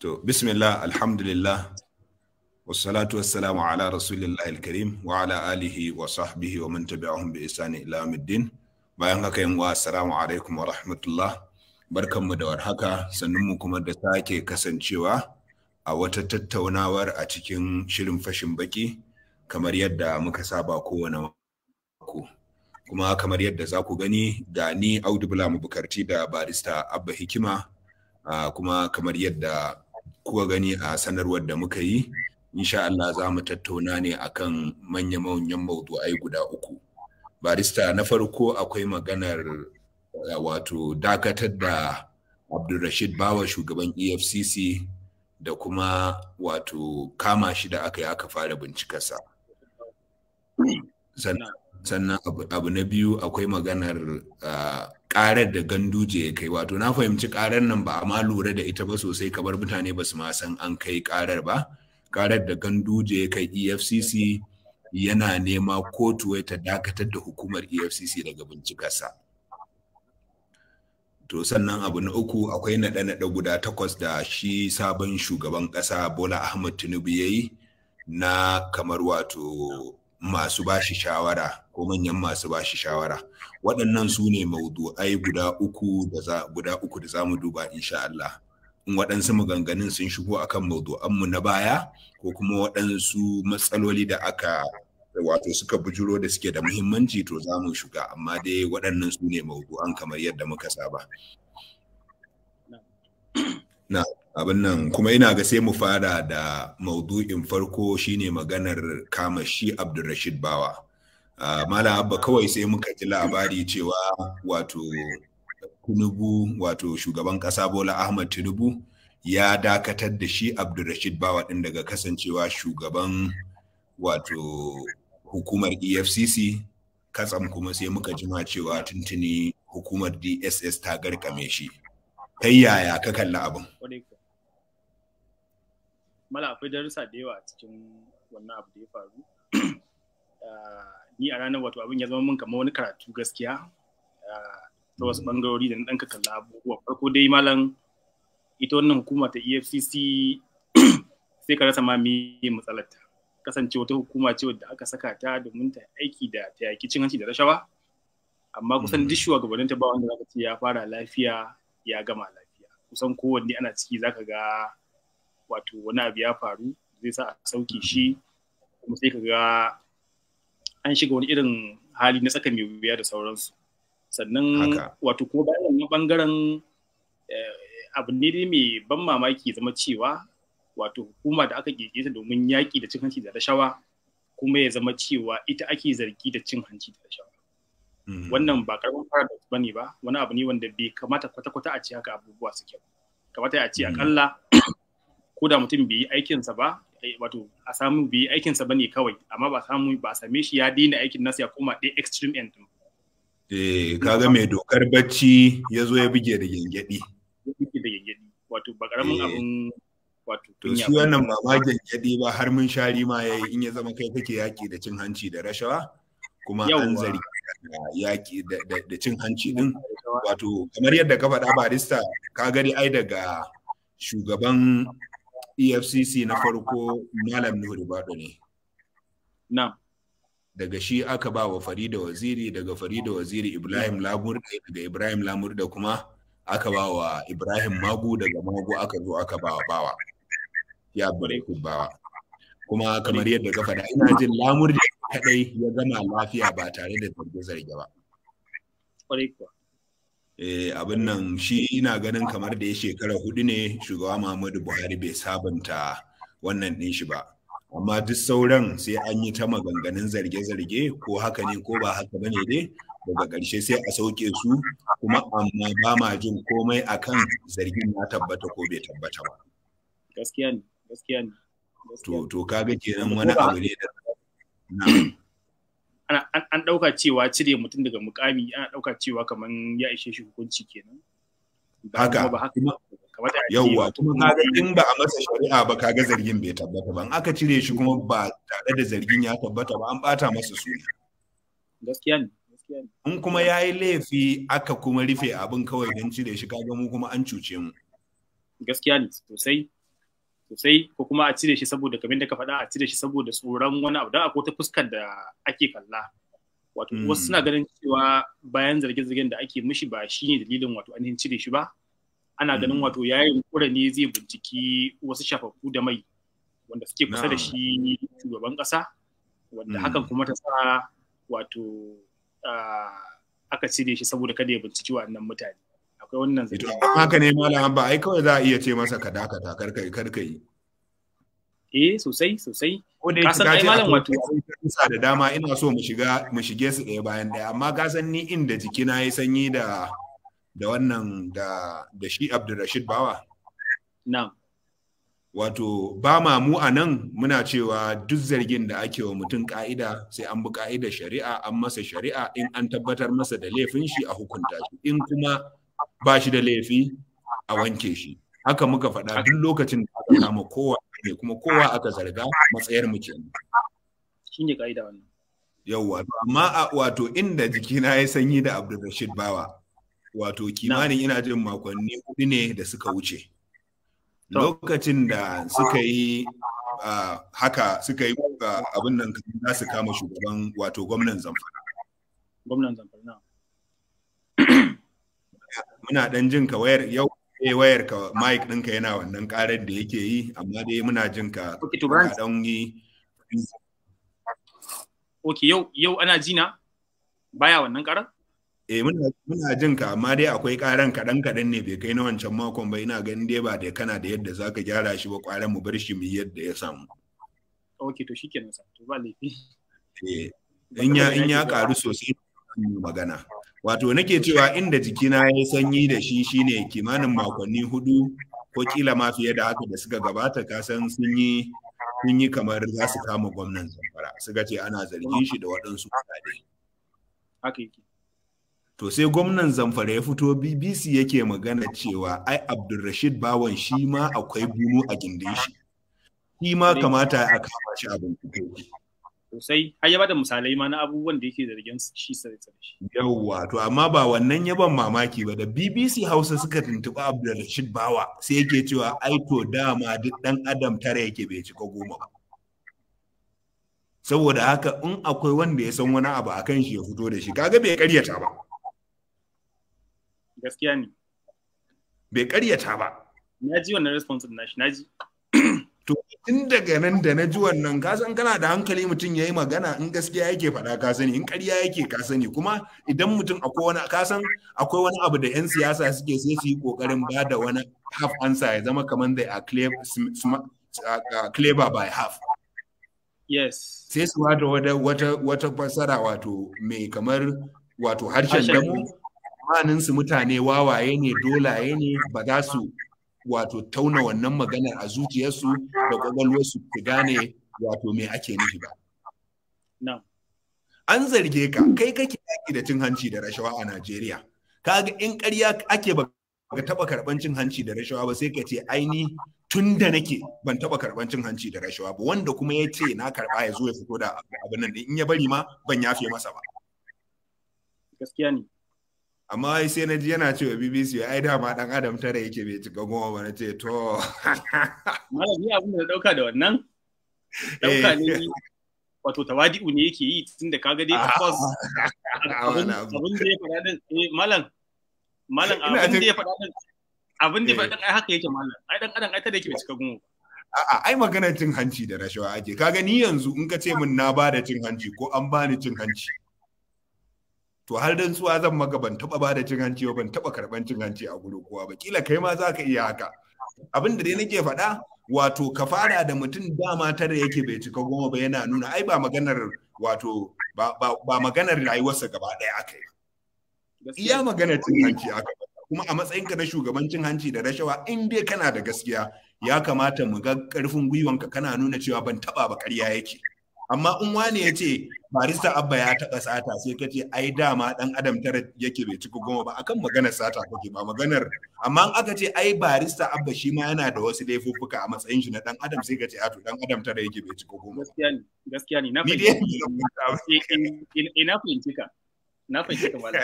To, bismillah, alhamdulillah, wassalatu wassalamu ala rasulillah alkarim wa ala alihi wa sahbihi wa man tabi'ahum bi isani ila middin. Bayan haka yin wa assalamu alaikum wa rahmatullah. Barkanmu da warhaka, mu kuma da sake kasancewa a wata tattaunawar a cikin shirin fashin baki kamar yadda muka saba kowane mako. Kuma kamar yadda za ku gani da ni Audu Bula Bukarti da barista Abba Hikima Uh, kuma kamar yadda kuka gani a sanarwar da muka yi insha Allah za mu tattauna ne akan manya-manyan ai guda uku barista na farko akwai maganar eh, wato dakatar da abdulrashid bawa shugaban efcc da kuma wato kama shi da aka yi aka fara bincikarsa sannan abu na biyu akwai maganar uh, Ƙarar da ganduje ya kai wato na fahimci ƙarar nan ba a ma lura da ita ba sosai kamar mutane ba su ma san an kai ƙarar ba Ƙarar da ganduje ya kai efcc yana nema kotu ta dakatar da hukumar efcc daga bincikarsa to sannan abu na uku akwai naɗe-naɗe guda takwas da shi sabon shugaban ƙasa bola ahmad tinubu ya yi na kamar wato masu bashi shawara ko manyan masu ba shi shawara waɗannan su ne maudu'ai guda uku da za guda uku da zamu duba insha Allah in waɗansu maganganun sun shigo akan mu na baya ko kuma waɗansu matsaloli da aka wato suka bujuro da suke da muhimmanci to za mu shiga amma dai waɗannan su ne maudu'an kamar yadda muka saba na abin nan kuma ina ga sai mu fara da maudu'in farko shine maganar kama shi abdulrashid bawa Ah, Malam Abba kawai sai muka ji labari cewa wato Tinubu wato shugaban ƙasa Bola Ahmad Tinubu ya dakatar da shi Abdulrashid Bawa ɗin daga kasancewa shugaban wato hukumar EFCC katsam kuma sai muka jima cewa tuntuni hukumar DSS ta garkame shi. Ta yaya ka kalla abin? Mala akwai darussa da yawa cikin wannan abu da ya faru. Ah, ni a ranar wato abin ya zama min kamar wani karatu gaskiya ah, a wasu bangarori da na ɗan kalla abubuwa farko dai malam ita wannan hukuma ta efcc sai ka rasa ma mi matsalarta kasance wata hukuma ce wadda aka saka ta domin ta aiki da ta yaki cin hanci da rashawa amma kusan duk mm. shugabannin ta ba wanda zaka ce ya fara lafiya ya gama lafiya kusan kowanne ana ciki zaka ga wato wani abu ya faru zai sa a sauke shi kuma sai ka ga an shiga wani irin hali na tsaka mai wuya da sauransu sannan wato kuma bayan wannan bangaren eh, abu ne dai mai ban mamaki zama cewa wato hukuma da aka gege ta domin yaƙi da cin hanci da rashawa kuma ya zama cewa ita ake zargi da cin hanci da rashawa hmm. wannan ba karamin paradox ba ne ba wani abu ne wanda bai kamata kwata-kwata a ce haka abubuwa su suke kamata a ce hmm. akalla ko da mutum bai yi aikinsa ba Eh, wato a samu bi aikin sa bane kawai amma ba samu ba same shi ya daina aikin nasa ya koma ɗaya extreme end din eh kaga mai dokar bacci ya zo ya buge da gengedi ya da gengedi wato ba karamin eh. abun wato to shi wannan ba ma gengedi ba har mun shari ma yayi in ya zama kai kake yaki da cin hanci da rashawa kuma an zari yaki da cin hanci din wato kamar yadda ka faɗa barista ka gani ai daga shugaban efcc na farko malam Nuhu bado ne na daga shi aka ba wa farida waziri daga farida waziri ibrahim lamurda daga ibrahim lamurda kuma aka ba wa ibrahim magu daga magu aka zo aka ba wa bawa ya bare bawa kuma kamar yadda ka faɗa ina jin lamurda kadai ya gama lafiya ba tare da zarge-zarge ba. Eh, abin nan shi ina ganin kamar da ya shekara hudu ne shugaba Muhammadu Buhari bai sabunta wannan din shi ba. Amma duk sauran sai an yi ta maganganun zarge-zarge ko haka ne ko ba haka ba ne dai daga ƙarshe sai a sauke su kuma amma ba ma jin komai akan zargin na tabbata ko bai tabbata ba. Gaskiya ne, gaskiya ne. To, to kaga kenan wani abu ne da. an ɗauka cewa cire mutum daga mukami ana ɗauka cewa kamar ya ishe shi hukunci kenan haka yauwa kuma kaga in ba a masa shari'a ba kaga zargin bai tabbata ba aka cire shi kuma ba tare da zargin ya tabbata ba an bata masa suna gaskiya ne in kuma ya yi laifi aka kuma rufe abin kawai don cire shi kaga mu kuma an cuce mu gaskiya ne sosai sosai ko kuma a cire shi saboda kamar da ka faɗa a cire shi saboda tsoron wani abu don akwai ta fuskar da ake kalla wato hmm. wasu suna ganin cewa bayan zarge-zargen da ake mishi ba shi ne dalilin wato ainihin cire shi ba ana ganin hmm. wato ya yi ne zai binciki wasu shafafu da mai wanda suke kusa da shi shugaban ƙasa wanda hmm. hakan kuma ta sa wato ah, aka cire shi saboda kada ya binciki wa'annan mutane akwai wannan zai haka ne malam ba ai kawai za a iya ce masa ka dakata ka yi. eh sosai sosai ka san ai malam wato sa da dama ina so mu shiga mu shige su ɗaya bayan ɗaya amma ka san ni inda jikina ya sanyi da da wannan da da shi Abdulrashid Bawa na'am wato ba ma mu a nan muna cewa duk zargin da ake wa mutum ka'ida sai an bi ka'idar shari'a an masa shari'a in an tabbatar masa da laifin shi a hukunta shi in kuma ba shi da laifi a wanke shi haka muka faɗa duk lokacin da aka samu kowa ne kuma kowa aka zarga matsayar mu kenan shine kaida wannan yawwa amma a wato inda jikina ya sanyi da Abdulrashid Bawa wato kimanin ina jin makonni hudu ne da suka wuce lokacin da suka yi haka suka yi abin nan za su kama shugaban wato gwamnan zamfara gwamnan zamfara muna dan jin ka wayar yau eh wayar ka mic ɗinka yana wannan karar da yake yi amma dai muna jin ka dan yi Okay yau yau ana jina baya wannan karar? Eh muna muna jin ka amma dai akwai ƙaran kaɗan kaɗan ne bai kai na wancan makon ba ina ganin dai ba da kana da yadda zaka gyara shi ba kwaran mu bar shi mu yadda ya samu. Okay to shikenan sa to ba laifi. Eh in ya in ya karu sosai magana. wato nake cewa inda jikina ya sanyi da shi shine kimanin makonni hudu ko kila ma fiye da haka da suka gabata ka san sun yi sun yi kamar za su kama gwamnan zamfara suka ce ana zargin shi da waɗansu kuɗaɗe. To sai gwamnan zamfara ya fito BBC yake magana cewa ai Abdulrashid Bawan shi ma akwai bunu a gindin shi. Shi ma kamata a kama shi abin bincike. sosai har ya bada misalai ma na abubuwan da yake zargin shi sai shi yawwa to amma ba wannan yaban mamaki ba da BBC Hausa suka tuntuba Abdulrashid Bawa sai yake cewa ai to dama duk dan adam tare yake bai cika goma ba saboda haka in akwai wanda ya san wani abu akan shi ya fito da shi kaga bai karyata ba gaskiya ne bai karyata ba na ji wannan response na shi na ji to tun daga nan da na ji wannan ka san kana da hankali mutum ya yi magana in gaskiya yake faɗa ka sani in ƙarya yake ka sani kuma idan mutum akwai wani ka san akwai wani abu da 'yan siyasa suke sai su yi kokarin ba da wani half answer ya zama kamar da a clever by half yes sai su wata wata wata fasara wato mai kamar wato harshen damu su mutane wawaye ne dolaye ne ba za su wato tauna wannan maganar a zuciyarsu da kwagwalwar su gane wato me ake nufi ba. An zarge ka kai kake yaki da cin hanci da rashawa a Najeriya. Kaga in ƙarya ake ba ka taɓa karɓan cin hanci da rashawa ba sai ka ce aini tun da nake ban taɓa karɓan cin hanci da rashawa ba wanda kuma ya ce na karɓa ya zo ya fito da abin nan in ya bari ma ban yafe masa ba. Gaskiya ne. amma sai na ji yana cewa bbc ai dama dan adam tara yake bai cika goma ba na ce to mara ni abin da dauka da wannan dauka ne eh. wato tawadi'u ne yake yi tun da kaga dai of ah. abin da ya fada din eh malam malam abin da ya faɗa din eh, abin da ya fada ai haka yake malam ai dan adam ai tara yake bai cika goma A'a, ai maganar cin hanci da rashawa ake. Kaga ni yanzu in ka ce min na ba da cin hanci ko an bani cin hanci. to har rantsuwa zan maka ban taba ba da cin hanci ba ban taba karban cin hanci a gudu, kowa ba kila kai ma zaka iya haka abin da dai nake faɗa wato ka fara da mutum dama tare yake bai cika goma ba yana nuna ai ba maganar wato ba, maganar rayuwarsa gaba ɗaya aka yi iya maganar cin hanci aka kuma a matsayinka na shugabancin hanci da rashawa in dai kana da gaskiya ya kamata mu ga karfin gwiwanka kana nuna cewa ban taba ba ƙarya yake amma in wani ya ce barista abba ya taɓa sata sai ka ce ai dama ɗan adam tara yake bai ciki goma ba akan maganar sata kake ba maganar amma in aka ce ai barista abba shi ma yana da wasu laifuffuka a matsayin shi na ɗan adam sai ka ce ato ɗan adam tara yake bai ciki goma gaskiya ne gaskiya ne na fahimci eh, eh, eh, na fahimci ka na fahimci ka malam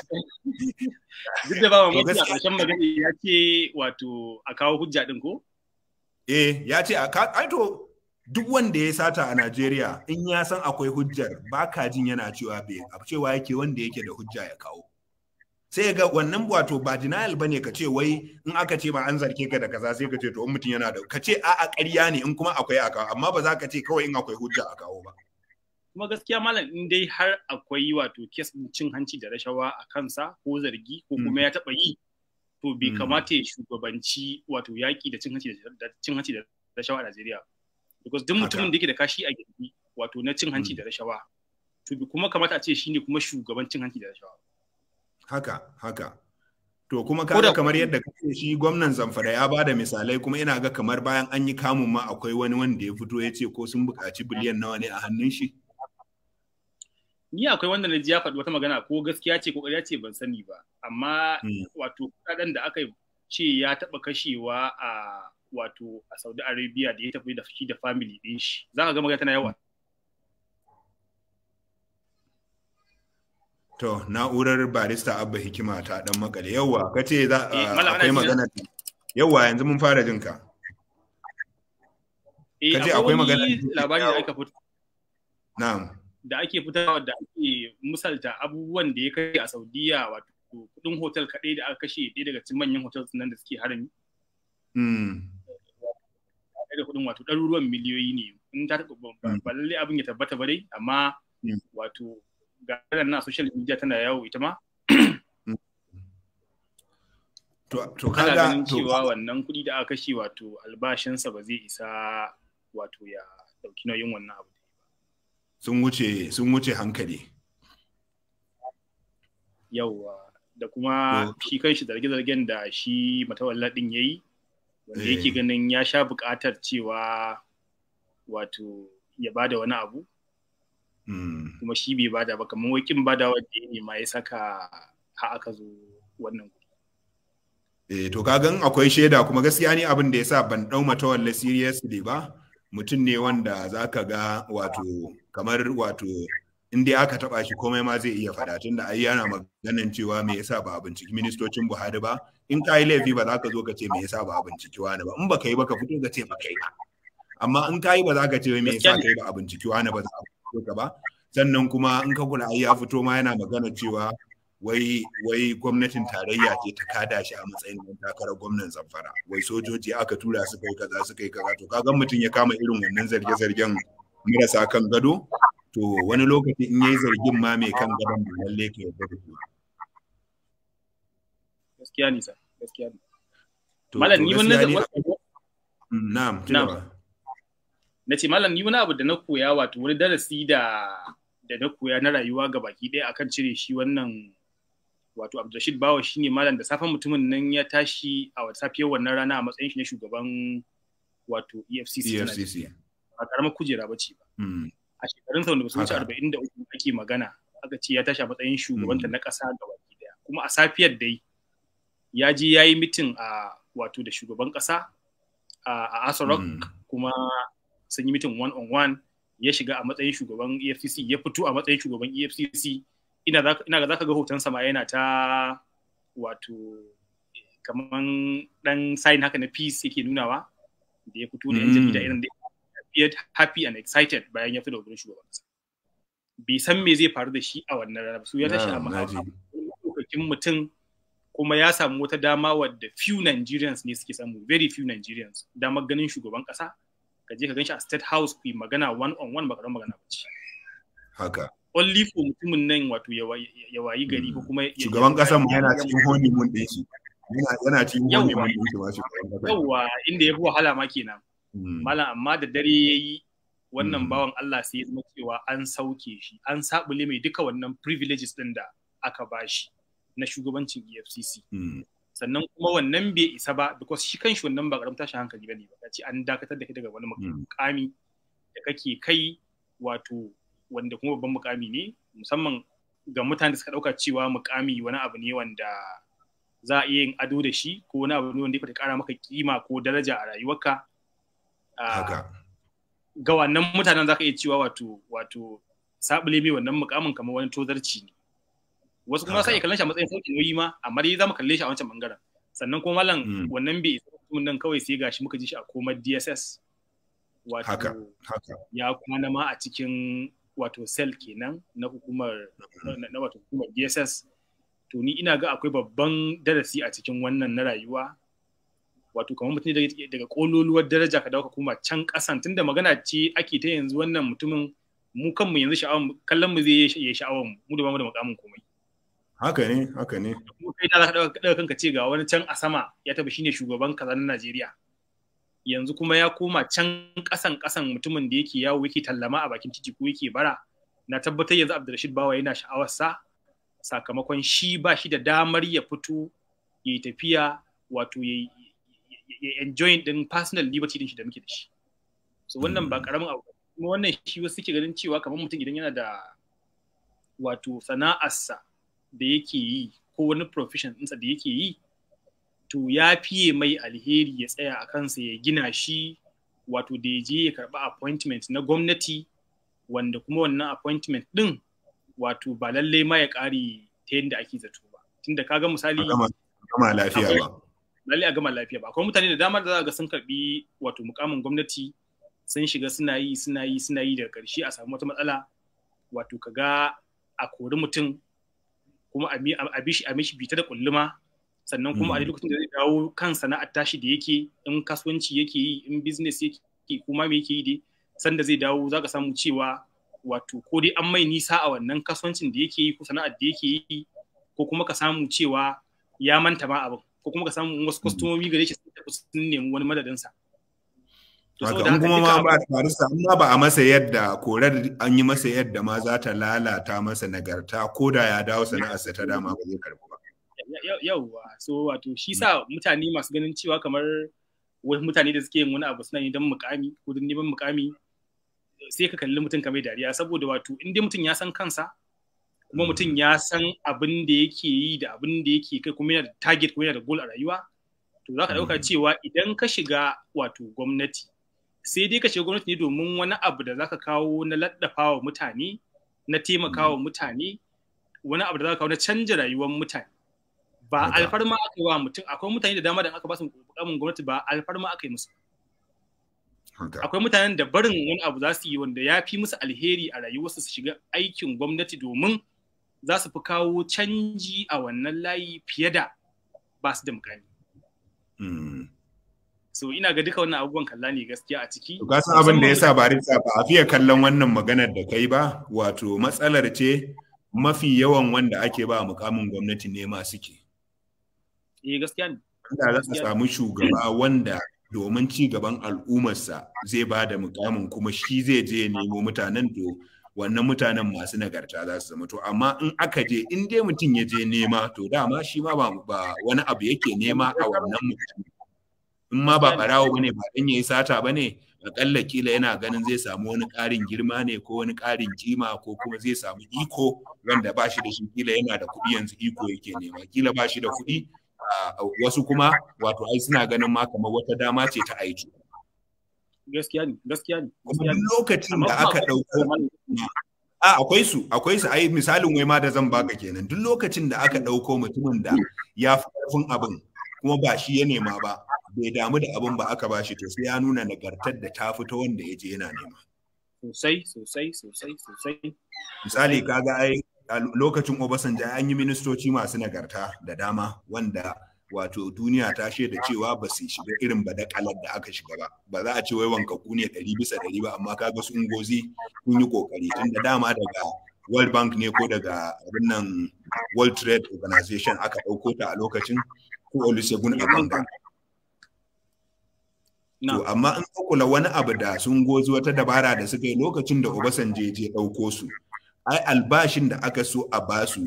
duk da ba mamaki a ƙarshen magana ya ce wato a kawo hujja ɗin ko eh ya ce a ka, to duk wanda ya sata a Najeriya in ya san akwai hujjar ba ka jin yana cewa bai cewa yake wanda yake da hujja ya kawo sai ga wannan wato ba denial bane ka ce wai in aka ce ba an zarge ka da kaza sai ka ce to in mutum yana da ka ce a a ƙarya ne in kuma akwai a amma ba za ka ce kawai in akwai hujja a kawo ba kuma gaskiya malam in dai har akwai wato kes cin hanci da rashawa a kansa ko zargi ko hmm. kuma ya taba yi to bai hmm. kamata ya shugabanci wato yaki da cin hanci da rashawa a Najeriya because duk mutumin da yake da kashi a gindi wato na cin hanci mm. da rashawa to bi kuma kamata a ce shine kuma shugaban cin hanci da rashawa haka haka to kuma kaga kamar yadda kace shi gwamnan Zamfara ya bada misalai kuma ina ga kamar bayan an yi kamun ma akwai wani wanda ya fito ya ce ko sun buƙaci biliyan nawa ne a hannun shi ni akwai wanda na ji ya faɗi wata magana ko gaskiya ce ko ƙarya ce ban sani ba amma mm. wato kuɗaɗen da aka ce ya taɓa kashewa a wato a Saudi Arabia da ya tafi da shi da family din shi za ka ga magana tana yawa to na'urar barista abba hikima ta dan makale yawa kace za eh, akwai magana yawa yanzu mun fara jin ka eh, kace akwai magana labari da aka fito na'am da ake fitarwa da ake misalta abubuwan da ya kai a Saudiya wato kudin hotel kaɗai da aka kashe daya daga cikin manyan hotels nan da suke harami. Hmm. da kuɗin wato ɗaruruwan miliyoyi ne in ta ba lalle abin ya tabbata ba dai amma hmm. wato ga na social media tana yawo ita ma to kaga ganin cewa wannan kuɗi da aka kashe wato albashinsa ba zai isa wato ya dauki nauyin wannan abu sun wuce sun wuce hankali yawa da kuma shi kan shi zarge-zargen da shi matawalla din yayi wanda yake eh. ganin ya sha bukatar cewa wato ya bada wani abu hmm. kuma shi bai bada ba kamar wakin bada wanda ya nema ya saka ha aka zo wannan Eh, to kagan akwai shaida kuma gaskiya ne abin da ya sa ban ɗau matawalla ne ba mutum ne wanda za ka ga wato kamar wato in dai aka taba shi komai ma zai iya faɗa tunda ai yana maganan cewa me yasa ba a binciki ministocin Buhari ba in ka yi laifi ba za ka zo ka ce me yasa ba a binciki wani ba in ba ka yi ba ka fito ka ce ba kai ba amma in ka yi ba za ka ce me yasa kai ba a binciki wani ba za ka fito ka ba sannan kuma in ka kula ai ya fito ma yana magana cewa wai wai gwamnatin tarayya ce ta kada shi a matsayin dan takarar gwamnan zamfara wai sojoji aka tura su kai kaza su kai kaza to kaga mutum ya kama irin wannan zarge-zargen marasa kan gado to wani lokaci in yayi zargin ma mai kan gadon ba lalle ka yarda da shi gaskiya ne sa gaskiya ne malam ni wani na'am na'am na ce malam ni wani abu da na koya wato wani darasi da da na koya na rayuwa ga baki ɗaya akan cire shi wannan wato Abdulrashid Bawa shine malam da safan mutumin nan ya tashi a safiyar wannan rana a matsayin shi na shugaban wato EFCC EFCC e A karamar kujera ba ce ba hmm. a shekarun sa wanda ba su wuce uku ake magana aka ce ya tashi a matsayin hmm. shugabanta na ƙasa ga baki ɗaya kuma a safiyar dai ya ji ya yi mitin a wato da shugaban kasa a Asarok. Mm. kuma sun yi mitin one on one ya shiga a matsayin shugaban EFCC ya fito a matsayin shugaban EFCC ina ga za ka ga hoton sama yana ta wato kaman dan sign haka na peace yake nunawa da ya fito da yan jarida mm. irin da appeared happy and excited bayan ya fito da gurin shugaban kasa bai san me zai faru da shi a wannan rana su ya tashi a mahaukakin mutum kuma ya samu wata dama wadda few Nigerians ne suke samu very few Nigerians damar ganin shugaban kasa ka je ka ganshi a state house ku magana one on one ba magana ba ce haka only for mutumin nan wato ya wayi gari ko kuma shugaban kasa mu yana cikin honeymoon din shi yana cikin honeymoon din shi ba shi yawa inda ya fi wahala ma kenan mm. malam amma da dare yayi wannan mm. bawan Allah sai ya zama cewa an sauke shi an sabule mai duka wannan privileges din da aka bashi na shugabancin efcc hmm. sannan kuma wannan bai isa ba because shi kanshi wannan ba karamta shi hankali bane ba ce an dakatar da kai daga wani hmm. mukami da kake kai wato wanda kuma babban mukami ne musamman ga mutane da suka dauka cewa mukami wani abu ne wanda za a iya yin ado da shi ko wani abu ne wanda ya kara maka kima ko daraja a rayuwarka ah, ga wannan mutanen za ka iya cewa wato wato sabule mai wannan mukamin kamar wani tozarci ne wasu kuma sai kallon shi a matsayin sauki nauyi ma amma dai mu kalle shi a wancan bangaren sannan kuma malam hmm. wannan bai isa mutumin nan kawai sai gashi muka ji shi a komar DSS wato haka haka ya kwana ma a cikin wato cell kenan na hukumar hmm. na wato hukumar DSS to ni ina ga akwai babban darasi a cikin wannan na rayuwa wato kamar mutum daga kololuwar daraja ka dauka kuma can kasan tunda magana ce ake ta yanzu wannan mutumin mu kanmu yanzu sha'awar kallon mu zai yi sha'awar mu da mu da makamin komai haka ne haka ne kuma kai da za ka ɗaga kanka ce ga wani can a sama ya tafi shine shugaban kaza na Najeriya yanzu kuma ya koma can ƙasan ƙasan mutumin da yake yawo yake tallama a bakin titi ko yake bara na tabbatar yanzu Abdulrashid Bawa yana sha'awar sa sakamakon shi ba shi da damar ya fito ya yi tafiya wato ya enjoy din personal liberty din shi da muke da shi so wannan ba karamin mm. abu kuma wannan shi wasu suke ganin cewa kamar mutum idan yana da wato sana'arsa da yake yi ko wani profession ɗinsa da yake yi to ya fiye mai alheri ya tsaya a kansa ya gina shi wato da ya je ya karɓi appointment na gwamnati wanda kuma wannan appointment ɗin wato ba lallai ma ya ƙare ta yadda ake zato ba tunda kaga misali gama lafiya ba lallai a gama lafiya ba akwai mutane da dama da za ga sun karɓi wato mukamin gwamnati sun shiga suna yi suna yi suna yi daga ƙarshe a samu wata matsala wato ka ga a kori mutum kuma a mishi bita da kulluma sannan kuma a mm. lokacin da zai dawo kan sana'ar tashi da yake in kasuwanci yake yi in business yake kuma me yake yi dai sanda zai dawo za ka samu cewa wato ko dai an mai nisa a wannan kasuwancin da yake yi ko sana'ar da yake yi ko kuma ka samu cewa ya manta ma abin ko kuma ka samu wasu mm. kwastomomi gare shi sun sun nemi wani madadinsa. sa kuma ma ba barista amma ba a masa yadda korar an yi masa yadda ma za ta lalata masa nagarta ko da ya dawo sana'arsa ta dama ba zai karbu ba. Yawwa so wato shi sa mutane masu ganin cewa kamar wai mutane da suke yin wani abu suna yi don mukami ko don neman mukami sai ka kalli mutum kamar dariya saboda wato in dai mutum ya san kansa kuma hmm. mutum ya san abin da yake yi da abin da yake kai kuma yana da target kuma yana da goal a rayuwa to za ka dauka hmm. cewa idan ka shiga wato gwamnati sai dai ka shiga gwamnati ne domin wani abu da zaka kawo na laddafa wa mutane na taimaka wa mm. mutane wani abu da zaka kawo na canja rayuwar mutane ba alfarma aka wa mutum akwai mutane da dama da aka ba su mukamin gwamnati ba alfarma aka yi musu akwai mutanen da barin wani abu za su yi wanda ya fi musu alheri a rayuwarsu su shiga aikin gwamnati domin za su fi kawo canji a wannan layi fiye da ba su da mukami mm. so ina ga duka wannan abubuwan kalla ne gaskiya a ciki ga san abin da yasa barista ba a fiye kallon wannan maganar da kai ba wato matsalar ce mafi yawan wanda ake ba mukamin gwamnati ne suke eh gaskiya ne da za ka samu shugaba wanda domin ci gaban al'ummarsa zai ba da mukamin kuma shi zai je nemo mutanen to wannan mutanen masu nagarta za su zama to amma in aka je in dai mutum ya je nema to dama shi ma ba wani abu yake nema a wannan mutum in ma ba barawo bane ba dan yayi sata bane akalla kila yana ganin zai samu wani ƙarin girma ne ko wani ƙarin kima ko kuma zai samu iko wanda ba shi da shi kila yana da kuɗi yanzu iko yake nema kila ba shi da kuɗi wasu kuma wato ai suna ganin ma kamar wata dama ce ta aiki gaskiya ne gaskiya ne kuma lokacin da aka a akwai su akwai su ai misalin wai ma da zan baka kenan duk lokacin da aka ɗauko mutumin da ya fi ƙarfin abin kuma ba shi ya nema ba bai damu da abin ba aka bashi to sai ya nuna nagartar da ta fito wanda ya je yana nema sosai sosai sosai sosai misali kaga ai a lokacin Obasanjo an yi ministoci masu nagarta da dama wanda wato duniya ta shaida cewa ba su shiga irin ba da aka shiga ba ba za a ce wai wanka ku ne ɗari bisa ɗari ba amma kaga su ungozi kun yi kokari tun da dama daga World Bank ne ko daga abin nan World Trade Organization aka ɗauko ta a lokacin ko Olusegun Abanga To amma in ka kula wani abu da sun gozi wata dabara da suka yi lokacin da Obasanjo je ɗauko su. Ai albashin da aka so a basu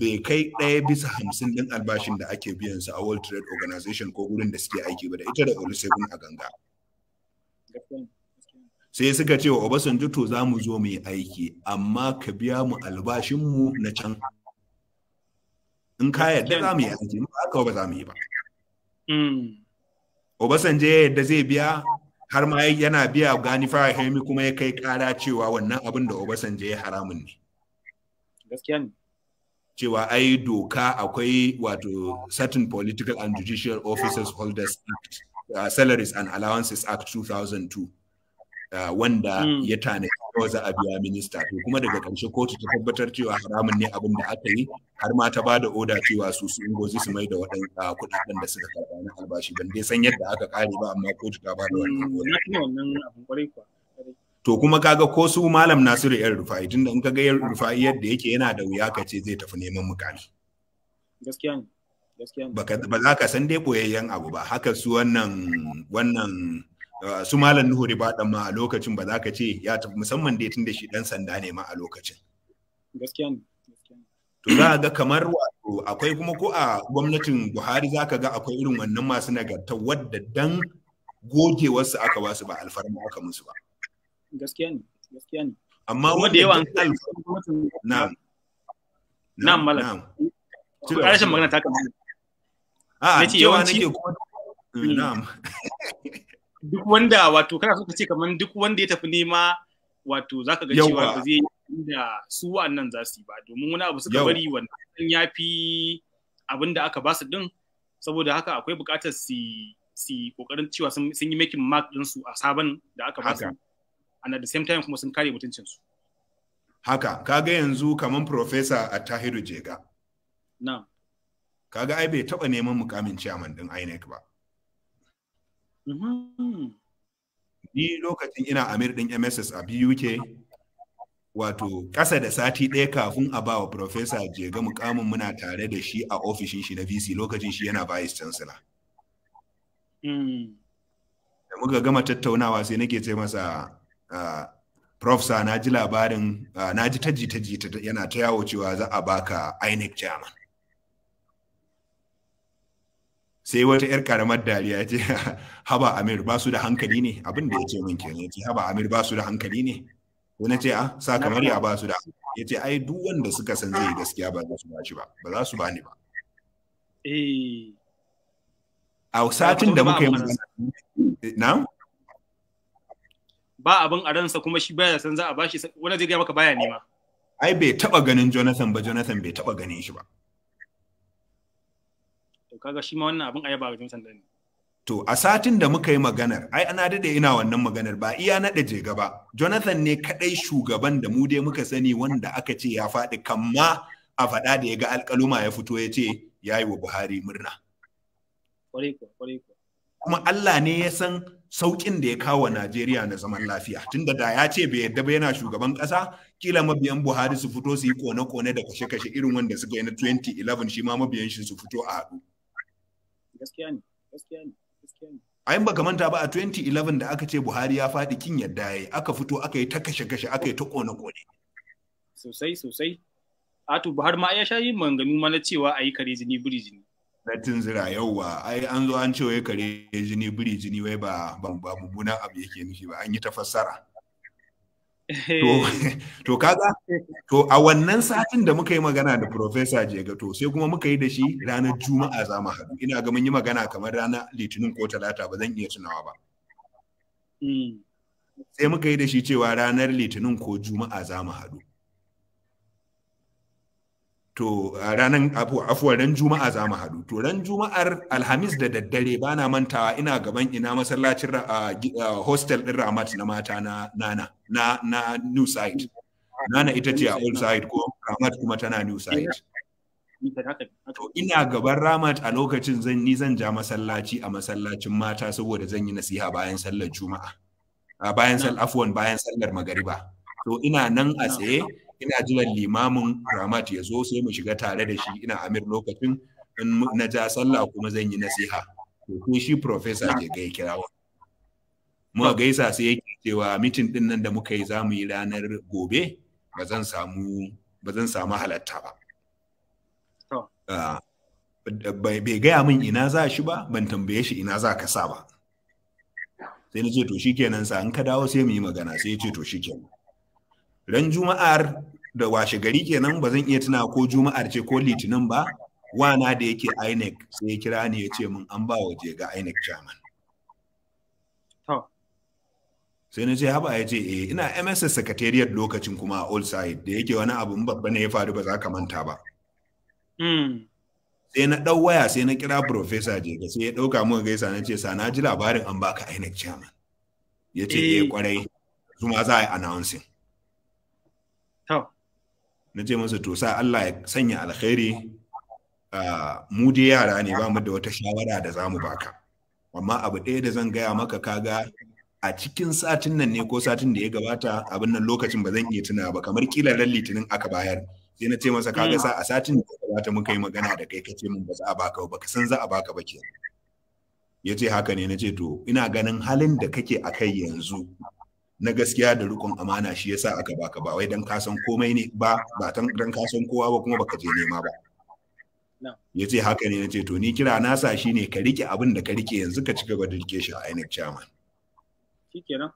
bai kai ɗaya bisa hamsin ɗin albashin da ake biyan su a World Trade Organization ko gurin da suke aiki ba da ita da Olusegun a ganga. Sai suka ce wa Obasanjo to za mu zo mu yi aiki amma ka biya mu albashin mu na can. In ka yarda za mu yi aiki ba ba za mu yi ba. Hmm. Obasanjo ya yadda zai biya har ma yana biya Gani Fahimi kuma ya kai kara cewa wannan abin da Obasanjo ya haramun ne. Gaskiya ne. Cewa ai doka akwai wato certain political and judicial officers holders act, uh, salaries and allowances act 2002. wanda hmm. ya tane nawa za a biya minista to kuma daga ƙarshe kotu ta tabbatar cewa haramun ne abin da aka yi har ma ta bada oda cewa su su ingozi su mai da waɗanda kuɗaɗen da suka karɓa na albashi ban dai san yadda aka kare ba amma kotu ta bada wannan hmm, to kuma kaga ko su malam Nasiru yan Rufa'i tunda in kaga yan Rufa'i yadda yake yana da wuya ka ce zai tafi neman mukami ba za ka san dai boyayyen abu ba haka su wannan wannan su malam nuhu ba dan ma a lokacin ba za ka ce ya tafi musamman dai tunda shi dan sanda ne ma a lokacin gaskiya ne to za ga kamar wato akwai kuma ko a gwamnatin Buhari za ka ga akwai irin wannan masu nagarta wadda dan gogewarsu aka ba su ba alfarma aka musu ba gaskiya ne gaskiya ne amma wanda yawan na na malam ƙarshen magana ta kamar a cewa nake hmm. na'am duk wanda wato kana so ce kamar duk wanda ya tafi nema wato za ka ga cewa ba zai da su wa'annan za su yi ba domin wani abu suka bari wanda ya fi abin da aka ba su din saboda haka akwai bukatar su si kokarin cewa sun yi making mark su a sabon da aka ba su and at the same time kuma sun kare mutuncinsu. Haka, kaga yanzu kamar Profesa Attahiru Jega. Na'am. Kaga ai bai taba neman mukamin chairman din INEC ba. Mm-hmm. Ni lokacin ina amir ɗin MSS a BUK, wato ƙasa da sati ɗaya kafin a ba bawa Profesa Jega mukamin muna tare da shi a ofishin shi na VC lokacin shi yana Vice Chancellor. Mm. Da muka gama tattaunawa sai nake ce masa ah, Prof na ji labarin ah, na ji ta taji yana ta yawo cewa za a baka INEC chairman. sai wata yar karamar dariya ce haba amir ba su da hankali ne abin da ya ce min kenan ce haba amir ba su da hankali ne ko na ce a ah, sa kamar ya ba su da ya ce ai duk wanda suka san zai gaskiya ba za su ba shi ba ba za su ba ni ba eh. a satin da muka yi na ba abin a ransa kuma shi baya san za a bashi wani zai gaya maka baya nema ai bai taba ganin Jonathan ba Jonathan bai taba ganin shi ba kaga shi ma wannan abin a yaba ne. To a satin da muka yi maganar ai ana dade ina wannan maganar ba iya naɗa je ba Jonathan ne kadai shugaban da mu dai muka sani wanda aka ce ya faɗi kamma a faɗa da ya ga alƙaluma ya fito ya ce ya yi wa Buhari murna. Kuma Allah ne ya san sauƙin da ya kawo Najeriya na zaman lafiya tunda da ya ce bai yadda ba yana shugaban ƙasa kila mabiyan Buhari su fito su yi kone-kone da kashe-kashe irin wanda suka yi na 2011 shi ma mabiyan shi su fito a haɗu. gaskiya ne gaskiya ne gaskiya ne a yin baka manta ba a 2011 da aka ce Buhari ya faɗi kin yadda yi, aka fito aka yi ta kashe kashe aka yi ta kone kone sosai sosai Atu Buhari ma ya sha yin manganu mana na cewa yi kare jini biri jini na tunzira yauwa ai an zo an ce wai kare jini biri jini wai ba ba mummunan abu yake nufi ba an yi ta fassara Eh, to kaga to a wannan satin da muka yi magana da Profesa Jegato sai kuma muka yi da shi ranar Juma'a za mu haɗu. Ina ga mun yi magana kamar ranar Litinin ko Talata ba zan iya tunawa ba. Hmm. Sai muka yi da shi cewa ranar Litinin ko Juma'a za mu haɗu. To a ranar afuwar ran Juma'a za mu haɗu. To ran Juma'ar Alhamis da daddare ba na mantawa ina gaban ina masallacin hostel ɗin Ramat na mata na Nana. na na new side nana ita ce a old side ko ramat kuma tana new side to ina gaban ramat a lokacin zan ni zan ja masallaci a masallacin mata saboda zan yi nasiha bayan sallar juma'a a bayan sallar afwan bayan sallar magariba to ina nan a tsaye ina jiran limamin ramat ya zo sai mu shiga tare da shi ina amir lokacin in na ja sallah kuma zan yi nasiha to shi professor ke ga kirawa muka gaisa sai yake cewa mitin din nan da muka yi za mu yi ranar gobe ba zan samu halatta ba ah, bai gaya min ina za shi ba ban tambaye shi ina za ka sa ba sai na ce to shikenan sa in ka dawo sai mu yi magana sai ya ce to shi shikenan ran juma'ar da washe gari kenan ba zan iya tuna ko juma'ar ce ko litinin ba wana da yake INEC sai ya kira ni ya ce min an ba waje ga INEC chairman sai na ce haba ya ce eh ina MSS secretariat lokacin kuma a old side da yake wani abu babba ne ya faru ba za ka manta ba hmm. sai na ɗau waya sai na kira professor jega sai ya ɗauka mun gaisa na ce sana ji labarin an baka INEC chairman ya ce eh kwarai eh. su za a yi announcing na ce masa to sa Allah ya sanya alkhairi mu dai yara ne ba mu da wata shawara da za mu baka amma abu ɗaya da zan gaya maka kaga a cikin satin nan ne ko satin da ya gabata abin nan lokacin ba zan iya tuna ba kamar kila ran litinin aka bayar sai na ce masa kaga hmm. sa a satin da ya gabata muka yi magana da kai kace min ba za a baka ba ka san za a baka ba ke ya ce haka ne na ce to ina ganin halin da kake a kai yanzu na gaskiya da rikon amana shi yasa aka baka ba wai dan ka san komai ne ba ba tan dan ka san kowa ba kuma baka je nema ba ya ce haka ne na ce to ni kira nasa shi ne, ka rike abin da ka rike yanzu ka cika gaba da rike shi a INEC chairman shikenan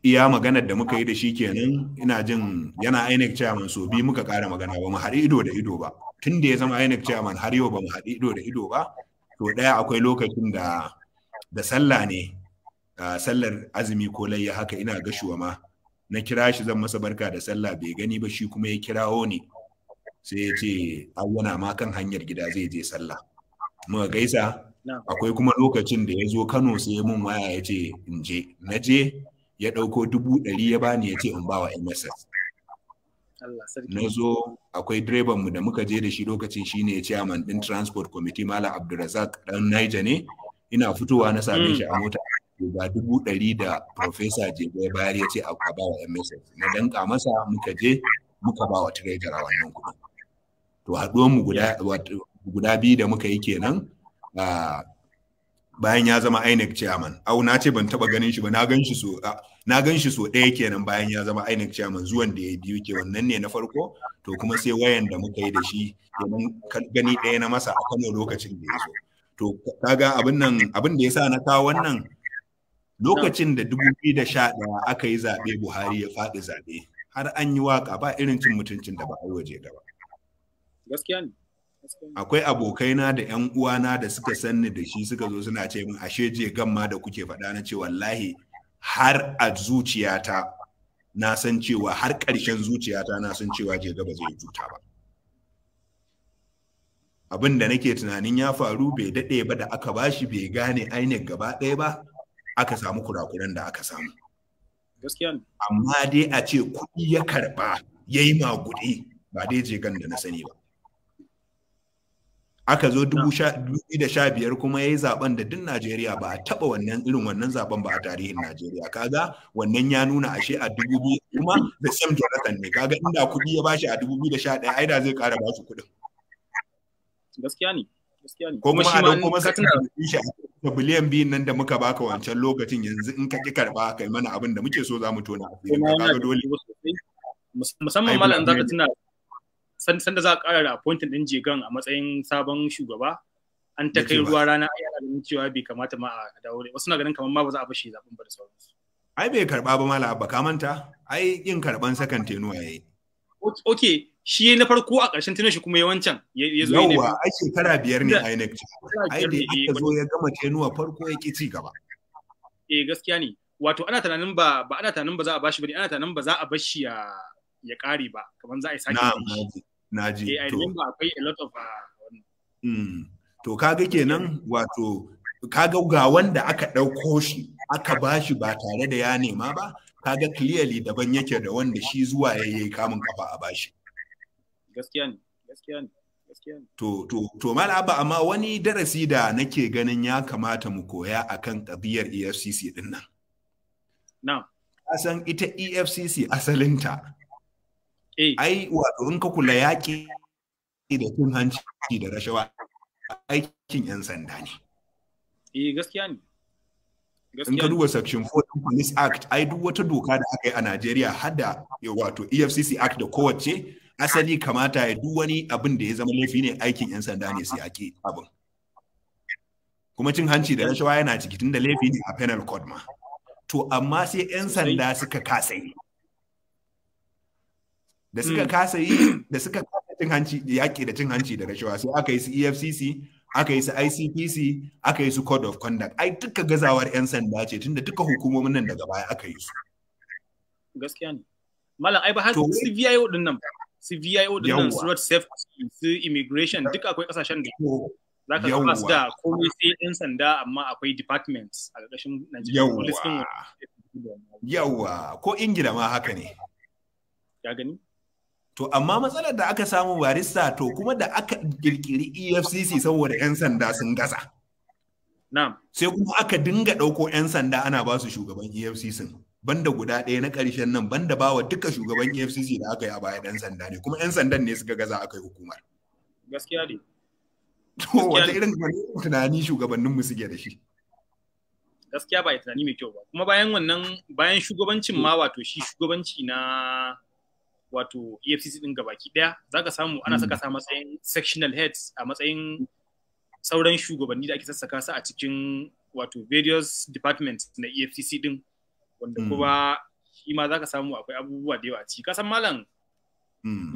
iya maganar da muka yi da shi kenan ina jin yana INEC chairman so bi muka ƙara magana ba mu haɗi ido da ido ba tun da ya zama INEC chairman har yau ba mu haɗi ido da ido ba to ɗaya akwai lokacin da da sallah ne sallar azumi ko layya haka ina gashuwa ma na kira shi zan masa barka da sallah bai gani ba shi kuma ya kirawo ni sai ya ce a ma kan hanyar gida zai je sallah muka gaisa akwai kuma lokacin da ya zo kano sai ya mun waya ya ce in je na je ya ɗauko dubu ɗari ya bani ya ce in bawa mss na zo akwai mu da muka je da shi lokacin shine chairman din transport committee malam abdulrazak dan naija ne ina fitowa na same shi a mota ga dubu ɗari da profesa jebe bayar ya ce a ba wa mss na danka masa muka je muka ba wa treasurer wannan kuɗin to haɗuwan mu guda biyu da muka yi kenan Ah. bayan ya zama INEC chairman au na ce ban taba ganin shi ba na gan shi so ah, na gan shi so ɗaya kenan bayan ya zama INEC chairman zuwan da ya biyu ke wannan ne na farko to kuma sai wayan da muka yi da shi domin gani ɗaya na masa a Kano lokacin da ya zo to kaga abin nan abin da yasa na kawo wannan lokacin da 2011 aka yi zaɓe Buhari ya faɗi zaɓe har an yi waka ba irin cin mutuncin da ba a waje gaba gaskiya ne akwai abokaina da yan uwana da suka sanni da shi suka zo suna ce min ashe je gamma da kuke faɗa na ce wallahi har a zuciyata na san cewa har ƙarshen zuciyata na san cewa je gaba zai juta ba abin da nake tunanin ya faru bai daɗe ba da aka bashi bai gane ainihin gaba ɗaya ba aka samu kurakuran da aka samu amma dai a ce kuɗi ya karɓa ya yi guɗi ba dai je gan da na sani ba aka zo 2015 kuma ya yi zaben da duk Najeriya ba a taɓa wannan irin wannan zaben ba a tarihin Najeriya kaga wannan ya nuna ashe a 2000 kuma da Sam Jonathan ne kaga inda kuɗi ya bashi a 2011 ai da zai ƙara su kuɗin gaskiya ne gaskiya kuma shi kuma sai shi da biliyan biyun nan da muka baka wancan lokacin yanzu in ka ƙi karba kai mana abin da muke so za mu tona kaga dole musamman malam zaka tuna sanda za a ƙara da appointing ɗin Jigan a matsayin sabon shugaba an ta kai ruwa rana ai ana ganin cewa bai kamata ma a dawo da wasu na ganin kamar ma ba za a bashi zaɓen ba da sauransu. Ai bai karɓa ba mala abba ka manta ai yin karɓan sakan tenuwa yayi. Ok shi na farko a ƙarshen tenuwa shi kuma yawancan ya zo ne. yawa ai shekara biyar ne ai next. Ai da aka zo ya gama tenuwa farko ya ƙi ci gaba. Eh gaskiya ne wato ana tunanin ba ba ana tunanin ba za a bashi ba ne ana tunanin ba za a bashi ya ya ƙare ba kamar za a yi sake. na ji eh, to akwai ah, hmm. kaga kenan wato kaga ga wanda aka ɗauko shi aka bashi ba tare da ya nema ba kaga clearly daban yake da wanda shi zuwa ya yi kamun kafa a bashi gaskiya ne gaskiya ne To, to, to amma wani darasi da nake ganin ya kamata mu koya akan ƙabiyar EFCC din nan. Na. Asan ita EFCC asalinta Eh. ai wato in ka kula yaƙi da cin hanci da rashawa aikin 'yan sanda ne. Eh gaskiya ne. In ka duba section 4 ɗin Police Act, ai duk wata doka da aka yi a Najeriya hada wato EFCC Act da kowace asali kamata ya duk wani abin da ya zama laifi ne aikin 'yan sanda ne sai ake abin. Kuma cin hanci da rashawa yana ciki da laifi ne a penal code ma. To amma sai 'yan sanda suka kasa yi. da suka mm. kasa yi da suka kasa cin hanci yaƙi da cin hanci da rashawa sai aka yi su EFCC aka yi su ICPC aka yi su Code of Conduct ai duka gazawar 'yan sanda ce tunda duka hukumomin nan daga baya aka yi su gaskiya ne malam ai ba har su VIO din nan su VIO din nan su road safety su immigration duka akwai kasashen da za ka ba su da komai sai 'yan sanda amma akwai departments a ƙarƙashin Najeriya police din yawa ko Ingila ma haka ne ya gani To amma matsalar da aka samu barista to kuma da aka kirkiri EFCC saboda 'yan sanda sun Na'am. Sai kuma aka dinga ɗauko 'yan sanda ana ba su shugaban EFCC banda guda ɗaya na ƙarshen nan banda bawa duka shugaban EFCC da aka yi a baya 'yan sanda ne kuma 'yan sandan ne suka gaza aka yi hukumar. Gaskiya ne. To wata irin tunani shugabanninmu suke da shi. Gaskiya ba tunani mai kyau ba. Kuma bayan wannan bayan shugabancin ma wato shi shugabanci na wato efcc din gabaki daya za ka samu ana saka sa matsayin sectional heads a matsayin sauran shugabanni da ake sassaka su a cikin wato various departments na efcc din wanda kuma shi ma za ka samu akwai abubuwa da yawa ci kasan malam hmm.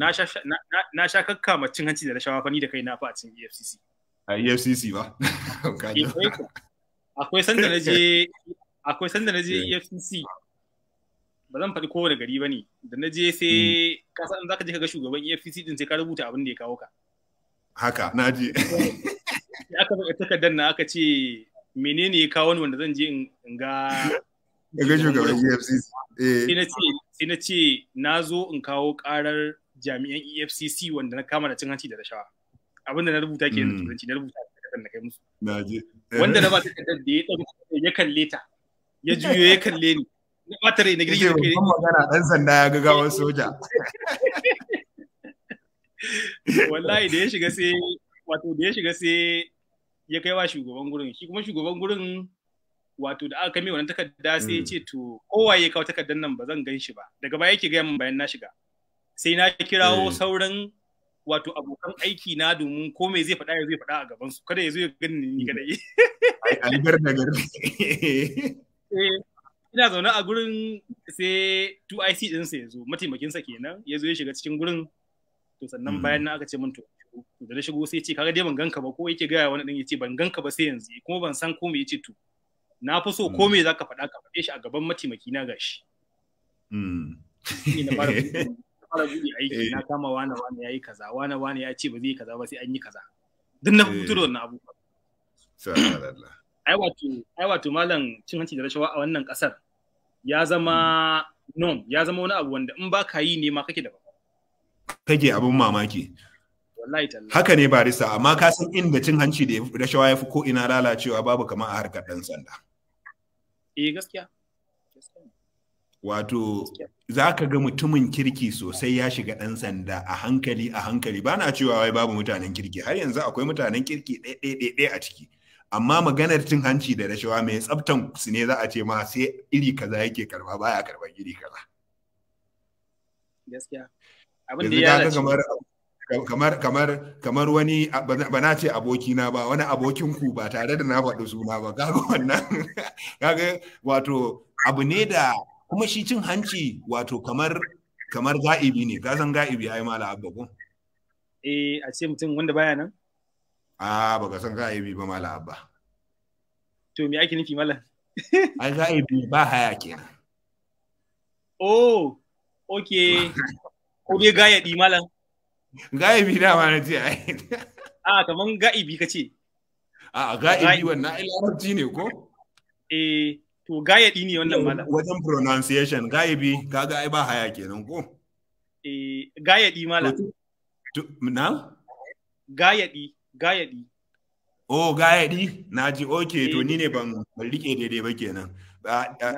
na sha kakkama cin hanci da na shawa fani da kai na fa a cikin efcc a efcc ba eh, akwai sanda na je akwai sanda na je efcc e ba zan faɗi kowane gari ba ne da na je sai hmm. ka za zaka je ka ga shugaban EFCC din sai ka rubuta abin da ya kawo ka haka na je aka buga takardar na aka ce menene ya kawo ni wanda zan je in ga ga shugaban EFCC eh. sai na ce na zo in kawo karar jami'an EFCC wanda na kama da cin hanci da rashawa abin da na rubuta ke da hmm. turanci na rubuta na kai musu wanda na ba takardar da ya ya kalle ta ya juyo ya kalle ni na ɓata rai na girgije kai magana dan sanda ya ga gawar soja wallahi da ya shiga sai wato da ya shiga sai ya kai wa shugaban gurin shi kuma shugaban gurin wato da aka kame wannan takarda sai ya hmm. ce to kowa ya kawo takardar nan ba zan gan shi ba daga baya yake gaya min bayan na shiga sai na kirawo hmm. sauran wato abokan aiki na domin ko me zai faɗa ya zai faɗa a gaban su kada ya zo ya gani ni hmm. kadai ai algar da garbi eh, ina zaune a gurin sai 2IC ɗinsa ya mataimakin sa kenan ya zo ya shiga cikin gurin to sannan mm. bayan na aka ce min to da na shigo sai ce kaga dai ban ganka ba ko yake gaya wani ɗin ya ce ban ganka ba sai yanzu kuma ban san ko me yace ce to na fi so ko mm. me za ka faɗa ka faɗe shi a gaban mataimaki mm. na gashi. Na fara buɗe aiki eh. na kama wani wani ya yi kaza wani wani ya ce ba zai yi kaza ba sai an yi kaza. Duk na fito da eh. wannan abu. Ai wato malam cin hanci da rashawa a wannan ƙasar ya zama non ya zama wani abu wanda in ba ka yi ne ma kake da kake abin mamaki haka ne Barisa, amma ka san inda cin hanci da rashawa ya fi ko ina lalacewa babu kamar a harkar dan sanda eh gaskiya wato za ka ga mutumin kirki sosai ya shiga ɗan sanda a hankali a hankali ba na cewa wai babu mutanen kirki har yanzu akwai mutanen kirki ɗaya ɗaya a ciki amma maganar cin hanci da rashawa mai tsaftan su ne za a ce ma sai iri kaza yake karba baya karban iri kaza gaskiya abin da ya kamar kamar kamar wani ba na ce abokina ba wani abokin ku ba tare da na faɗi suna ba kaga wannan kaga wato abu ne da kuma shi cin hanci wato kamar kamar ga'ibi ne ga san ga'ibi ai mala abba ko eh a ce mutum wanda baya nan a baka san ga'ibi ba mala abba to me ake nufi mala ai ga'ibi ba haya kenan oh okay ko dai di mala ga'ibi da ma na ji ai a kaman ga'ibi kace a ga'ibi wannan ai larabci ne ko eh to di ne wannan mala wajen pronunciation ga'ibi kaga ai ba haya kenan ko eh di mala na di. Gayadi. Oh, Gayadi, na ji oke to eh. ni ne ban rike daidai ba kenan.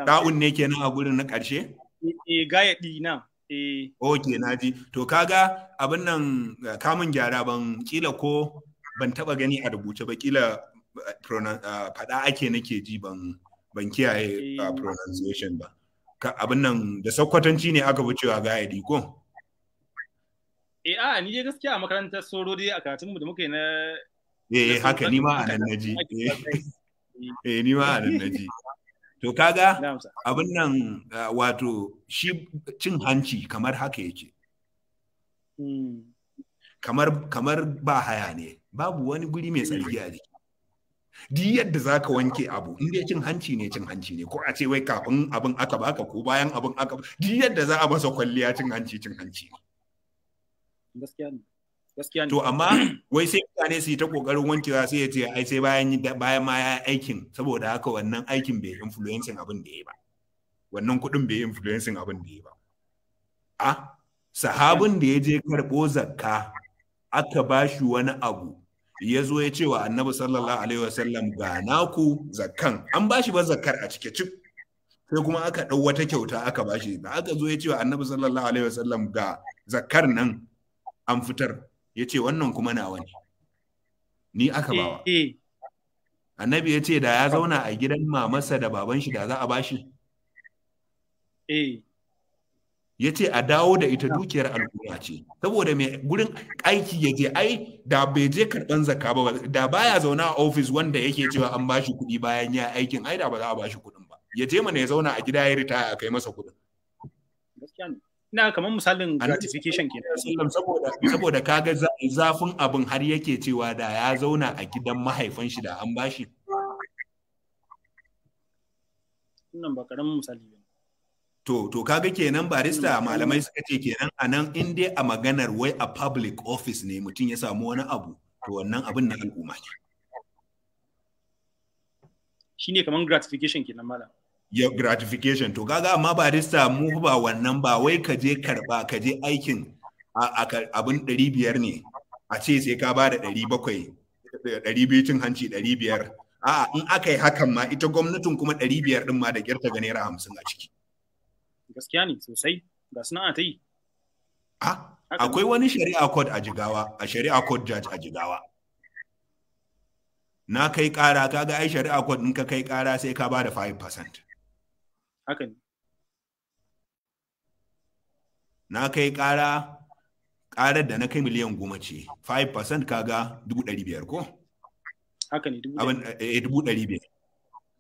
Da'un ne kenan a gurin na ƙarshe? Eh, eh Gayadi na. Eh. Oke, na ji. To kaga abin nan kamun gyara ban kila ko ban taba gani a rubuce ba kila eh, faɗa ake nake ji ban ban kiyaye pronunciation ba. Abin nan da sakkwatanci ne aka fi cewa Gayadi ko? eh a ah, ni je gaskiya a makarantar soro dai a karatun mu da muke eh, na eh haka ni ma a nan naji eh. eh ni ma a nan naji to kaga abin nan ah, wato shi cin hanci kamar haka yake hmm. kamar kamar ba haya ne babu wani guri mai tsarki a jiki di yadda za ka wanke abu in dai cin hanci ne cin hanci ne ko a ce wai kafin abin aka baka ko bayan abin aka di yadda za a masa kwalliya cin hanci cin hanci ne gaskiya ne gaskiya ne to amma wai sai mutane su yi ta kokarin wankewa sai ya ce ai sai bayan bayan ma ya aikin saboda haka wannan aikin bai influencing abin da ya ba wannan kuɗin bai influencing abin da ya ba a sahabin da ya je karɓo zakka aka ba shi wani abu ya zo ya ce wa annabi sallallahu alaihi wasallam ga naku zakkan an ba shi ba zakkar a cike cik sai kuma aka ɗau wata kyauta aka ba shi da aka zo ya ce wa annabi sallallahu alaihi wasallam ga zakkar nan an fitar ya ce wannan kuma nawa ne ni aka eh, bawa eh. annabi ya ce da ya zauna a gidan mamarsa da baban shi da za a bashi eh. ya ce a dawo da ita dukiyar al'umma ce saboda mai gurin aiki ya je ai da bai je karɓan zakka ba da baya zauna a ofis wanda yake cewa an bashi kuɗi bayan ya aikin ai da ba za a bashi kuɗin ba ya je mana ya zauna a gida ya ritaya a kai masa kuɗin ina kamar misalin gratification ke saboda saboda kaga zafin abin har yake cewa da ya zauna a gidan mahaifan shi da an bashi wannan ba karamin misali ba to to kaga kenan barista malamai suka ce kenan a nan in dai a maganar wai a public office ne mutum ya samu wani abu to wannan abin na al'umma ne shine kamar gratification kenan malam your gratification to kaga amma barista mu ba wannan ba wai ka je karba ka je aikin abin ɗari biyar ne a ce sai ka ba da ɗari bakwai ɗari biyu cin hanci ɗari biyar a'a in aka yi hakan ma ita gwamnatin kuma ɗari biyar ɗin ma da girta ga naira hamsin a ciki gaskiya ne sosai ga suna ta yi a akwai wani shari'a code a jigawa a shari'a code, judge a jigawa na kai kara kaga ai shari'a code in ka kai kara sai ka ba da 5% haka ne na kai ƙara ƙarar da na kai miliyan goma ce 5% kaga dubu ɗari biyar ko? haka ne eh, dubu ɗari biyar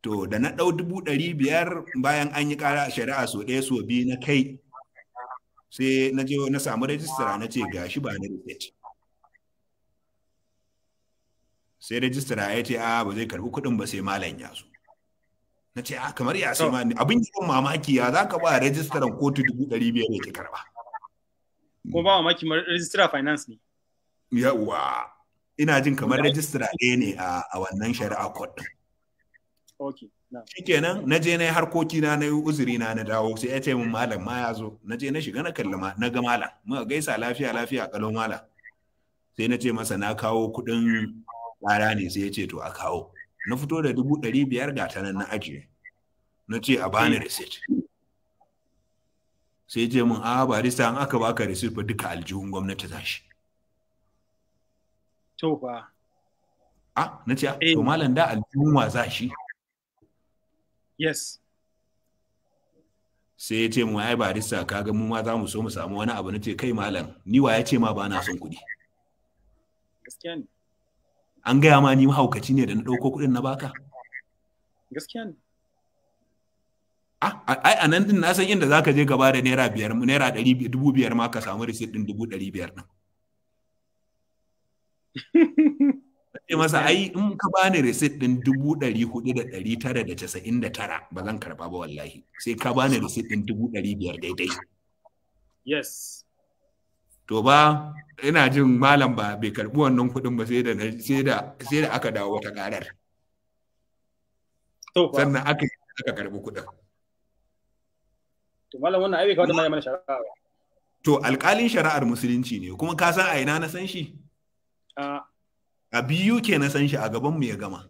to da na ɗau dubu ɗari biyar bayan an yi ƙara shari'a so ɗaya so biyu na kai sai na je na samu rajistara na ce ga shi ba na receipt sai rajistara ya ce a ba zai karɓi kuɗin ba sai malam ya so na ce a ah, kamar ya sai mani abin yi mamaki ya za ka ba rajistaran kotu dubu ɗari biyar ya ke karba. Ko ba mamaki rajistara finance ne. Yawa! ina jin kamar rajistara ɗaya ne a wannan shari'a court ɗin. Okay. Shikenan na je na yi harkoki na na yi uzuri na na dawo sai ya ce min malam ma ya zo na je na shiga na kalli na ga malam muka gaisa lafiya lafiya kalon malam sai na ce masa na kawo kuɗin ƙara ne sai ya ce to a kawo na fito da dubu ɗari biyar ga ta nan na ajiye na ce a bani receipt sai ce mun a barista an aka baka receipt fa duka aljihun gwamnati za shi to fa a na ce eh. to malam da aljihun wa za shi yes sai ya ce mu ai barista kaga mu ma za mu so mu samu wani abu na ce kai malam ni wa ya ce ma ba na son kuɗi gaskiya ne an gaya ma ni mahaukaci ne da na ɗauko kuɗin na baka gaskiya ne ah, ai a nan din na san inda zaka je gaba da naira biyar naira ɗari dubu biyar ma ka samu risit ɗin dubu ɗari biyar ɗin ce masa ai in ka bani receipt din dubu ɗari hudu da ɗari tara da casa'in da tara ba zan karɓa ba wallahi sai ka bani receipt din dubu ɗari biyar daidai. Yes. to ba ina jin malam ba bai karbi wannan kuɗin ba sai da sai da aka dawo wata karar sannan aka aka karbi kuɗin to malam wannan ai bai kawata mai mana shari'a to alƙalin shari'ar musulunci ne kuma ka san a ina na san shi a biyu ke na san shi a gaban mu ya gama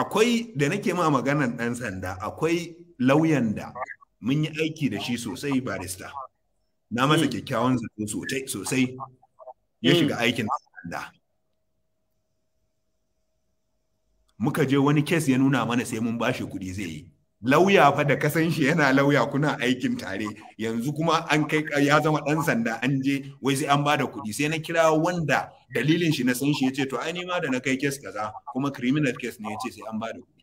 akwai da nake ma maganan ɗan sanda akwai lauyan da mun yi aiki da shi sosai barista na masa hmm. kyakkyawan zato sosai ya shiga hmm. aikin da. muka je wani kes ya nuna mana sai mun bashi kuɗi zai yi lauya fa da kasan shi yana lauya kuna aikin tare yanzu kuma an kai ya zama ɗan sanda an je wai sai an bada kuɗi sai na kira wanda dalilin shi na san shi yace to ai ni ma da na kai kes kaza kuma criminal kes ne yace sai an bada kuɗi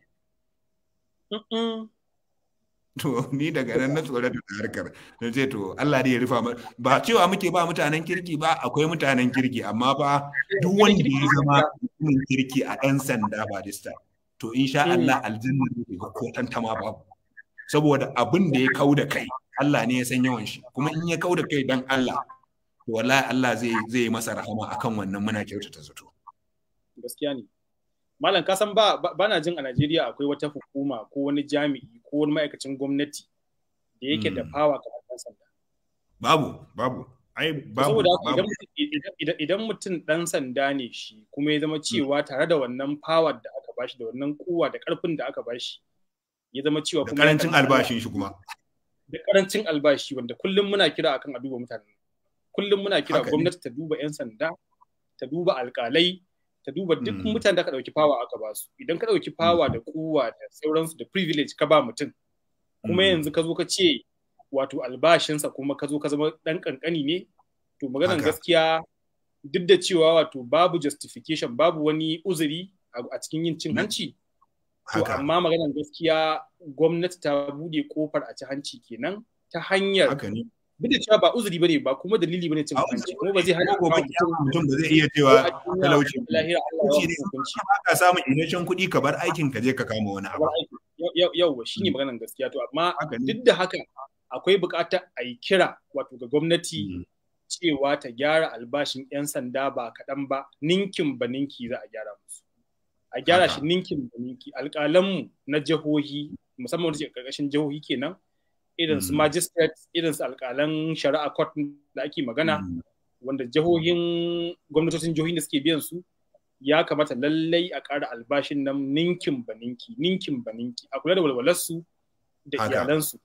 to ni daga nan na tsore da harkar na ce to Allah ne ya rufa ba cewa muke ba mutanen kirki ba akwai mutanen kirki amma ba duk wanda ya zama mutumin kirki a ɗan sanda barista to insha hmm. Allah aljanna ne ga ko tantama babu saboda abin da ya kau da kai Allah ne ya san yawan shi kuma in ya kau da kai dan Allah to wallahi Allah zai zai yi masa rahama akan wannan muna kyautata zato gaskiya ne malam ka san ba bana jin a Najeriya akwai wata hukuma ko wani jami'i ko wani ma'aikacin gwamnati da yake da fawa hmm. kamar ɗan sanda. Babu, babu. Ai, babu, babu. idan mutum ɗan sanda ne shi kuma ya zama hmm. cewa tare da wannan fawar da aka bashi da wannan kuwa da ƙarfin da aka bashi ya zama cewa kuma. Da ƙarancin albashi shi kuma. Da ƙarancin albashi wanda kullum muna kira akan a duba mutane, Kullum muna kira gwamnati ta duba 'yan sanda, ta duba alƙalai, ka duba duk hmm. mutane da ka dauki power aka ba su idan ka dauki power hmm. da kuwa da sauransu da privilege ka ba mutum kuma hmm. yanzu ka zo ka ce wato albashinsa kuma ka zo ka zama dan kankani ne to maganan gaskiya duk da cewa wato babu justification babu wani uzuri a cikin yin cin hanci to amma maganar gaskiya gwamnati ta bude kofar a ci hanci kenan ta hanyar duk da cewa ba uzuri bane ba kuma dalili bane cin mutunci kuma ba zai hana ko ba mutum da zai iya cewa talauci Allah ba ka samu inashin kuɗi ka bar aikin ka je ka kama wani abu yauwa shine hmm. maganar gaskiya to amma duk da haka akwai buƙatar a yi kira wato ga gwamnati hmm. cewa ta gyara albashin 'yan sanda ba kaɗan ba ninkin ba ninki za a gyara musu a gyara shi ninkin ba ninki alƙalanmu na jihohi musamman wanda ke ƙarƙashin jihohi kenan irin su mm. magistrate irin su alƙalan shari'a court da ake magana mm. wanda jihohin gwamnatocin jihohin da suke biyan su ya kamata lallai a ƙara albashin nan ninkin ba ninki ninkin ba ninki a kula da walwalarsu da iyalansu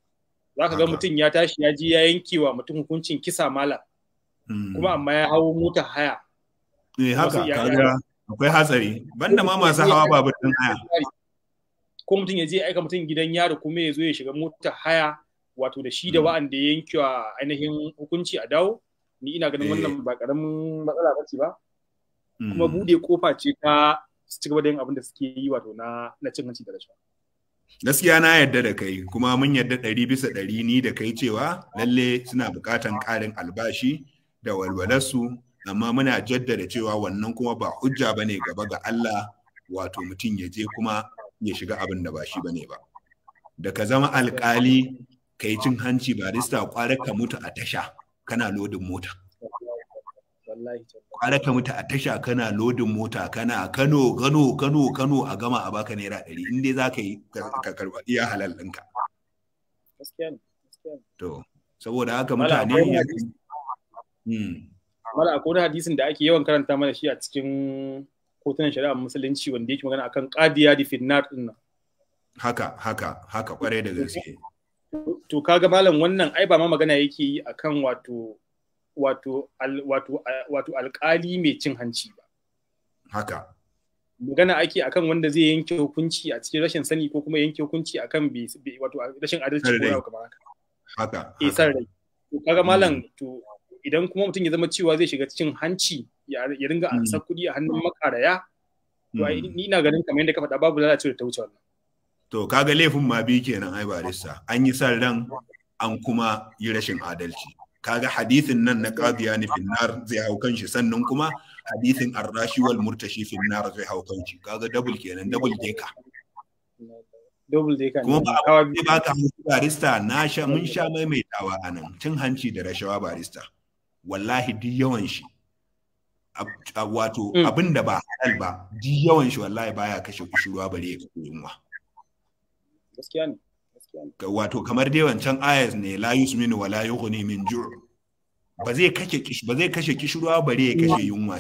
za ka ga mutum ya tashi ya ji ya yanke wa mutum hukuncin kisa mala mm. kuma amma ya hawo mota haya eh haka kaga akwai hatsari banda ma masu hawa babu din haya ko mutum ya je aika mutum gidan yaro kuma ya zo ya shiga mota haya wato da shi da hmm. wa'anda ya wa ainihin hukunci a dawo ni ina ganin eh. wannan ba karamin matsala ba ce ba kuma hmm. bude kofa ce ta su ci gaba da yin abin da suke yi wato na na cin hanci da rashawa gaskiya na yadda da kai kuma mun yadda ɗari bisa ɗari ni da kai cewa lalle suna buƙatan ƙarin albashi da walwalarsu amma muna jaddada cewa wannan kuma ba hujja ba ne gaba ga Allah wato mutum ya je kuma ya shiga abin da ba shi ba ne ba da ka zama alƙali ka yi cin hanci rista kwarar ka mutu a tasha kana lodin mota kwarar ka mutu a tasha kana lodin mota kana kano kano kano kano a gama a baka naira ɗari in dai za ka yi ka karba iya halal ɗinka to saboda haka mutane ya mala akwai hmm. hadisin da ake yawan karanta mana shi a cikin kotunan shari'a musulunci wanda yake magana akan qadiya di finnar haka haka haka kwarai da gaske to kaga malam wannan ai ba ma magana yake yi akan wato wato al, wato wato alkali mai cin hanci ba haka magana ake akan wanda zai yanke hukunci a cikin rashin sani ko kuma yanke hukunci akan wato rashin adalci ko haka haka eh san to kaga mm. malam to idan kuma mutum ya zama cewa zai shiga cin hanci ya ringa mm. ansa kuɗi a hannun makaraya to mm. ni ina ganin kamar yadda ka faɗa babu lalacewa da ta wuce wannan to kaga laifin ma bi kenan ai barista an yi san ran an kuma yi rashin adalci kaga hadisin nan na qadiya ni finnar zai hau kanshi sannan kuma hadisin arrashi wal murtashi finnar zai hau kanshi kaga double kenan double deka double deka kuma ba ba ka barista na sha mun sha maimaitawa a nan cin hanci da rashawa barista wallahi duk yawan shi wato mm. abin da ba halal ba duk yawan shi wallahi baya kashe kushurwa bare ya kashe yunwa gaskiya wato kamar dai wancan ayas ne la yusminu wa la yughni min ju' ba zai kashe kishirwa ba zai kashe kishruwa bare ya kashe yunwa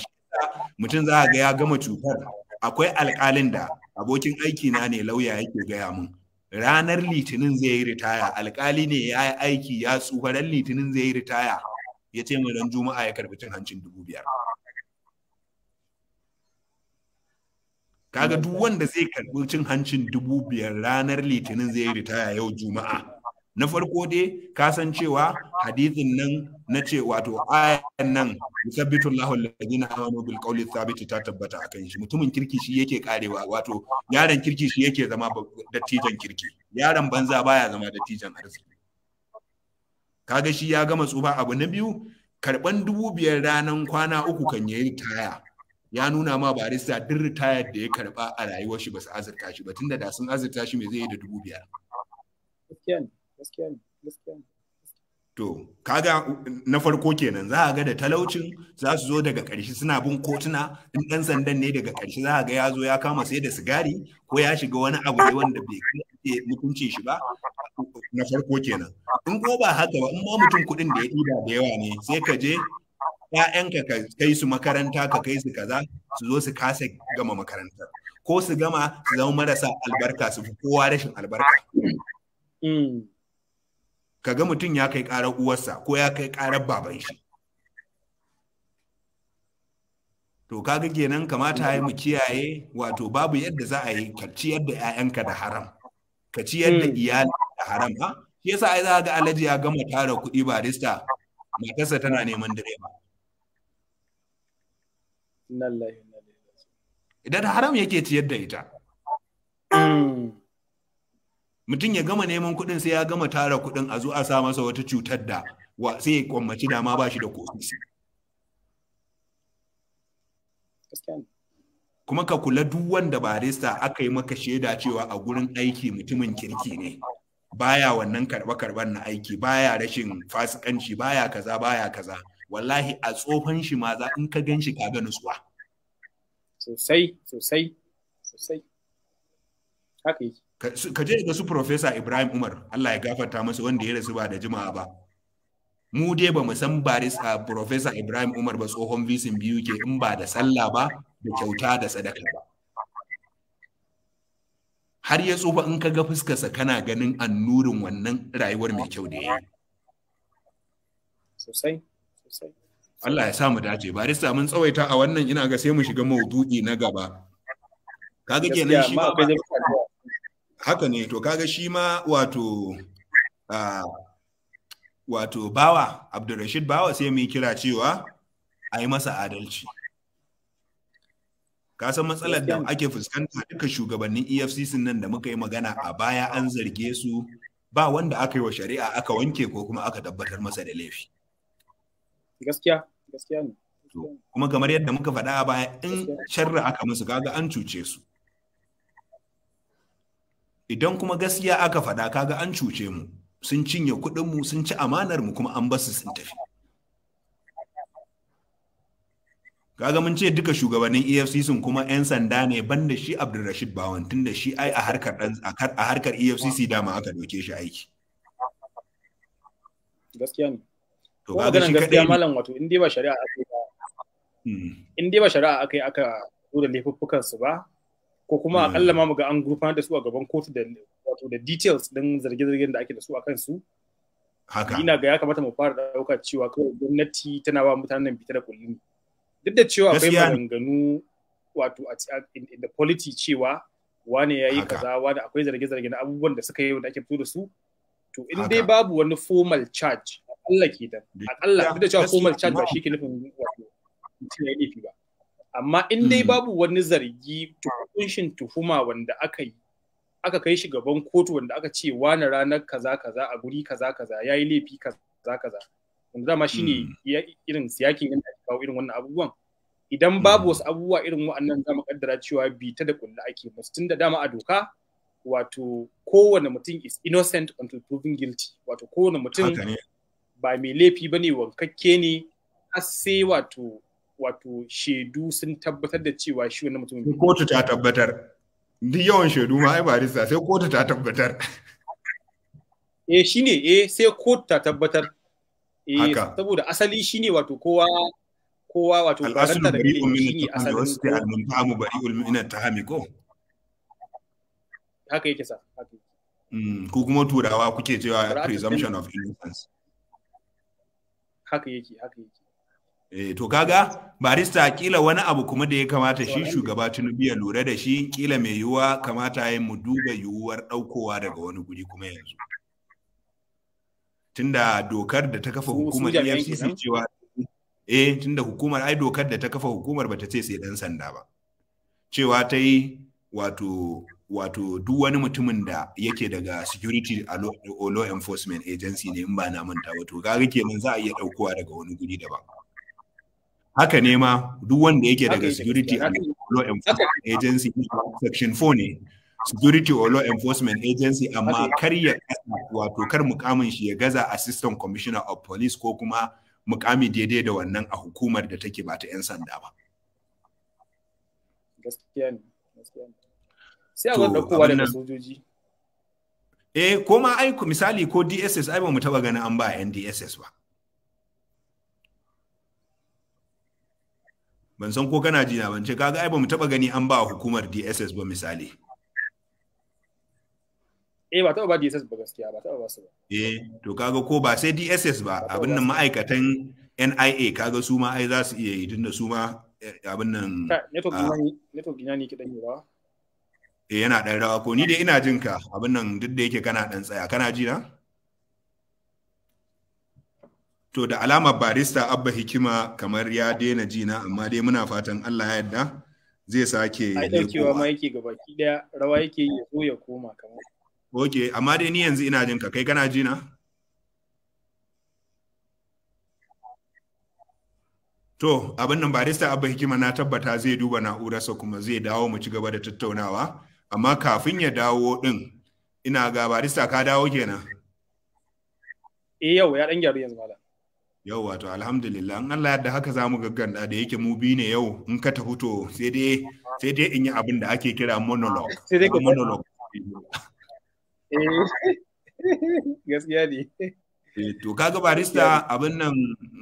mutum za ga ya gama cutar akwai alƙalin da abokin aiki na ne lauya yake gaya mun ranar litinin zai yi ritaya alƙali ne ya yi aiki ya tsufa ran litinin zai yi ritaya ya ce mai ran juma'a ya karbi cin hancin dubu biyar kaga duk wanda zai karɓi cin hancin dubu biyar ranar litinin zai yi ritaya yau juma'a na farko dai ka san cewa hadithin nan na ce wato ayan nan musabbitu Allahu alladhina amanu bil qawli thabiti ta tabbata akan shi mutumin kirki shi yake karewa wato yaron kirki shi yake zama dattijan kirki yaron banza baya zama dattijan arziki kaga shi ya gama tsufa abu na biyu karban dubu biyar ranan kwana uku kan yayi taya. ya nuna ma barista duk ritayar da ya karba a rayuwar shi ba su azurta shi ba tunda da sun azurta shi me zai yi da dubu biyar. To, kaga na farko kenan za a ga da talaucin za su zo daga ƙarshe suna bin kotuna in ɗan sandan ne daga ƙarshe za a ga ya zo ya kama sai da sigari ko ya shiga wani abu ne wanda bai ke mutuncin shi ba na farko kenan. In ko ba haka ba in ma mutum kuɗin da ya ɗiba da yawa ne sai ka je ‘ya'yanka ka kai su makaranta ka kai su kaza su zo su kasa gama makarantar ko su gama su zama marasa albarka su fi kowa rashin albarka mm. ka ga mutum ya kai ƙarar uwarsa ko ya kai ƙarar baban shi to kaga kenan kamata ya mu kiyaye wato babu yadda za a yi ka ciyar da 'ya'yanka da haram ka ciyar da mm. iyali da haram ha shi yasa ai za ga alaji ya gama tara kuɗi barista matarsa tana neman direba idan haram yake ciyar da ita mutum ya gama neman kuɗin sai ya gama tara kuɗin a zo a sa masa wata cutar da sai ya kwammaci dama ba shi da kofi kuma ka kula duk wanda barista aka yi maka shaida cewa a gurin aiki mutumin kirki ne baya wannan karɓe-karɓen na aiki baya rashin fasikanci baya kaza baya kaza wallahi a tsohon shi ma za in ka gan shi ka gani nutsuwa sosai sosai sosai ka je ga su Profesa Ibrahim Umar Allah ya gafarta masa wanda ya rasu ba da jima'a ba mu dai ba mu san baris a ah, Profesa Ibrahim Umar ba tsohon visin biyu ke in ba da sallah ba da kyauta da sadaka ba har ya tsufa in ka ga fuskarsa kana ganin annurin wannan rayuwar mai kyau da ya yi sosai Allah ya sa mu dace barista mun tsawaita a wannan ina ga sai mu shiga maududi na gaba kaga kenan shi haka ne to kaga shi ma wato wato bawa Abdulrashid bawa sai mu kira cewa a yi masa adalci ka san matsalar da ake fuskanta duka shugabannin efcc nan da muka yi magana a baya an zarge su ba wanda aka yi wa shari'a aka wanke ko kuma aka tabbatar masa da laifi gaskiya gaskiya ne kuma kamar yadda muka faɗa a baya in sharri aka musu kaga an cuce su idan kuma gaskiya aka faɗa kaga an cuce mu sun cinye kuɗin mu sun ci amanar mu kuma an basu sun tafi kaga mun ce duka shugabannin EFCC sun kuma 'yan sanda ne banda shi Abdulrashid Bawan tunda shi ai a harkar a harkar EFCC dama aka doke shi aiki gaskiya ne to ga ganin gaskiya malam wato in dai ba shari'a aka yi hmm. aka zo laifuffukan su ba ko kuma hmm. akalla ma ga an gurfa da su a gaban kotu da wato da details din zarge-zargen da ake da su a kansu haka ina ga ya kamata mu fara dauka cewa kawai gwamnati tana ba mutanen bita da kullum duk da cewa akwai maganganu wato the polity cewa wane ya yi kaza wane akwai zarge-zarge abubuwan da suka yi wanda ake fito da su to in dai babu wani formal charge Allah ke a Allah duk da cewa formal charge ba shi ke nufin wato mutum ya laifi ba amma in dai hmm. babu wani zargi kunshin tuhuma wanda aka yi aka kai shi gaban kotu wanda aka ce wani ranar kaza kaza a guri kaza kaza ya yi laifi kaza kaza wanda dama shine hmm. irin siyakin yadda ake kawo irin wannan abubuwan idan babu wasu hmm. abubuwa irin wa'annan za kaddara cewa ta da kulla ake musu tun da dama a doka wato kowane mutum is innocent until proven guilty wato kowane mutum ba mai laifi ba ne wankakke ne har sai wato wato shaidu sun tabbatar da cewa shi mutum ne. kotu ta tabbatar duk yawan shaidu ma ai barista sai kotu ta tabbatar eh shine eh sai kotu ta tabbatar eh saboda asali shine wato kowa kowa wato karanta da shine asalin wasu ta bari'ul min tahami ko haka yake sa haka ko hmm, kuma turawa kuke cewa presumption of innocence haka yake haka yake eh to kaga barista kila wani abu kuma da ya kamata shi shugaba tunubi ya lura da shi kila mai yiwuwa kamata ya mu duba yiwuwar daukowa daga wani guri kuma yanzu tunda dokar da ta kafa hukumar EFCC cewa eh tunda hukumar ai dokar da ta kafa hukumar bata ce sai dan sanda ba cewa ta yi wato wato duk wani mutumin da yake daga security a law, enforcement agency ne in ba na manta wato kaga kenan za a iya daukowa daga wani guri daban haka ne ma duk wanda yake daga security a law enforcement agency section 4 ne security or law enforcement agency amma kar ya wato kar mukamin shi ya gaza assistant commissioner of police ko kuma mukami daidai da wannan a hukumar da take ba ta 'yan sanda ba gaskiya ne sai a wanda kowa daga sojoji eh ko ma ai misali ko DSS ai ba mu taba ganin an ba NDSS ba ban san ko kana jina ban ce kaga ai ba mu taba gani an ba hukumar DSS ba misali eh ba taba ba DSS ba gaskiya ba taba ba su ba eh to kaga ko ba sai DSS ba abin nan ma'aikatan NIA kaga su ma ai za su iya yi tunda su ma eh, abin nan network ah. gina ne kidan yi ba eh yana dan rawa ko ni dai ina jin ka abin nan duk da yake kana dan tsaya kana ji na to da alama barista abba hikima kamar ya daina ji na amma dai muna fatan Allah ya yarda zai sake ya ai daukewa ma yake gabaki daya rawa yake yi zo ya koma kamar oke amma dai ni yanzu ina jin ka kai kana ji na To, abin nan barista abba hikima na tabbata zai duba na'urarsa kuma zai dawo mu ci gaba da tattaunawa. amma kafin ya dawo din ina ga barista ka dawo kenan eh yau ya dan gyaru yanzu malam yau wato alhamdulillah an Allah yadda haka zamu gagganda da yake mu bi ne yau in ka tafi to sai dai sai dai in yi abin da ake kira monologue sai dai monologue eh, gaskiya ne eh, to kaga barista abin nan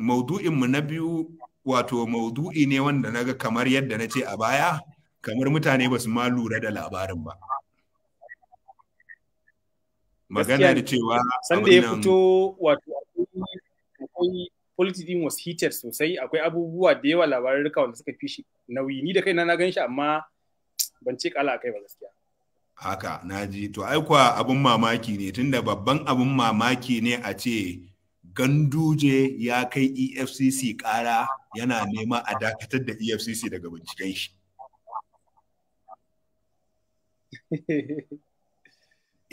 maudu'in mu na biyu wato maudu'i ne wanda naga kamar yadda na ce a baya kamar mutane ba su ma lura da labarin ba magana da cewa sanda ya fito wato akwai politi din was heated sosai akwai abubuwa da yawa labarin rika wanda suka fi shi nauyi ni da kaina na gan shi amma ban ce kala kai ba gaskiya haka na ji to aikwa abin mamaki ne tunda babban abin mamaki ne a ce ganduje ya kai efcc kara yana nema a dakatar da efcc daga binciken shi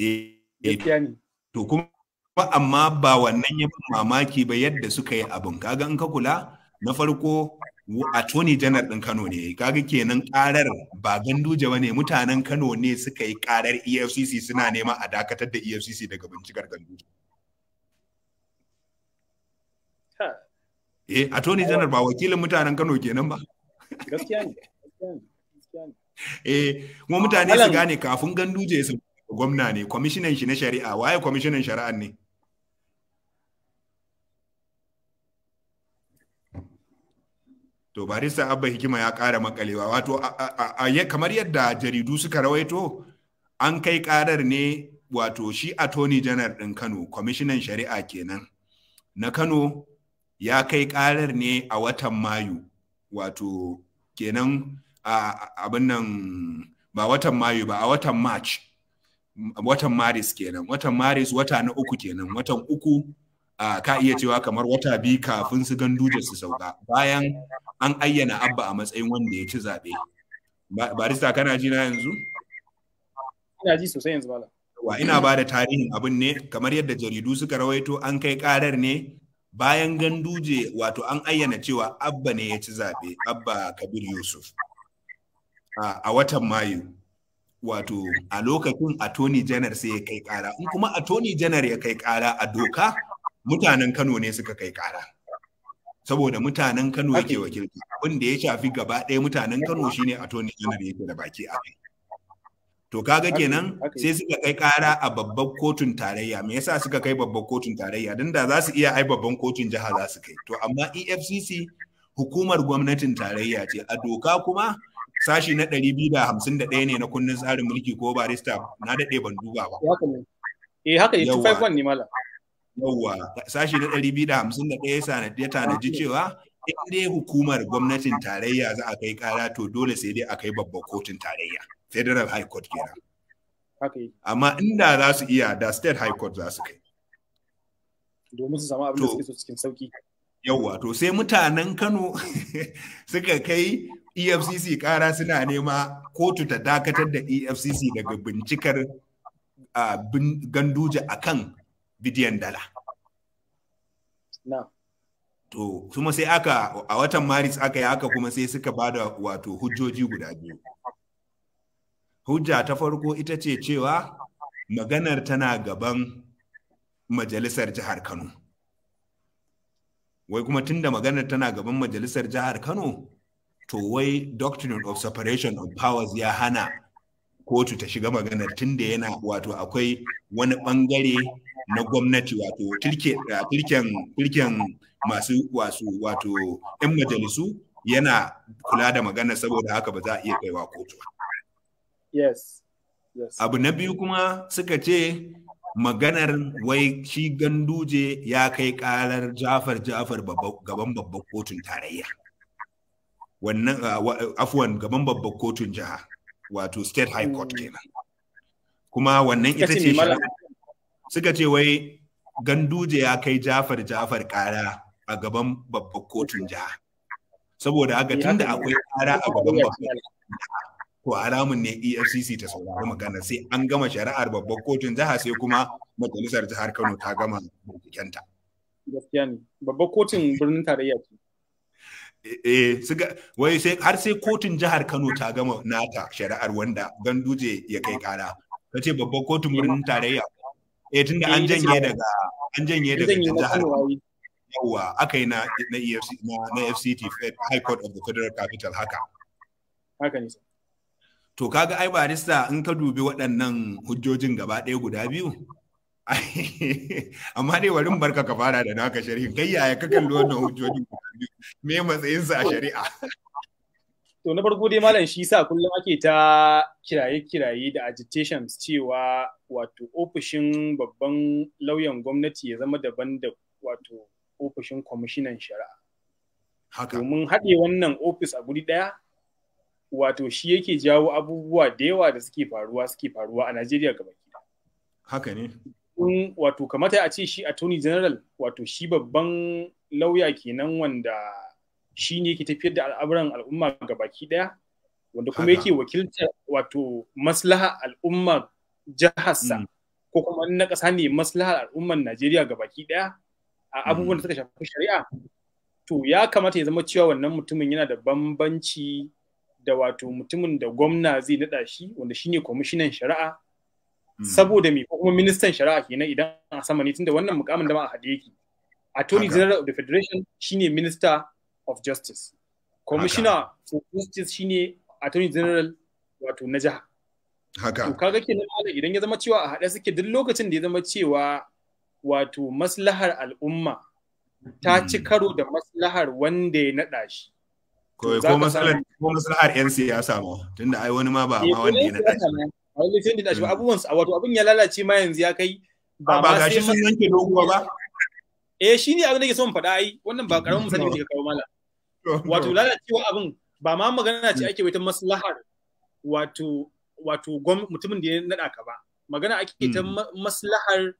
Eh, eh, to kuma amma ba wannan ya mamaki ba yadda suka yi abin kaga in ka kula na farko attorney janar ɗin Kano ne kaga kenan karar ba ganduje ba ne mutanen Kano ne suka yi karar EFCC suna nema a dakatar da EFCC daga bincikar ganduje eh attorney janar ba wakilin mutanen Kano kenan ba gaskiya ne eh kuma mutane su gane kafin ganduje su gwamna ne kwamishinan shi na shari'a waye kwamishinan shari'a ne to barista abba hikima ya ƙara makalewa wato kamar yadda jaridu suka rawaito an kai ƙarar ne wato shi attorney general ɗin kano kwamishinan shari'a kenan na kano ya kai ƙarar ne a watan mayu wato kenan a abin nan ba watan mayu ba a watan march watan maris kenan watan maris wata na uku kenan watan uku a ka iya cewa kamar wata biyu kafin su duje su sauka bayan an ayyana abba a matsayin wanda ya ci zaɓe barista kana ji na yanzu ina ji sosai yanzu wa ina ba da tarihin abin ne kamar yadda jaridu suka rawaito an kai karar ne bayan ganduje wato an ayyana cewa abba ne ya ci zaɓe abba kabir yusuf a watan mayu wato a lokacin attorney janar sai ya kai kara in kuma a attorney janar ya kai kara a doka mutanen kano ne suka kai kara saboda mutanen kano yake wakilci abin ya shafi gaba ɗaya mutanen kano shine attorney janar yake da baki a kai to kaga kenan sai suka kai kara a babban kotun tarayya me yasa suka kai babban kotun tarayya dan da za su iya ai babban kotun jiha za su kai to amma EFCC hukumar gwamnatin tarayya ce a doka kuma sashi na ɗari biyu da hamsin da ɗaya ne na kundin tsarin mulki ko barista na daɗe ban duba ba. Eh haka ne, 251 ne mala. Yawwa, sashi na ɗari biyu da hamsin da ɗaya ya tanaji cewa in dai hukumar gwamnatin tarayya za a kai kara to dole sai dai a kai babban kotun tarayya, Federal High Court kenan. Amma inda za su iya da State High Court za su kai. Domin su samu abin da suke so cikin sauki. Yawwa, to sai mutanen Kano suka kai EFCC kara suna nema kotu ta dakatar da EFCC daga bincikar ganduje a kan bidiyon dala. To, kuma sai aka a watan Maris aka yi haka kuma sai suka ba da wato hujjoji guda biyu. Hujja ta farko ita ce cewa maganar tana gaban majalisar jihar Kano. Wai kuma tunda maganar tana gaban majalisar jihar Kano, to wai doctrine of separation of powers ya hana kotu ta shiga magana tun da yana wato akwai wani bangare na gwamnati wato tilken masu wasu wato 'yan majalisu yana kula da magana saboda haka ba za a iya kaiwa kotu yes, abu na biyu kuma suka ce maganar wai shi ganduje ya kai karar jafar jafar gaban babban kotun tarayya wannan ah, afuwan gaban babbar kotun jiha wato state high court hmm. kenan kuma wannan ita ce suka ce wai ganduje ya kai jafar jafar kara a gaban babbar kotun jiha saboda haka tunda akwai kara a gaban babbar ko alamun ne efcc ta saurari magana sai an gama shari'ar babbar kotun jiha sai kuma majalisar jihar kano ta gama bukukenta. gaskiya ne babbar kotun birnin tarayya ce Eh, wai har sai kotun jihar Kano ta gama nata shari'ar wanda ganduje ya kai kara ta ce babban kotun birnin tarayya eh tunda an eh, janye daga an janye daga jihar yawa aka yi na na EFC na, na FCT High Court of the Federal Capital haka haka ne to kaga ai barista in ka dubi waɗannan hujjojin gaba ɗaya guda biyu amma dai warin barka ka fara da naka shari'a kai yaya ka kalli wannan hujjoji me matsayin sa a shari'a to na farko dai malam shi sa kullum ake ta kiraye-kiraye da agitations cewa wato ofishin babban lauyan gwamnati ya zama daban da wato ofishin kwamishinan shari'a domin haɗe wannan ofis a guri ɗaya wato shi yake jawo abubuwa da yawa da suke faruwa suke faruwa a Najeriya gaba haka ne in wato kamata a ce shi attorney general wato shi babban lauya kenan wanda shi ne ke tafiyar da al'amuran al'umma ga baki daya wanda kuma yake wakilta wato maslaha al'umma jiharsa mm. ko kuma na kasa ne maslaha al'umman Najeriya ga baki daya a abubuwan da mm. suka shafi shari'a to ya kamata ya zama cewa wannan mutumin yana da bambanci da wato mutumin da gwamna zai naɗa shi wanda shine kwamishinan shari'a Hmm. saboda me ko kuma ministan shari'a kenan idan a sama ne tunda wannan mukamin da ma a haɗe yake attorney general of the federation shine minister of justice commissioner for justice shine attorney general wato na jiha haka to kaga kenan idan ya zama cewa a haɗe suke duk lokacin da ya zama cewa wato maslahar al'umma ta ci hmm. karo da maslahar wanda ya naɗa shi. Ko maslahar 'yan siyasa ma, tunda ai wani ma ba ma eh, wanda ya naɗa shi. a wani trending nashi ba mm. abubuwan wato abin ya lalace ma yanzu ya kai ba ba ga shi sun yanke doguwa ba eh shine abin da ke son faɗa ai wannan ba karamin misali mm. ne ka kawo mala wato lalacewa abin ba ma magana ce mm. ake wata maslahar wato wato mutumin da ya naɗa ka ba magana ake ta maslahar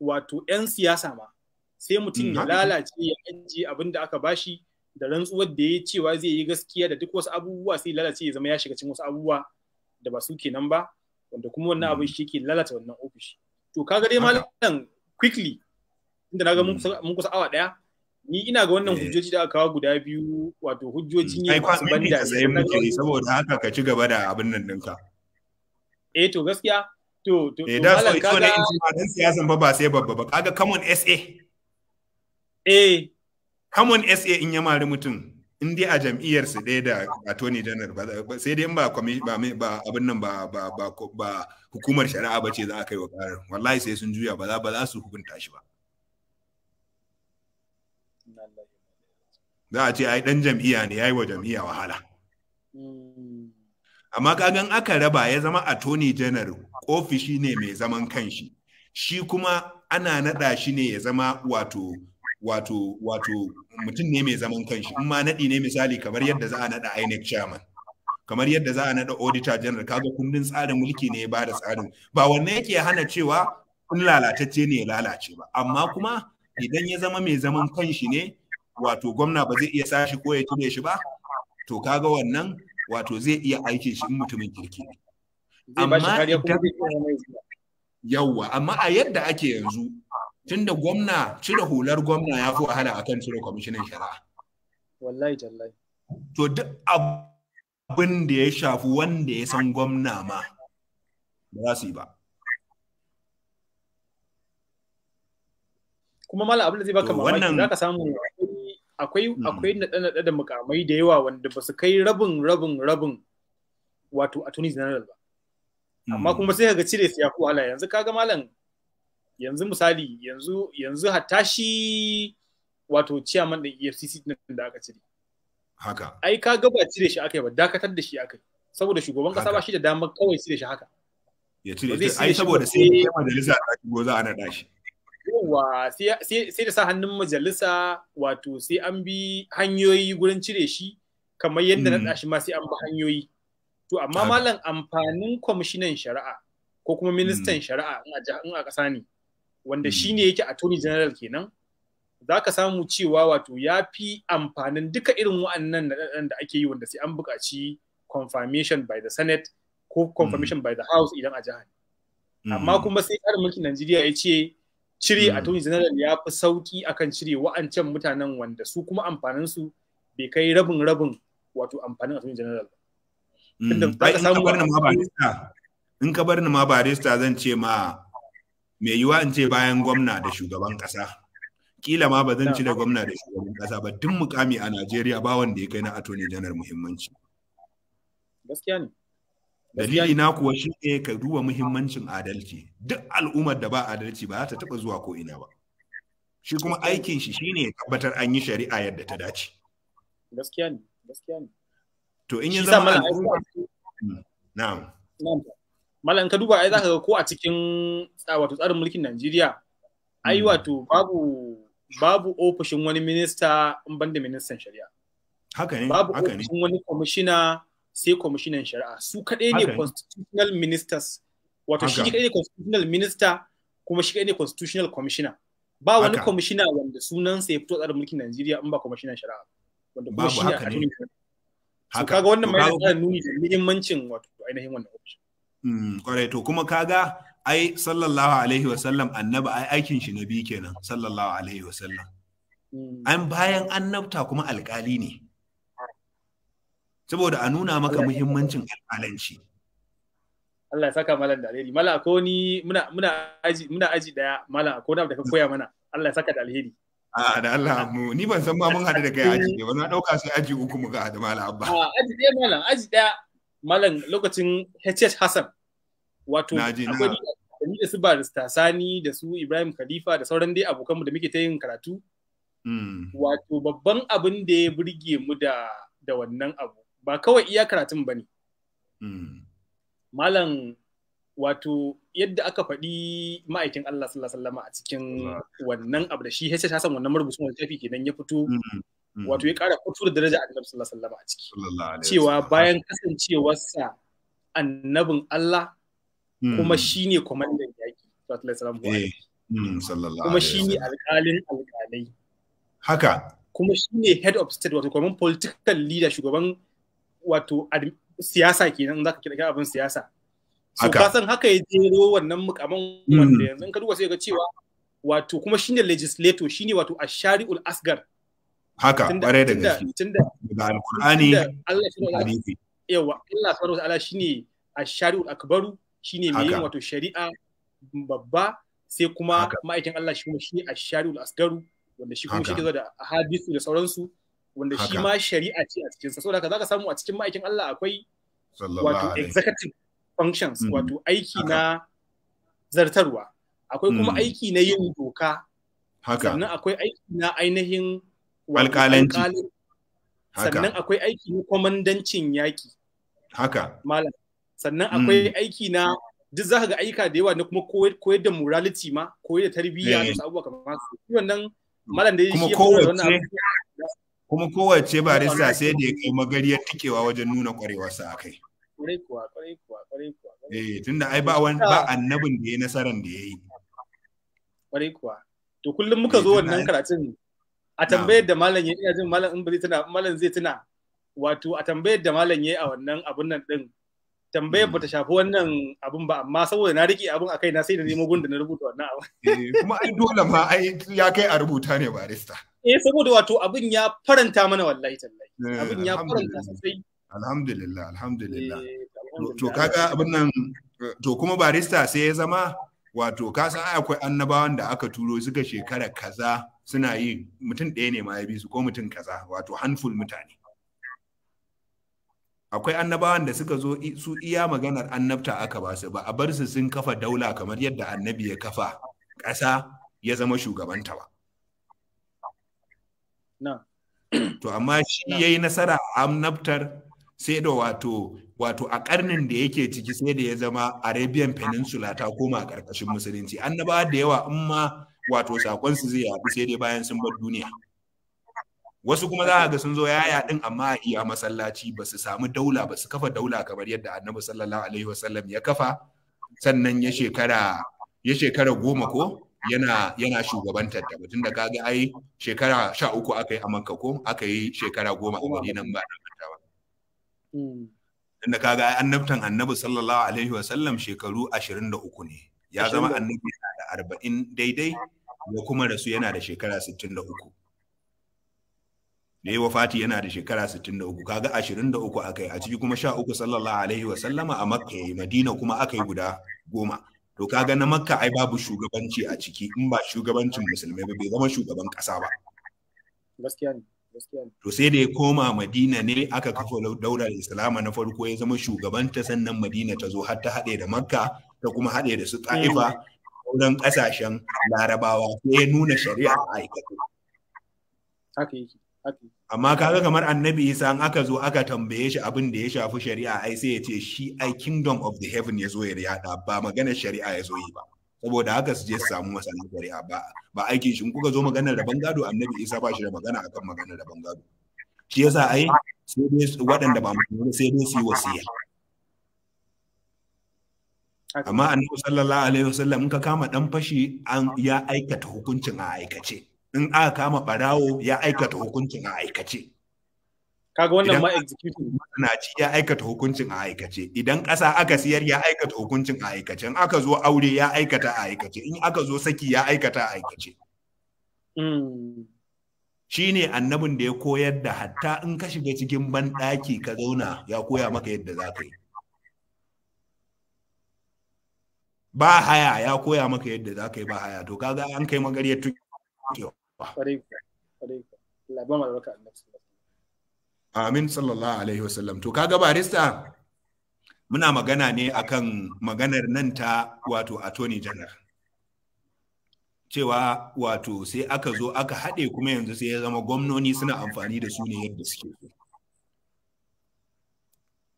wato 'yan siyasa ma sai mutum ya lalace ya ajiye abin da aka bashi da rantsuwar da ya cewa zai yi gaskiya da duk wasu abubuwa sai lalace ya zama ya shiga cikin wasu abubuwa da ba su kenan ba wanda kuma wannan abin mm. shi ke lalata wannan ofis to kaga dai malam quickly inda naga mun mm. kusa awa daya ni ina ga wannan eh. hujjoji da aka kawo guda biyu wato hujjojin mm. yin masu banda saboda haka ka ci gaba da abin nan ɗinka. eh to gaskiya to to eh da so ito ne in ji dan siyasan ba ba sai babba ba kaga common SA eh common SA in ya mari mutum in dai a jam'iyyar su ɗaya da attorney general ba sai dai ba ba abin nan ba ba ba hukumar shari'a ba ce za a kai wa karar wallahi sai sun juya ba za ba za su hukunta shi ba za a ce ai dan jam'iyya ne yayi wa jam'iyya wahala amma kagan aka raba ya zama attorney general ofishi ne mai zaman kanshi shi kuma ana naɗa shi ne ya zama wato wato wato mutum ne mai zaman kanshi in ma naɗi ne misali kamar yadda za a naɗa INEC chairman kamar yadda za a naɗa auditor general kaga kundin tsarin mulki ne ba da tsarin ba wanne yake hana cewa in lalatacce ne ya lalace ba amma kuma idan ya zama mai zaman kanshi ne wato gwamna ba zai iya sashi ko ya cire shi ba to kaga wannan wato zai iya aikin shi in mutumin kirki ne amma yawwa amma a yadda ake yanzu tunda gwamna cire hular gwamna ya fi wahala akan cire kwamishinan shari'a wallahi jallai. to duk abin da ya shafi wanda ya san gwamna ma ba za su yi ba kuma mala abin da zai baka mamaki za ka samu akwai hmm. akwai naɗe-naɗe da mukamai da yawa wanda ba su kai rabin rabin rabin wato a Tunis general ba amma hmm. kuma sai ka ga cire su ya fi wahala yanzu ga malam yanzu misali yanzu yanzu hatta shi wato ciyaman din EFCC din da aka cire haka ai ka ga ba cire shi aka yi ba dakatar da shi aka yi saboda shugaban kasa ba shi da damar kawai cire shi haka ya cire shi ai saboda sai ya majalisa ta shigo za a naɗa shi yawa sai da sa hannun majalisa wato sai an bi hanyoyi gurin cire shi kamar yadda hmm. na shi ma sai an bi hanyoyi to amma malam amfanin kwamishinan shari'a ko kuma ministan hmm. shari'a in a ƙasa ne wanda hmm. shi ne yake attorney general kenan za ka samu cewa wato ya fi amfanin duka irin wa'annan da ake yi wanda sai an buƙaci confirmation by the senate ko hmm. confirmation by the house idan a ne. Hmm. amma kuma sai tsarin mulkin najeriya ya ce cire attorney general ya fi a akan cire wa'ancan mutanen wanda su kuma amfanin su bai kai rabin rabin wato amfanin attorney general ba in ka bar ni ma barista zan ce ma mai yiwuwa in ce bayan gwamna da shugaban kasa kila ma ba zan ci da gwamna da shugaban kasa ba duk mukami a Najeriya ba wanda ya kai na attorney general muhimmanci dalili na kuwa shi ne ka duba muhimmancin adalci duk al'ummar da ba adalci ba za ta taɓa zuwa ko'ina ba shi kuma aikin shi shine ya tabbatar an yi shari'a yadda ta dace gaskiya ne gaskiya ne to in ya zama al'umma hmm. na'am na'am malam ka duba ai zaka ga ko a cikin wato tsarin mulkin Najeriya ai hmm. wato babu babu ofishin wani minista in banda ministan shari'a haka ne babu ofishin wani kwamishina sai kwamishinan shari'a su kadai ne constitutional ministers wato shi kadai ne constitutional minister kuma shi kadai ne constitutional commissioner ba wani kwamishina wanda sunansa ya fito tsarin mulkin Najeriya in ba kwamishinan shari'a wanda kuma shi ne a kaga wannan mai da nuni da muhimmancin wato ainihin wannan ofishin Mm, kwarai to kuma kaga ai sallallahu alaihi wasallam annaba, ai aikin shi nabi kenan sallallahu alaihi wasallam mm. an bayan annabta kuma alkali ne saboda a nuna maka muhimmancin alkalanci Allah ya saka malam da alheri malam ko ni muna muna aji muna aji daya malam ko da ka koya mana Allah ya saka da alheri a da Allah mu ni ban san ma mun hadu da kai aji ba na dauka sai aji uku muka da mala abba a aji daya malam aji daya malam lokacin HH hassan wato akwai da su barista sani da su ibrahim khalifa da sauran dai abokan mu da muke ta yin karatu hmm. wato babban abin da ya burge mu da da wannan abu ba kawai iya karatun ba ne hmm. malam wato yadda aka faɗi ma'aikin Allah sallallahu alaihi a cikin wannan abu da shi HH hassan wannan marubucin wani tafi kenan ya fito hmm. Mm. wato ya ƙara fito da daraja annabi sallallahu alaihi wasallam a ciki cewa bayan kasancewarsa annabin Allah mm. kuma shine kwamandan yaki sallallahu alaihi wasallam eh, mm, kuma shine alƙalin alƙalai haka kuma shine head of state wato kwamandan political leader shugaban wato siyasa kenan zaka kira abin siyasa so ka san haka ya jero wannan mukaman wanda yanzu ka duba sai ga cewa wato kuma shine legislator shine wato ashari'ul asgar haka ƙwarai da gaske daga alƙur'ani hadisi yawa Allah subhanahu ne shine ash-shari'ul akbaru shine mai yin wato shari'a babba sai kuma ma'aikin Allah shi kuma shine ash-shari'ul asgaru wanda shi kuma shi ke da hadisu da sauransu wanda shi ma shari'a ce a cikinsa saboda haka zaka samu a cikin ma'aikin Allah akwai wato executive functions mm. wato aiki na zartarwa akwai kuma mm. aiki na yin doka sannan akwai aiki na ainihin alƙalanci sannan akwai aiki na kwamandancin yaƙi haka malam sannan hmm. akwai aiki na duk za ka ga aika da yawa na kuma koyar da morality ma koyar da tarbiyya da eh. abubuwa kamar su wannan malam da kuma kowace kuma kowace barista sai da ya kai magariyar tikewa wajen nuna kwarewarsa a kai eh tunda ai ba wani ba annabin da ya nasaran da ya yi kwarai to kullum muka eh, zo wannan karatun a tambayar da malam ya ina jin malam in bari zai tuna malam zai tuna wato a tambayar da malam ya a wannan abun nan din tambayar hmm. ba ta shafi wannan abun ba amma saboda na riƙe abun akai na sai da nemo gun da na rubuta wannan abun eh, kuma ai dole ma ai ya kai a rubuta ne barista eh saboda wato abun ya faranta mana wallahi tallahi eh, abun ya faranta sosai alhamdulillah alhamdulillah eh, to kaga abun nan to kuma barista sai ya zama wato ka san akwai annabawan da aka turo suka shekara kaza suna yi mutum ɗaya ne ma ya bi su ko mutum kaza wato handful mutane akwai annabawan da suka zo su iya maganar annabta aka ba su ba a bar su sun kafa daula kamar yadda annabi ya kafa ƙasa ya zama shugabanta ba to amma shi ya yi nasara a annabtar sai da wato wato a ƙarnin da yake ciki sai da ya zama arabian peninsula ta koma a ƙarƙashin musulunci annabawa da yawa in ma wato sakon su zai yaɗu sai dai bayan sun bar duniya wasu kuma za ga sun zo yaya din amma a masallaci ba su samu daula ba su kafa daula kamar yadda annabi sallallahu alaihi wasallam ya kafa sannan ya shekara ya shekara goma ko yana yana shugabantar da tunda kaga ai shekara sha uku aka yi a makka ko aka yi shekara goma a madinan ba da manta ba tunda kaga ai annabtan annabi sallallahu alaihi wasallam shekaru 23 ne ya zama annabi arba'in daidai ya kuma rasu yana da shekara sittin da uku da yi wafati yana da shekara 63 kaga 23 akai a ciki kuma 13 sallallahu alaihi wa sallama a makka yayi madina kuma akai guda goma to kaga na makka ai babu shugabanci a ciki in ba shugabancin musulmai ba bai zama shugaban kasa ba gaskiya ne to sai da ya koma madina ne aka kafa daular islama na farko ya zama shugabanta sannan madina ta zo har ta haɗe da makka ta kuma haɗe da su ta'ifa sauran kasashen larabawa sai ya nuna shari'a a aikata. Amma kaga kamar annabi Isa an aka zo aka tambaye shi abin da ya shafi shari'a ai sai ya ce shi ai kingdom of the heaven ya zo ya yada ba maganar shari'a ya zo yi ba. Saboda haka su je su samu masana shari'a ba ba aikin shi kuka zo maganar da gado annabi Isa ba shi da magana akan maganar da gado. Shi yasa ai sai dai waɗanda ba musulmi sai dai su yi wasiya. amma annabi sallallahu alaihi wasallam in ka kama dan fashi an ya aikata hukuncin a aikace in aka kama barawo ya aikata hukuncin a aikace kaga wannan ma execution na ci ya aikata hukuncin a aikace idan ƙasa aka siyar ya aikata hukuncin a aikace in aka zo aure ya aikata a aikace in aka zo saki ya aikata a aikace hmm. shi ne annabin da ya koyar da hatta in ka shiga cikin banɗaki ka zauna ya koya maka yadda za ka yi ba haya ya koya maka yadda za ka yi ba haya to kaga an kai ya tukewa amin sallallahu alaihi wasallam to kaga barista muna magana ne akan maganar nan ta wato attorney general cewa wato sai aka zo aka haɗe kuma yanzu sai ya zama gwamnoni suna amfani da su ne yadda suke so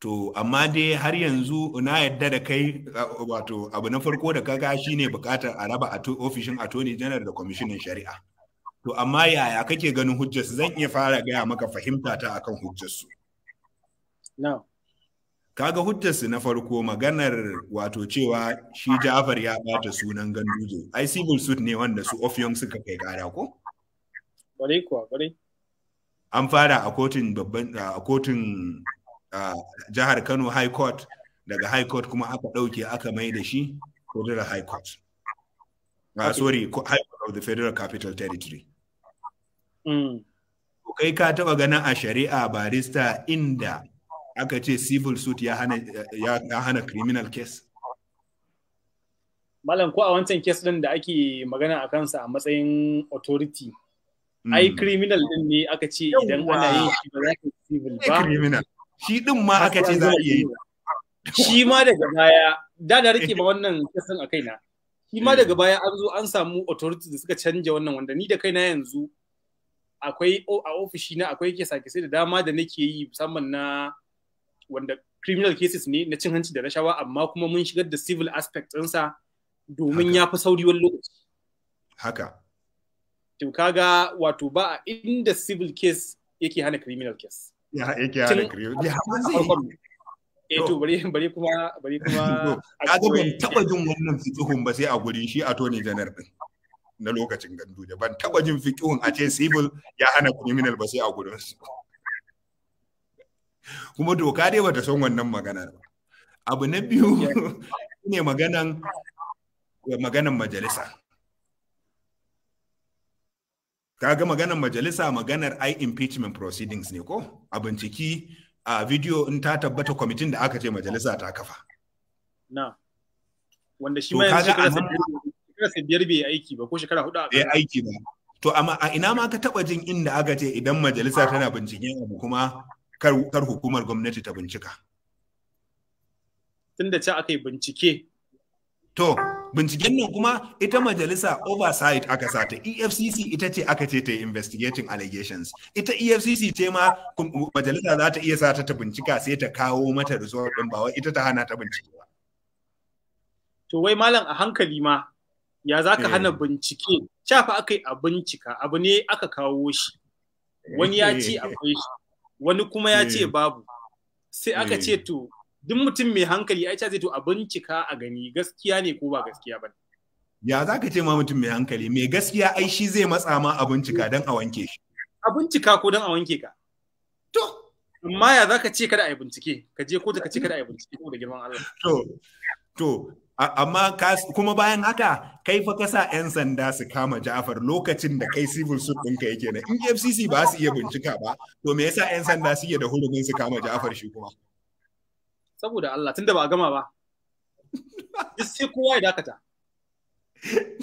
to amma dai har yanzu na yadda da kai uh, wato abu na farko da kaga ne bukatar a raba a ofishin attorney general da kwamishinan shari'a to amma yaya kake ganin hujjarsu zan iya fara gaya maka fahimta ta akan hujjarsu no. kaga hujjarsu na farko maganar wato cewa shi Jafar ya bata sunan Ganduje ai civil suit ne wanda su suka kai kara ko Bari kuwa bari. an fara a kotun babban a kotun a jihar Kano High Court daga High Court kuma aka ɗauke aka mai da shi Federal High Court. Uh, sorry, High Court of the Federal Capital Territory. Mm. Kai ka taɓa ganin a shari'a barista inda aka ce civil suit ya hana, ya, hana criminal case? Malam ko a wancan kes ɗin da ake magana a kansa a matsayin authority, hmm. ai criminal ɗin ne aka ce idan ana yin shi ba za ka civil ba. shi din ma aka ce za a iya yi shi ma daga baya da da rike ba wannan kasan a kaina shi ma daga baya an zo an samu authority da suka canja wannan wanda ni da kaina yanzu akwai a ofishi na akwai kesa kesa da dama da nake yi musamman na wanda criminal cases ne na cin hanci da rashawa amma kuma mun shigar da civil aspect ɗinsa domin ya fi sauri wani lokaci haka to kaga wato ba inda civil case yake hana criminal case ya yake ya da kriyo ya eh to bari bari kuma bari kuma kaga ban taba jin wannan fiqhun ba sai a gurin shi attorney general din na lokacin ganduje ban taba jin fiqhun a ce civil ya hana criminal ba sai a gurin su kuma doka dai bata son wannan magana ba abu na biyu ne maganan maganan majalisa kaga maganar majalisa maganar ai impeachment proceedings ne ko a binciki a video in ta tabbata kwamitin da aka ce majalisa ta kafa na wanda shi ma shekara biyar bai aiki ba ko shekara hudu a bai aiki ba to amma a ina ma ka taba jin inda aka ce idan majalisa tana binciken abu kuma kar hukumar gwamnati ta bincika tunda ce aka yi bincike to binciken nan kuma ita majalisa oversight aka sata efcc ita ce aka ce ta yi investigating allegations ita efcc ce ma majalisa za ta iya sata ta bincika sai ta kawo mata result din ba wai ita ta hana ta bincike ba to wai malam a hankali ma ya za ka eh. hana bincike cafa aka yi a bincika abu ne aka kawo shi wani ya ce eh. akwai shi wani kuma ya ce eh. babu sai aka ce to duk mutum mai hankali ai ta zai to a bincika a gani gaskiya ne ko ba gaskiya ba ya za ka ce ma mutum mai hankali mai gaskiya ai shi zai matsa ma a bincika don a wanke shi a bincika ko don a wanke ka to amma ya za ka ce kada a yi bincike ka je ko ka ce kada a yi bincike ko da girman Allah to to amma kuma bayan haka kai fa kasa 'yan sanda su kama Ja'far lokacin da kai civil suit ɗinka yake na in FCC ba su iya bincika ba to me yasa 'yan sanda su iya da hurumin su kama Ja'far shi kuma saboda Allah tunda ba a gama ba sai kowa ya dakata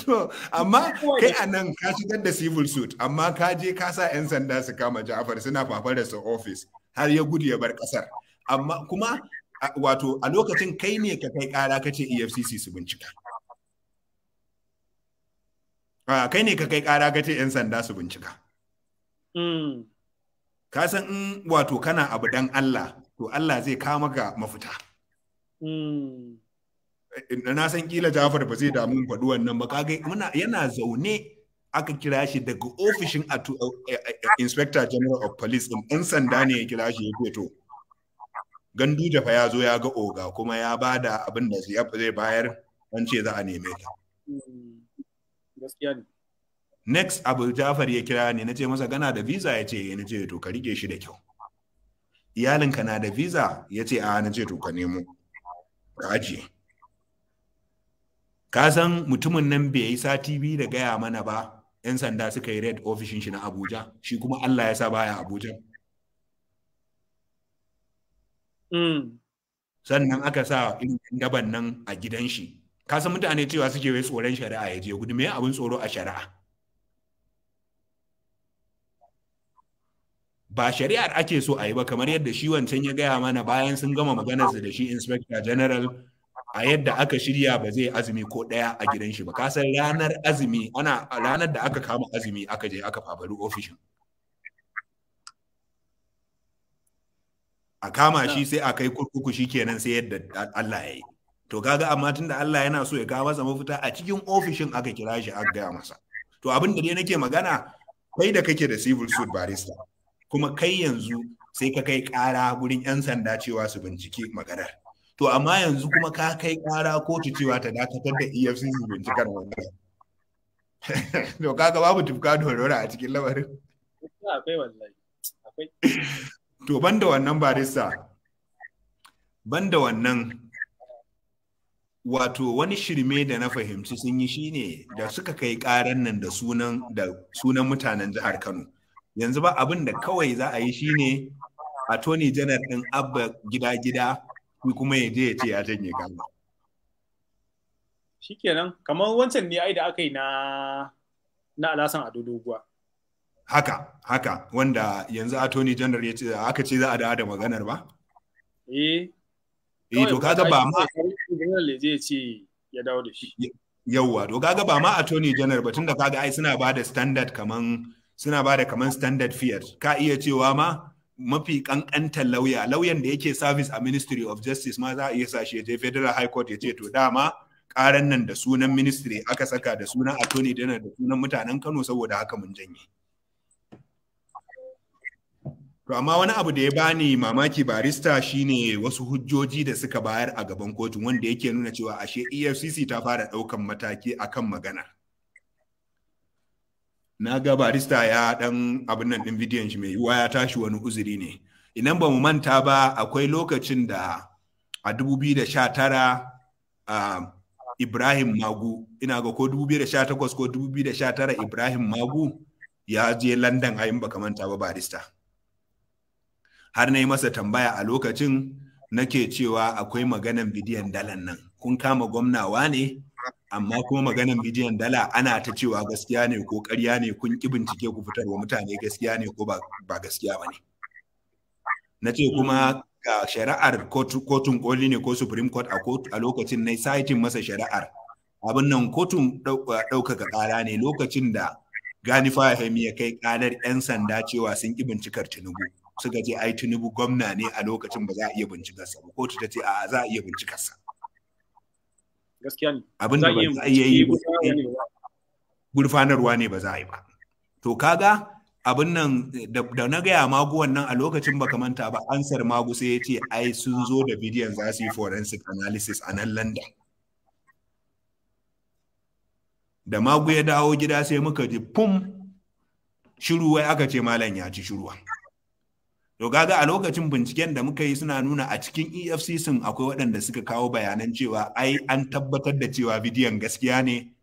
to amma kai a nan ka shigar da civil suit amma ka je ka sa 'yan sanda su kama ja'afar suna fafar da su office har ya gudu ya bar kasar amma kuma wato a lokacin kai ne ka kai kara ka ce EFCC su bincika kai ne ka kai kara ka ce 'yan sanda su bincika hmm. ka san in wato kana abu dan Allah to Allah zai kawo maka mafita hmm. eh, na san kila Jafar ba zai damu faɗi wannan ba kaga yana zaune aka kira shi daga ofishin eh, eh, inspector general of police din ɗan sanda ne ya kira shi ya to gandu fa ya zo ya ga oga kuma ya ba da abin da zai bayar an ce za a neme ta hmm. next abu jafar ya kira ne na ce masa gana da visa ya ce ya ce to ka rike shi da kyau iyalinka na da visa ya ce a na ce to ka nemo ka ajiye ka san mutumin nan bai yi sati biyu da gaya mana ba 'yan sanda suka yi red ofishin shi na abuja shi kuma allah ya sa baya abuja hmm. sannan aka sa irin daban nan a gidan shi ka san mutane cewa suke wai tsoron shari'a ya je gudu me abin tsoro a shari'a ba shari'ar ake so a yi ba kamar yadda shi wancan ya gaya mana bayan sun gama maganarsa da shi inspector general a yadda aka shirya ba zai azumi ko ɗaya a gidan shi ba kasan ranar azumi ana ranar da aka kama azumi aka je aka fafaru ofishin a kama shi sai a kai kurkuku shi kenan sai yadda Allah ya yi to kaga amma tunda Allah yana so ya kawo masa mafita a cikin ofishin aka kira shi aka gaya masa to abin da dai nake magana kai da kake da civil suit barista kuma kai yanzu sai ka kai ƙara gurin 'yan sanda cewa su bincike maganar to amma yanzu kuma ka kai ƙara kotu cewa ta dakatar da efcc bincikar wannan to kaga babu tufka dorora a cikin lamarin To ban da wannan barista da wannan wato wani shirme da na fahimci sun yi shine da suka kai karan nan da sunan mutanen jihar Kano yanzu ba abin da kawai za a yi a toni janar ɗin abba gida gida ku kuma ya je ya ce ya janye ke nan, kamar wancan ne ai da aka yi na na alasan ado haka haka wanda yanzu a toni janar ya ce aka ce za a dawo da maganar ba eh, eh to kaga ba ma general zai ce ya dawo da shi yauwa to kaga ba ma attorney janar ba tunda kaga ai suna ba da standard kamar. suna ba da kamar standard fiyar ka iya cewa ma mafi kankantar lauya lauyan da yake service a ministry of justice ma za a iya sashi ya je federal high court ya ce to dama karan nan da sunan ministry aka saka da sunan attorney general da sunan mutanen kano saboda haka mun janye to amma wani abu da ya bani mamaki barista shine wasu hujjoji da suka bayar a gaban kotun wanda yake nuna cewa ashe efcc ta fara daukan mataki akan magana. na ga barista ya dan abin nan din bidiyon shi mai yiwuwa ya tashi wani uzuri ne idan ba mu manta ba akwai lokacin da a 2019 uh, Ibrahim Magu ina ga ko 2018 ko 2019 Ibrahim Magu ya je London ayin baka manta ba barista har na yi masa tambaya a lokacin nake cewa akwai maganan bidiyon dalan nan kun kama gwamnawa ne amma kuma maganan bidiyon dala ana ta cewa gaskiya ne ko ƙarya ne kun ƙi bincike ku fitar wa mutane gaskiya ne ko ba gaskiya ba ne na ce kuma ga shari'ar kotun koli ne ko supreme court a lokacin na saitin masa shari'ar abin nan kotun ɗaukaka ƙara ne lokacin da gani fahimi ya kai ƙarar 'yan sanda cewa sun ƙi bincikar tinubu suka je ai tinubu gwamna ne a lokacin ba za a iya bincikarsa ba kotu ta ce a za a iya bincikarsa gaskiya ne abin da ba za a yi gurfanarwa ne ba za a yi ba to kaga abin nan da na gaya magu wannan a lokacin baka manta ba ansar magu sai ya ce ai sun zo da bidiyon za su yi forensic analysis a nan london da magu ya dawo gida sai muka ji pum shiru wai aka ce malam ya ci shiruwa to gaga a lokacin binciken da muka yi suna nuna a cikin efcc akwai waɗanda suka kawo bayanan cewa ai an tabbatar da cewa bidiyon gaskiya ne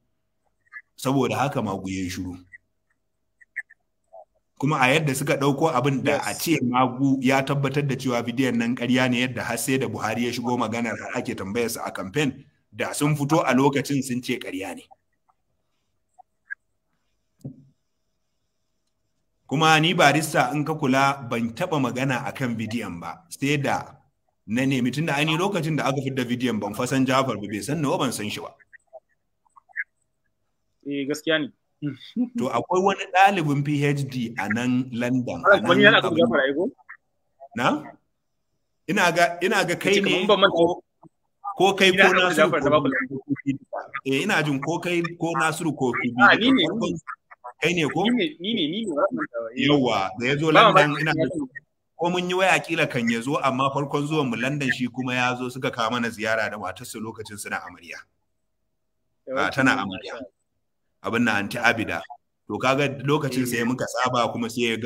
saboda haka maguye shuru kuma a yadda suka ɗauko abin da a ce magu ya tabbatar da cewa bidiyon nan ƙarya ne yadda har sai da buhari ya shigo maganar har ake tambayarsa a kamfen da sun fito a lokacin sun ce ƙarya ne kuma ni barista in ka kula ban taba magana akan bidiyon ba sai da na nemi tunda ainihin lokacin da aka fidda bidiyon ban fasan Jafar ba bai san nawa ban san shi ba eh, to akwai wani ɗalibin PhD a nan London wani yana kan Jafar aiko na ina ga ina ga kai ne ko kai ko Nasiru ko eh, ina jin ko kai ko Nasiru ko Kubi ah, kai ne ko ni ne ni ne yawa da ya zo London ina ko mun yi waya kila kan ya zo amma farkon zuwan mu London shi kuma ya zo suka kawo mana ziyara da matarsa lokacin suna amarya ah, tana amarya abin na anti abida to kaga lokacin eh. sai muka saba kuma sai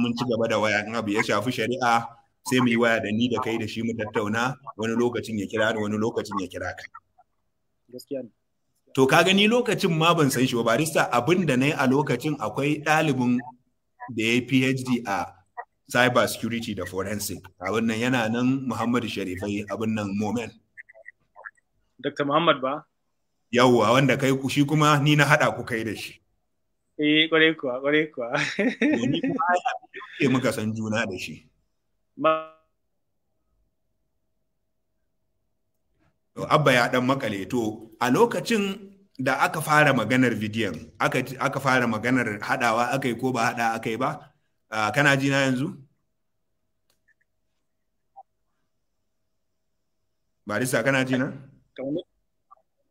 mun ci gaba da waya in abu ya shafi shari'a sai mu yi waya da ni da kai da shi mu tattauna wani lokacin ya kira ni wani lokacin ya kira ka gaskiya to ka gani lokacin ma ban san shi ba barista abin da na yi a lokacin akwai ɗalibin da ya yi phd a cyber security da forensic abin nan yana nan muhammadu sharifai abin nan momen dr muhammad ba yawwa wanda kai shi kuma ni na haɗa ku kai da shi eh kwarai kuwa kwarai kuwa ni kuma ya muka san juna da shi abba ya dan makale to a lokacin da aka fara maganar bidiyon aka, fara maganar hadawa aka yi ko ba hada aka yi ba uh, kana ji na yanzu barista kana ji na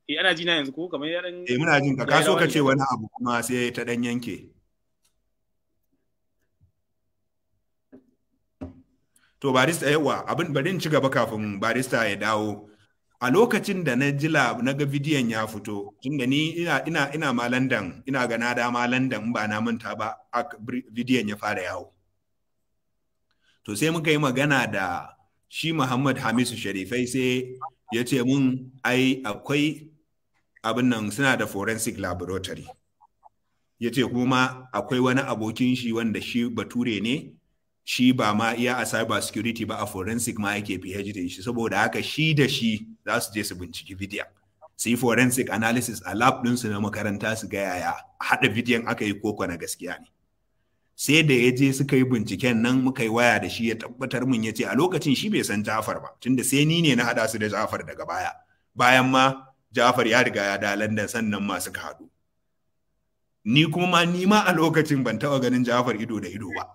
eh ana ji na yanzu ko kamar yaran eh muna jin ka kaso ka ce wani abu kuma sai ta dan yanke to barista yawa abin barin ci gaba kafin barista ya dawo a lokacin da na ji lab na ga bidiyon ya fito da ni ina ina ina ma London ina ga na dama ma London ba na manta ba bidiyon ya fara yawo to sai muka yi magana da shi Muhammad Hamisu Sharifai sai ya ce mun ai akwai abin nan suna da forensic laboratory ya ce kuma akwai wani abokin shi wanda shi bature ne shi ba ma iya a cyber security ba a forensic ma yake PhD shi saboda haka shi da shi za su je su binciki bidiyon su yi forensic analysis a lab ɗinsu na makaranta su ga yaya haɗa bidiyon aka yi koko na gaskiya ne sai da ya je suka yi binciken nan muka yi waya da shi ya tabbatar min ya ce a lokacin shi bai san Jafar ba tunda sai ni ne na haɗa su da Jafar daga baya bayan ma Jafar ya riga ya da London sannan ma suka haɗu ni kuma ma ni ma a lokacin ban taɓa ganin Jafar ido da ido ba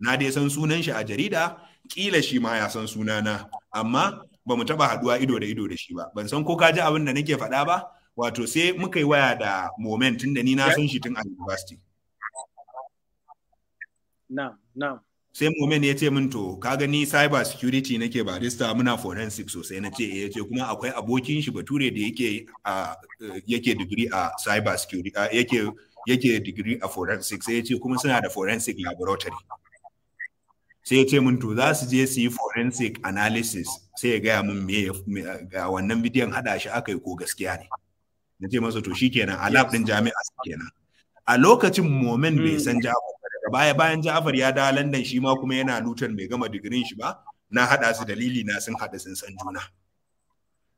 na dai san sunan shi a jarida kila shi ma ya san sunana amma ba mu taba haduwa ido da ido da shi ba ban san ko ka ji abin da nake faɗa ba wato sai muka yi waya da moment tunda ni na san shi tun a university sai moment ya ce min to ka gani cyber security nake barista muna forensic sosai na ce eh, ya ce kuma akwai abokin shi bature da yake a yake degree a cyber security yake yake degree a forensic sai ya ce kuma suna da forensic laboratory sai ya ce min to za su je su yi forensic analysis sai ya gaya min me ga wannan bidiyon hada shi aka yi ko gaskiya ne na ce masa to shi kenan a lab din jami'a kenan a lokacin momen bai san hmm. jafar daga baya bayan jafar ya dawo london shi ma kuma yana lutar bai gama digirin shi ba na hada su dalili na sun hada sun san juna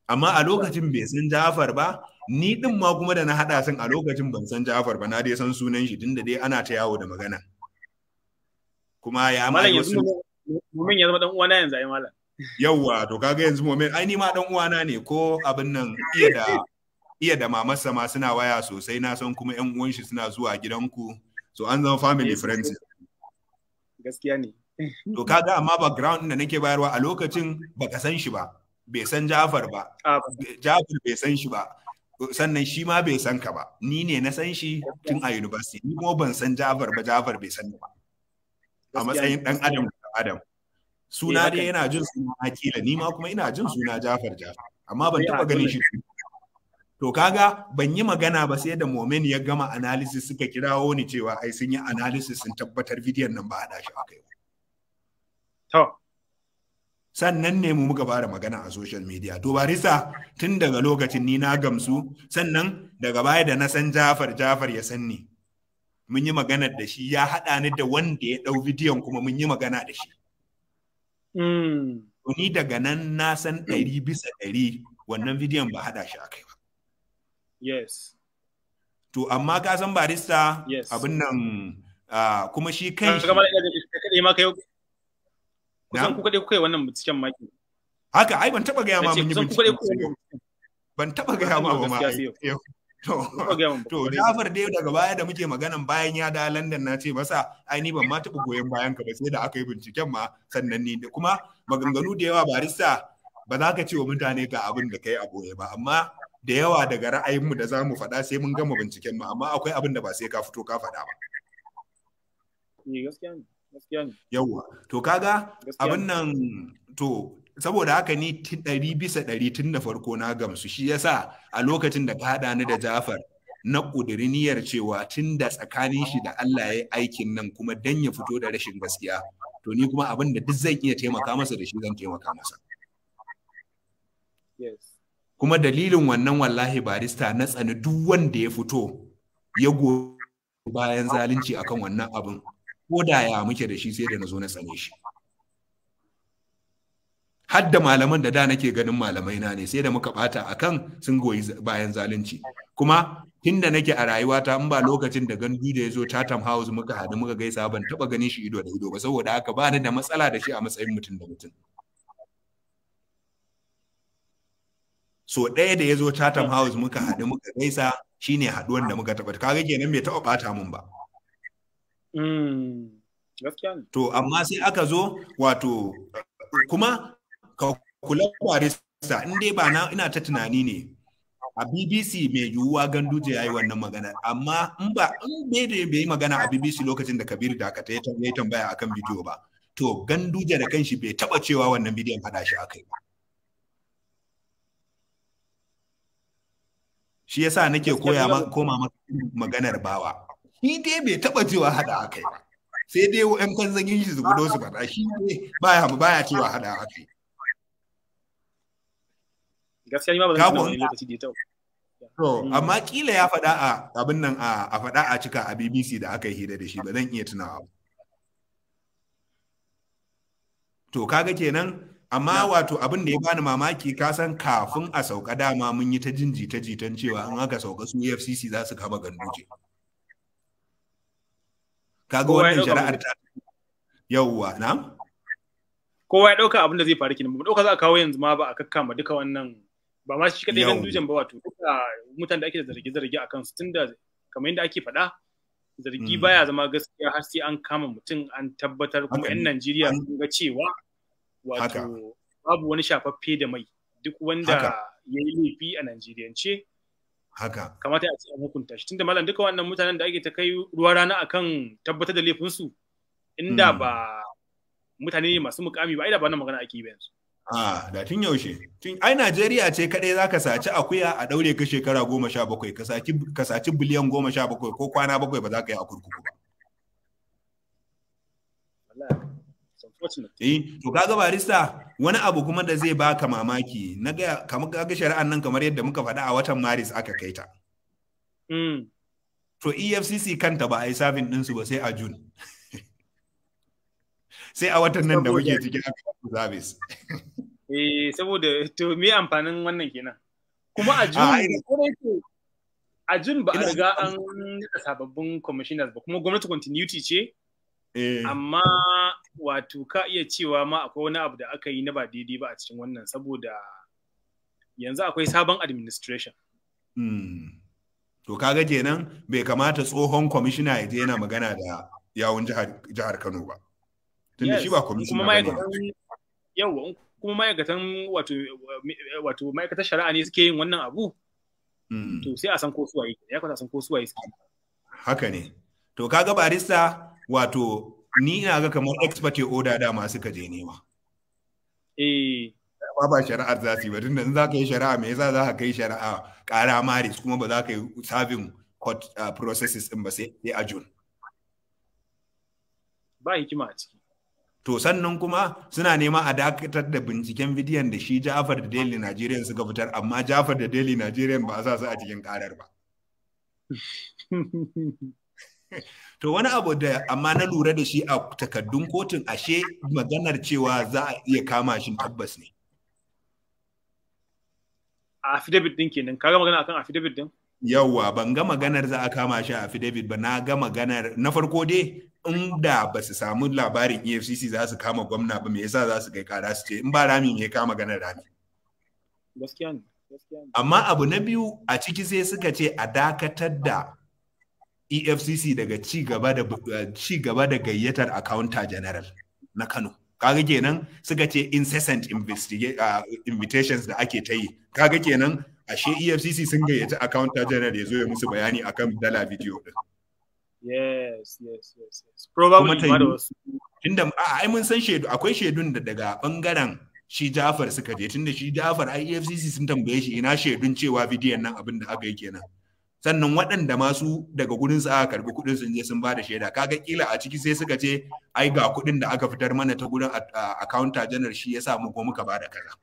amma a lokacin bai san jafar ba ni din ma kuma da na hada sun a lokacin ban san jafar ba na dai san sunan shi tunda dai ana ta yawo da magana kuma ya ma yanzu mumin ya zama dan uwana yanzu ai mala yawwa to kaga yanzu mumin ai ni ma dan uwana ne ko abin nan iya da iya da mamarsa ma suna waya sosai na san kuma yan uwan shi suna zuwa gidanku so an zama family friends gaskiya ne to kaga amma background da nake bayarwa a lokacin baka san shi ba bai san Jafar ba Jafar bai san shi ba sannan shi ma bai san ka ba ni ne na san shi tun a university ni kuma ban san Jafar ba Jafar bai san ni ba a matsayin dan adam da adam suna eh, dai yana jin suna akila ni ma kuma ina jin suna jafar jafar amma ban eh, taba ganin shi to kaga ban yi magana ba sai da momen ya gama analysis suka kirawo ni cewa ai sun yi analysis sun tabbatar bidiyon nan ba a dashi kai. to sannan ne mu muka fara magana a social media to barisa tun daga lokacin ni na gamsu sannan daga baya da na san jafar jafar ya san ni mun yi magana da shi ya haɗa ni da wanda ya ɗau bidiyon kuma mun yi magana da shi. Hmm. Ni daga nan na san ɗari bisa ɗari wannan bidiyon ba haɗa shi a kai ba. Yes. To amma ka san barista yes. abin nan kuma shi kai shi. Kusan kuka ɗai kuka yi wannan binciken maki. Haka ai ban taɓa gaya ma mun yi binciken. Ban taɓa gaya ma ba ma. To, Jafar dai daga baya da muke maganan bayan ya da London na ce masa ai ni ban ma taɓa goyon bayan ka ba sai da aka yi binciken ma sannan ni da kuma maganganu da yawa barista ba za ka ce wa mutane ga abin da ka yi a goye ba amma da yawa daga ra'ayinmu da za mu faɗa sai mun gama binciken mu amma akwai abin da ba sai ka fito ka faɗa ba. Eh, Yawwa, to kaga abin nan to saboda haka ni ɗari bisa ɗari tun da farko na gamsu shi yasa a lokacin da ka haɗa ni da Jafar na ƙudiri niyyar cewa tun da tsakanin shi da Allah ya yi aikin nan kuma dan ya fito da rashin gaskiya to ni kuma abin da duk zan iya taimaka masa da shi zan taimaka masa kuma dalilin wannan wallahi barista na tsani duk wanda ya fito ya goyi bayan zalunci akan wannan abin ko da ya muke da shi sai da na zo na tsane shi har da malaman da da nake ganin malamai na ne sai da muka bata akan sun goyi bayan zalunci kuma tun da nake a rayuwata in ba lokacin da gandu da ya zo Chatham House muka hadu muka gaisa ban taba ganin shi ido da ido ba saboda haka ba ni da matsala da shi a matsayin mutum da mutum so ɗaya da ya zo Chatham House muka hadu muka gaisa shine haɗuwan da muka taɓa kaga kenan bai taɓa ɓata mun ba mm, To amma sai aka zo wato kuma ka kula barista in dai ba na ina ta tunani ne a BBC mai yiwuwa ganduje ya yi wannan magana amma in ba in bai bai yi magana a BBC lokacin da Kabir da aka yi tambaya akan bidiyo ba to ganduje da kanshi bai taba cewa wannan bidiyon fada shi akai ba shi yasa nake koya koma maganar bawa shi dai bai taba cewa hada akai ba sai dai yan kan shi su gudo su fada shi dai baya baya cewa hada akai gaskiya ni ma ba zan tuna lokaci da ya To, mm. amma kila ya faɗa a abin nan a faɗa a cika a BBC da aka yi hira da shi ba zan iya tunawa. To, kaga kenan, amma wato abin da ya bani mamaki ka san kafin a sauka dama mun yi ta jin jita-jitan cewa an aka sauka su UFCC e za su kama ganduje. Kaga wannan shari'ar ta yauwa na? Kowa ya ɗauka abin da zai faru kenan, ba ɗauka za a kawo yanzu ma ba a kakkama duka wannan ba ma shi kadai dujan ba wato duka mutanen da ake zargi-zargi a kansu tunda kamar yadda ake faɗa zargi hmm. baya zama gaskiya har sai an kama mutum an tabbatar kuma 'yan Najeriya sun ga cewa wato babu wani shafaffe da mai duk wanda ya yi laifi a ce Haka. Kamata a ce an hukunta shi tunda malam duka wannan mutanen da ake ta kai ruwa rana akan tabbatar da laifinsu inda hmm. ba mutane masu mukami ba ai da ba wannan magana ake yi ba yanzu. a da tun yaushe ai Najeriya ce kadai zaka saci akuya a daure ka shekara goma sha bakwai ka saci biliyan goma sha bakwai ko kwana bakwai ba za ka yi a kurkuku ba Eh, to kaga barista wani abu kuma da zai baka mamaki na ga kamar shari'an nan kamar yadda muka faɗa a watan Maris aka kai ta. Hmm. To EFCC kanta ba a yi sabin ɗinsu ba sai a June. sai a watan nan da wuce cikin zabis. eh saboda to me amfanin wannan kenan kuma a jun a June ba a riga an yada sababbin commissioners ba kuma gwamnati continuity ce eh. amma wato ka iya cewa ma akwai wani abu da aka yi na ba daidai ba a cikin wannan saboda yanzu akwai sabon administration hmm. to ka ga kenan bai kamata tsohon kwamishina ya je yana magana da yawun jihar Kano ba tunda shi ba commission ba ne yawa kuma ma'aikatan wato wato ma'aikatar shari'a ne suke yin wannan abu hmm. to sai a san ko suwaye ya kwata san ko suwaye suke haka ne to kaga barista wato ni ina ga kamar expert order dama suka je nema eh ba ba shari'ar za su yi ba tunda in za ka yi shari'a me yasa za ka kai shari'a ƙara maris kuma ba za ka yi serving court uh, processes din ba sai a june ba hikima a ciki to sannan kuma suna nema a dakatar da binciken bidiyon da shi Jafar da Daily Nigerian suka fitar amma Jafar da Daily Nigerian ba a sa su a cikin karar ba to wani abu da amma na lura da shi a takaddun kotun ashe maganar cewa za a iya kama shi tabbas ne affidavit din kenan kaga magana akan affidavit din yawwa ban ga maganar za a kama shi a affidavit ba na ga maganar na farko dai in da ba su samu labarin efcc za su kama gwamna ba me yasa za su kai kara su ce in ba rami ne kama gana rami amma abu na biyu a ciki sai suka ce a dakatar da efcc daga ci gaba da gayyatar accountant general na kano kaga kenan suka ce incessant invitations da ake ta yi kaga kenan ashe efcc sun gayyaci accountant general ya zo ya musu bayani akan dala bidiyo din Yes, yes, yes, yes. Probably Tunda a ai mun san shedu akwai shedun da daga bangaren shi Jafar suka je tunda shi Jafar IFCC sun tambaye shi ina shedun cewa bidiyon nan abin da aka yi kenan. Sannan waɗanda masu daga gurin su aka karbi kuɗin sun je sun bada shaida kaga kila a ciki sai suka ce ai ga kuɗin da aka fitar mana ta gurin accountant general shi yasa mu ko muka bada da kaza.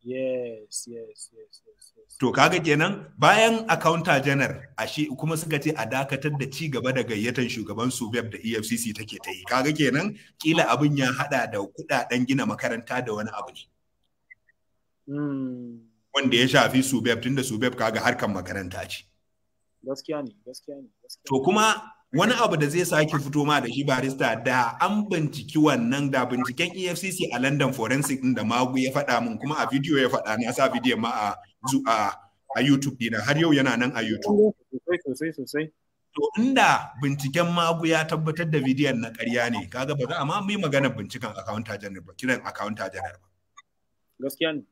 Yes, yes, yes, yes. To kaga kenan bayan akaunta janar a shi kuma suka ce a dakatar da ci gaba da gayyatan shugaban Subeb da EFCC take ta yi. Kaga kenan kila abin ya hada da kudaden gina makaranta da wani abu ne. Hmm. Wanda ya shafi Subeb tunda Subeb kaga harkan makaranta ce. Gaskiya ne, gaskiya ne. To kuma wani abu da zai sake fito ma da shi barista da an binciki wannan da binciken efcc a london forensic din da magu ya faɗa min kuma a bidiyo ya faɗa a sa bidiyon ma a a a YouTube dina har yau yana nan a YouTube. Sosai sosai To inda binciken magu ya tabbatar da bidiyon na ƙarya ne, kaga ba za a ma yi maganar binciken akawunta janar ba, kiran akawunta janar ba. Gaskiya ne.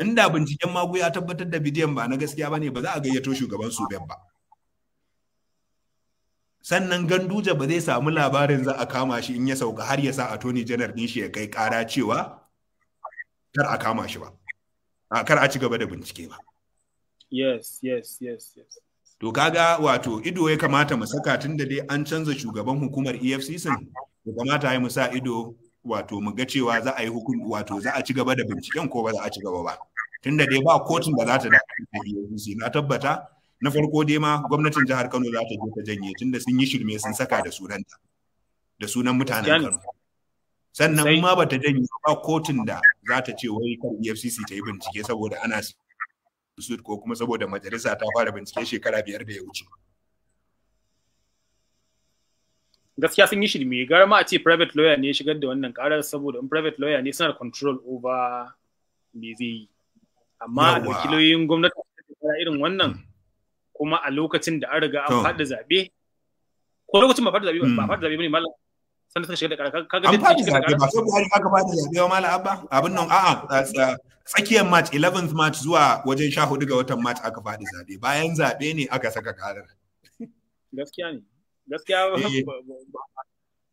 Inda binciken magu ya tabbatar da bidiyon ba na gaskiya ba ne ba za a gayyato shugaban su ba. Sannan ganduja ba zai samu labarin za a kama shi in ya sauka har ya sa a toni janar ɗin shi ya kai ƙara cewa kar a kama shi ba. a kar a ci gaba da bincike ba yes yes yes yes to kaga wato ido ya kamata mu saka tun da dai an canza shugaban hukumar EFCC ya kamata ya mu sa ido wato mu ga cewa za a yi hukum wato za a ci gaba da binciken ko ba za a ci gaba ba tunda dai ba kotun da za ta da EFCC na tabbata na farko dai ma gwamnatin jihar Kano za ta je ta janye tunda sun yi shirme sun saka da sunanta da sunan mutanen Kano sannan ma ba ta ba kotun da za ta ce wai kan efcc ta yi bincike saboda ana suit ko kuma saboda majalisa ta fara bincike shekara biyar da ya wuce gaskiya sun yi shirme gara ma a ce private lawyer ne shigar da wannan karar saboda in private lawyer ne suna control over me zai yi amma a ɗauki lauyoyin gwamnati irin wannan hmm. kuma a lokacin da an riga an faɗi zaɓe ko lokacin ba faɗi zaɓe ba faɗi zaɓe ne malam sanda suka shiga da ƙara kaga an fadi zaɓe ba sai Buhari aka bada zaɓe wa Malam Abba abin nan a'a tsakiyar March 11th March zuwa wajen sha hudu ga watan March aka fadi zaɓe bayan zaɓe ne aka saka ƙarar gaskiya ne gaskiya eh.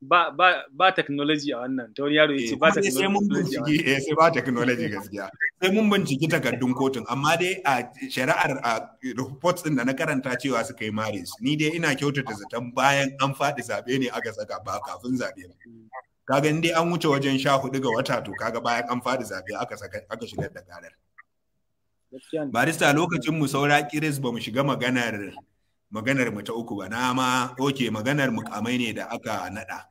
ba ba ba technology a wannan ta wani yaro yace ba eh, technology eh sai ba technology gaskiya sai mun binciki takardun kotun amma dai a shari'ar a reports din da na karanta cewa suka yi maris ni dai ina kyautata zaton bayan an faɗi zabe ne aka saka ba kafin zabe kaga in dai an wuce wajen sha hudu ga wata to kaga bayan an faɗi zabe aka saka aka shigar da karar barista lokacin mu saura kiris ba mu shiga maganar maganar mu ta uku ba na ma oke maganar mukamai ne da aka nada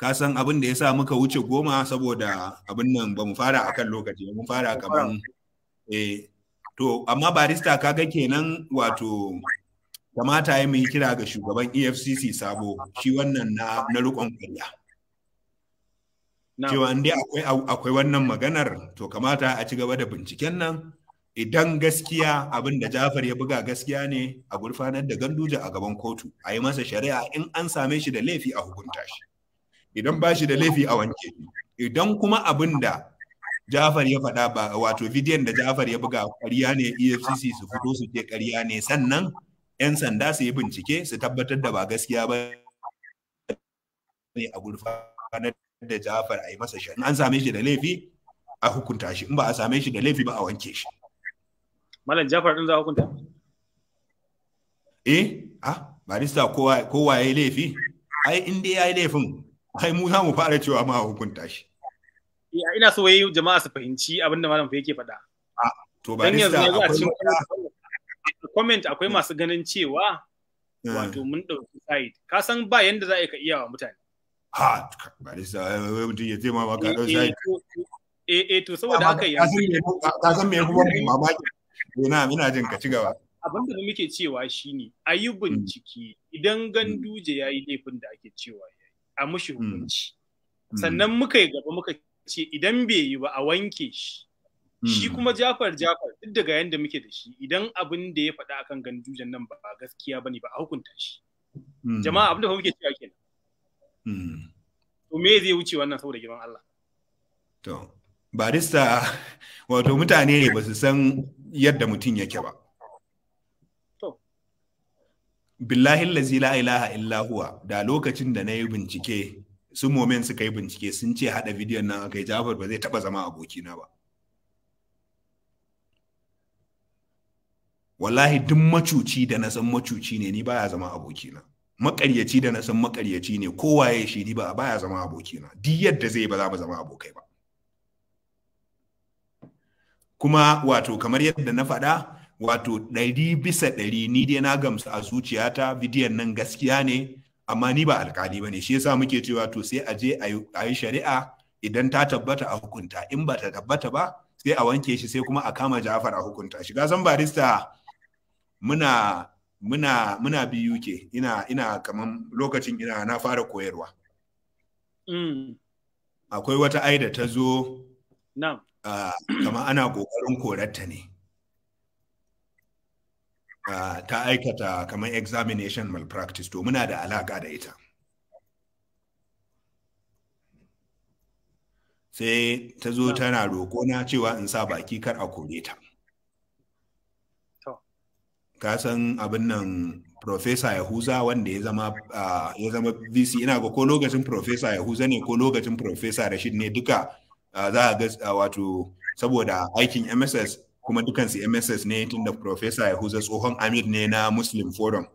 ka san abin da ya sa muka wuce goma saboda abin nan ba mu fara akan lokaci mun fara kaman eh to amma barista kaga kenan wato kamata ya yi kira ga shugaban EFCC sabo shi wannan na na rukon kwalla cewa akwai akwai wannan maganar to kamata a ci gaba da binciken nan idan gaskiya abin da Jafar ya buga gaskiya ne a gurfanar da ganduja a gaban kotu a yi masa shari'a in an same shi da laifi a hukunta shi idan ba shi da laifi a wanke idan kuma abin da Jafar ya faɗa ba wato bidiyon da Jafar ya buga ƙarya ne EFCC su fito su ke ƙarya ne sannan 'yan sanda su yi bincike su tabbatar da ba gaskiya ba ne a gurfanar da Jafar a yi masa shi an same shi da laifi a hukunta shi in ba a same shi da laifi ba a wanke shi Malam Jafar din za a hukunta eh ah barista kowa kowa yayi laifi ai inda ya yayi laifin ai mu za mu fara cewa ma hukunta shi ina so yayi jama'a su fahimci abinda malam fa yake faɗa to ba yanzu comment akwai masu ganin cewa eh. wato mun ɗauki side ka san ba yanda za a yi ka iya wa mutane ha ba eh, mutum ya ce ma ba ka eh, ɗauki side eh to saboda haka yanzu ka san me kuma mamaki ina ina jin ka ci gaba abin da muke cewa shine yi bincike idan ya yi laifin da ake cewa ya a mushi mm. hukunci mm. sannan muka yi gaba muka ce idan bai yi ba a wanke shi shi mm. kuma jafar jafar duk daga yadda muke da shi idan abin da ya faɗa akan gandujan nan ba gaskiya bane ba a hukunta shi jama'a abin da fa muke cewa kenan to me zai wuce wannan saboda girman Allah to barista wato mutane ne ba su san yadda mutum yake ba billahi lazi la ilaha illa da lokacin da na yi bincike su momen suka yi bincike sun ce haɗa bidiyon nan aka yi jafar ba zai taɓa zama abokina ba wallahi duk macuci da na san macuci ne ni baya zama abokina makaryaci da na san makaryaci ne kowaye shi ni ba baya zama abokina duk yadda zai ba za mu zama abokai ba kuma wato kamar yadda na faɗa wato ɗari bisa ɗari ni dai na gamsu a zuciyata bidiyon nan gaskiya ne amma ni ba alkali ba ne shi yasa muke cewa to sai a je a yi shari'a idan ta tabbata a hukunta in ba ta tabbata ba sai a wanke shi sai kuma a kama Ja'far a hukunta Shiga ga barista muna muna muna bi UK ina ina kaman lokacin ina na fara koyarwa mm. akwai wata aida ta zo no. Ah, kamar ana kokarin korarta ne ta aikata kamar examination malpractice to muna da alaƙa da ita sai ta zo tana roƙo na cewa in sa baki kar a kore ta ka san abin nan Profesa Yahuza wanda ya zama ya zama VC ina ga ko lokacin Profesa Yahuza ne ko lokacin Profesa Rashid ne duka za a ga wato saboda aikin MSS kuma dukansu MSS ne tunda Professor Yahuza tsohon Amir ne na Muslim Forum.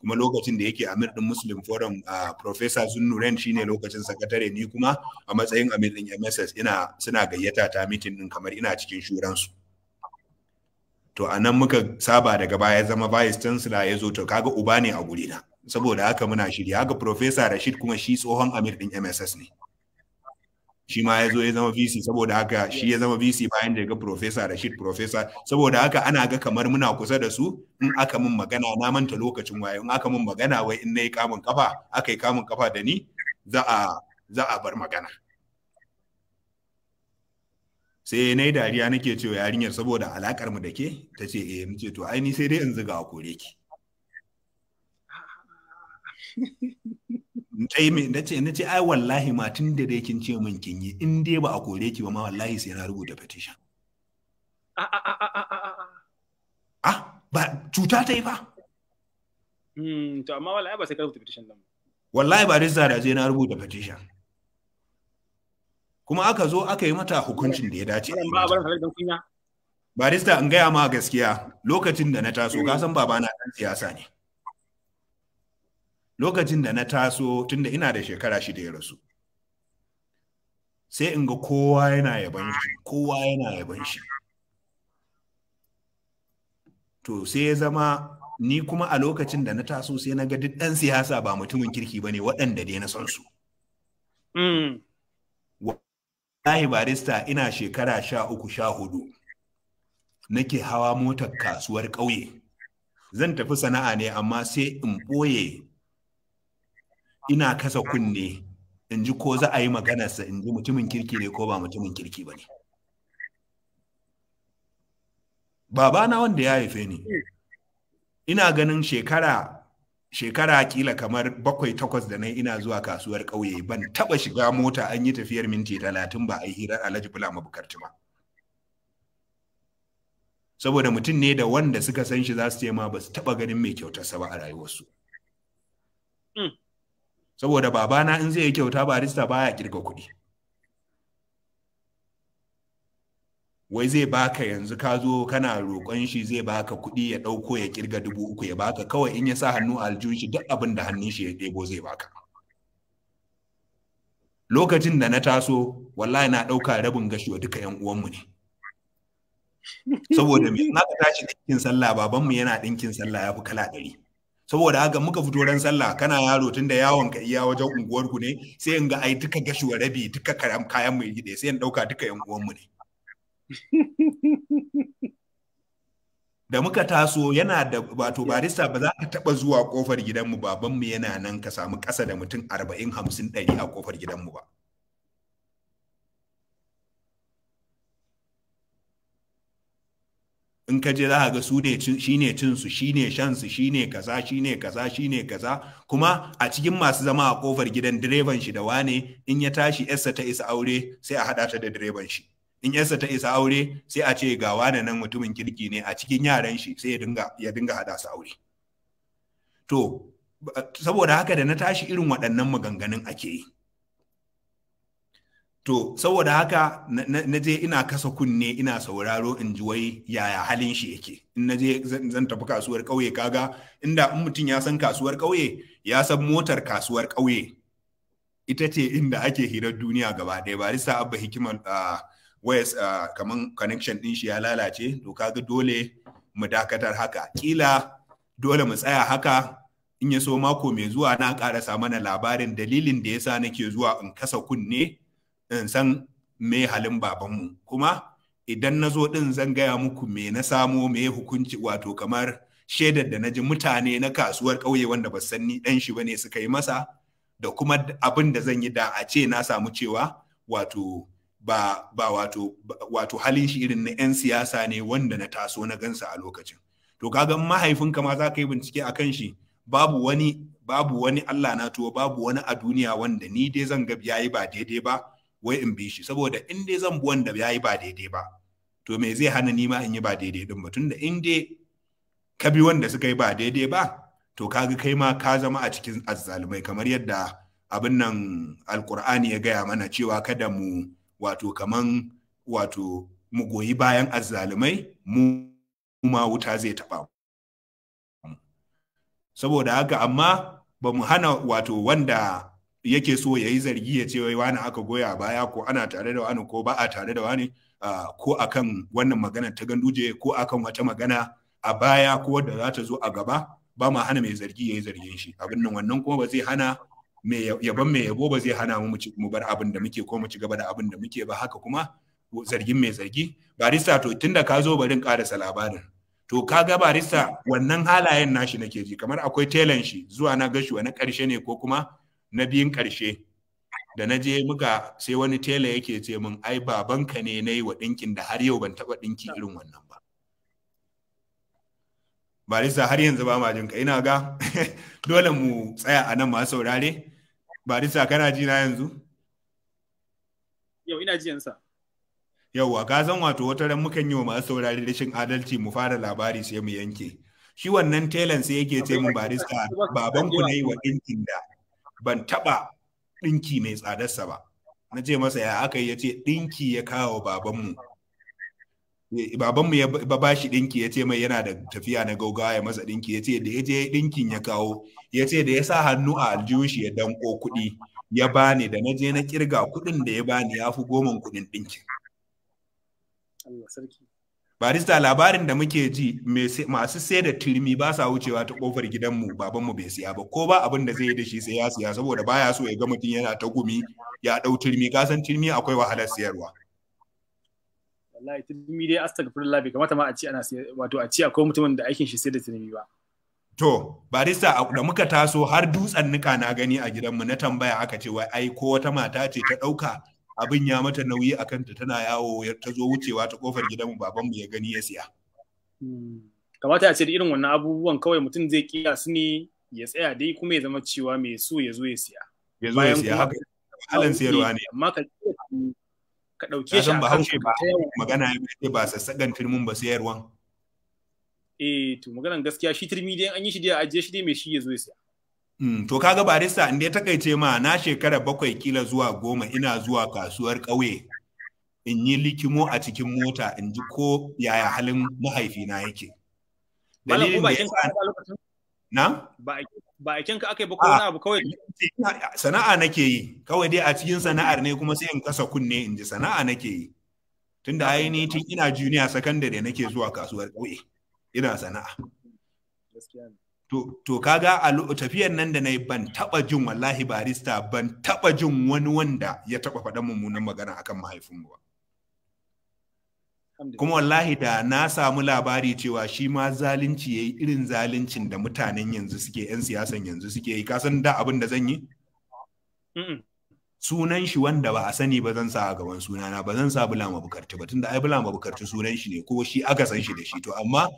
Kuma lokacin da yake Amir din Muslim Forum a Professor Zunnuren shine lokacin sakatare ni kuma a matsayin Amir din MSS ina suna gayyata ta mitin din kamar ina cikin shuransu. To a nan muka saba daga baya zama Vice Chancellor ya zo to kaga uba ne a gurina. Saboda haka muna shirya haka Professor Rashid kuma shi tsohon Amir din MSS ne. shi ma ya zo ya zama VC saboda haka shi ya zama VC bayan da ya ga Professor Rashid Professor saboda haka ana ga kamar muna kusa da su in aka min magana na manta lokacin waye in aka min magana wai in nayi kamun kafa aka yi kamun kafa da ni za a za a bar magana sai na yi dariya nake cewa yarinyar saboda alakar mu da ke ta ce eh mu ce to ai ni sai dai in ziga a kore ki sai na ce na ce ai wallahi ma tun da dai kin ce min kin yi in dai ba a kore ki ba ma wallahi sai na rubuta petition A? Ah, ba cuta ta yi fa hmm, to amma wallahi ba sai ka rubuta petition din wallahi ba rizza da zai na rubuta petition kuma aka zo aka yi mata hukuncin da ya dace barista in gaya ma gaskiya lokacin da na taso ka san babana dan siyasa ne lokacin da na taso tunda ina da shekara shida ya rasu sai in ga kowa yana yaban shi kowa yana yaban shi to sai ya zama ni kuma a lokacin da na taso sai na ga duk ɗan siyasa ba mutumin kirki ba ne waɗanda dai na son su mm. wallahi barista ina shekara sha uku sha hudu nake hawa motar kasuwar ƙauye zan tafi sana'a ne amma sai in ɓoye ina kasa kunne in ji ko za a yi maganarsa in ji mutumin kirki ne ko ba mutumin kirki ba ne babana wanda ya haife ni ina ganin shekara shekara kila kamar bakwai takwas da nai ina zuwa kasuwar ƙauye ban taba shiga mota an yi tafiyar minti talatin ba a yi hirar alhaji bula mabukarci ba saboda mutum ne da wanda suka san shi za su ce ma ba su taba ganin mai kyautarsa ba a rayuwarsu hmm. saboda babana in zai yi kyauta barista ba ya kirga kuɗi wai zai baka yanzu ka zo kana roƙon shi zai baka kuɗi ya ɗauko ya kirga dubu uku ya baka kawai in ya sa hannu a aljihu shi duk abin da hannun shi ya ɗebo zai baka lokacin da na taso wallahi na ɗauka rabin gashiwa duka yan uwanmu ne saboda me na tashi ɗinkin sallah babanmu yana ɗinkin sallah ya fi kala ɗari saboda haka muka fito ran sallah kana yaro tun da yawon ka iya wajen unguwar ku ne sai in ga ai duka gashuwa rabi duka karam kayan mai gida sai in dauka duka yan uwan mu ne da muka taso yana da wato barista ba za ka taba zuwa kofar gidanmu babanmu yana nan ka samu kasa da mutum 40 50 dari a kofar gidan mu ba in ka je za ka ga su ne shi ne cin su shi ne shan su shi ne kaza shi ne kaza shi ne kaza kuma a cikin masu zama a kofar gidan direban shi da wane in ya tashi yarsa ta isa aure sai a haɗa ta da direban shi in yarsa ta isa aure sai a ce ga wane nan mutumin kirki ne a cikin yaran shi sai ya dinga ya dinga haɗa su aure to saboda haka da na tashi irin waɗannan maganganun ake yi To, saboda haka na je ina kasa kunne ina sauraro in ji wai yaya halin shi yake. In na je zan tafi kasuwar ƙauye kaga inda in mutum ya san kasuwar ƙauye ya san motar kasuwar ƙauye. Ita ce inda ake hirar duniya gaba ɗaya ba risa abba hikimar West kamar connection ɗin shi ya lalace to kaga dole mu dakatar haka. Kila dole mu tsaya haka in ya so mako mai zuwa na ƙarasa mana labarin dalilin da yasa nake zuwa in kasa kunne in san me halin babanmu kuma idan na zo ɗin zan gaya muku me na samo me hukunci wato kamar shaidar da na ji mutane na kasuwar ƙauye wanda ba san ni shi bane suka yi masa da kuma abin da zan yi da a ce na samu cewa wato ba ba wato wato halin shi irin na 'yan siyasa ne wanda na taso na gansa a lokacin to kaga mahaifinka ma za ka yi bincike a kan shi babu wani babu wani Allah na tuwo babu wani a duniya wanda ni dai zan ga yayi ba daidai ba wai in bi shi saboda in dai zan bi wanda ya yi ba daidai ba to me zai hana ni ma in yi ba daidai din ba tunda in dai ka bi wanda suka yi ba daidai ba to kaga kai ma ka zama a cikin azzalumai kamar yadda abin nan alkur'ani ya gaya mana cewa kada mu wato kaman wato mu goyi bayan azzalumai mu ma wuta zai taɓa saboda haka amma ba mu hana wato wanda yake so ya yi zargi ya ce wai wani aka goya baya ko ana tare da wani ko ba a tare da wani ko akan wannan magana ta ganduje ko akan wata magana a baya ko wadda za ta zo a gaba ba ma hana mai zargi ya yi zargin shi abin nan wannan kuma ba zai hana yaban mai yabo ba zai hana mu mu bar abin da muke ko mu ci gaba da abin da muke ba haka kuma zargin mai zargi barista to tunda ka zo barin karasa labarin to kaga barista wannan halayen nashi nake ji kamar akwai telan shi zuwa na gashuwa na karshe ne ko kuma na biyun ƙarshe da na je muka sai wani tela yake ce min ai babanka ne na yi wa ɗinkin da har yau ban taɓa ɗinki irin wannan ba barista har yanzu ba majin ka ina ga dole mu tsaya a nan masu saurare barista kana ji na yanzu yau ina ji yansa yauwa ka san wato wata ran mukan yi wa masu saurari rashin adalci mu fara labari sai mu yanke shi wannan telan sai yake ce mun barista babanku na yi wa ɗinkin da ban taɓa ɗinki mai tsadarsa ba na ce masa ya aka ya ce ɗinki ya kawo babanmu eh, babanmu ya ba shi ɗinki ya ce mai yana da tafiya na gaugawa ya masa ɗinki ya ce da ya je ɗinkin ya kawo ya ce da ya sa hannu a aljihun shi ya danko kuɗi ya bani da na je na kirga kuɗin da ya bani ya fi goman kuɗin ɗinkin. barista labarin da muke ji masu sai da turmi ba sa wucewa ta kofar gidanmu babanmu bai siya ba ko ba abin da zai yi da shi sai ya siya saboda baya so ya ga mutum yana ta gumi ya dau turmi ka san turmi akwai wahalar siyarwa wallahi turmi dai astagfirullah bai kamata ma a ci ana wato a ci akwai mutumin da aikin shi sai da turmi ba to barista da muka taso har dutsen nika na gani a gidanmu na tambaya aka ce wai ai ko wata mata ce ta dauka abin ya mata nauyi a kanta tana yawo ta zo wucewa ta kofar gidanmu babanmu ya gani ya siya. Kamata a ce da irin wannan abubuwan kawai mutum zai kiya su ne ya tsaya dai kuma ya zama cewa mai so ya zo ya siya. Ya zo ya siya haka halin sayarwa ne. Amma ka ka ɗauke shi a kan ba magana ya ce ba sassaƙan turmin ba siyarwan. Eh to maganan gaskiya shi turmi dai an yi shi dai a ajiye shi dai mai shi ya zo ya siya. Mm, to kaga barista inda ya takaice ma na shekara bakwai kila zuwa goma ina zuwa kasuwar ƙauye in yi likimo a cikin mota in ji ko yaya halin mahaifina yake. Dalilin da ya na? Ba a ka aka yi ba ko abu kawai. Sana'a nake yi, kawai dai a cikin sana'ar ne kuma sai in kasa kunne in ji sana'a nake yi. Tunda ainihin tun ina juniya sakandare nake zuwa kasuwar ƙauye ina sana'a. Gaskiya ne. to kaga a tafiyar nan da na yi ban taɓa jin wallahi barista ban taɓa jin wani wanda ya taɓa faɗan mummunan magana akan mahaifinmu ba kuma wallahi da na samu labari cewa shi ma zalunci ya yi irin zaluncin da mutanen yanzu suke 'yan siyasan yanzu suke yi kasan da abin da zan yi sunan shi wanda ba a sani ba zan sa a gaban sunana ba zan sa bulama bukarci ba tunda ai bulama bukarci sunan shi ne ko shi aka san shi da shi to amma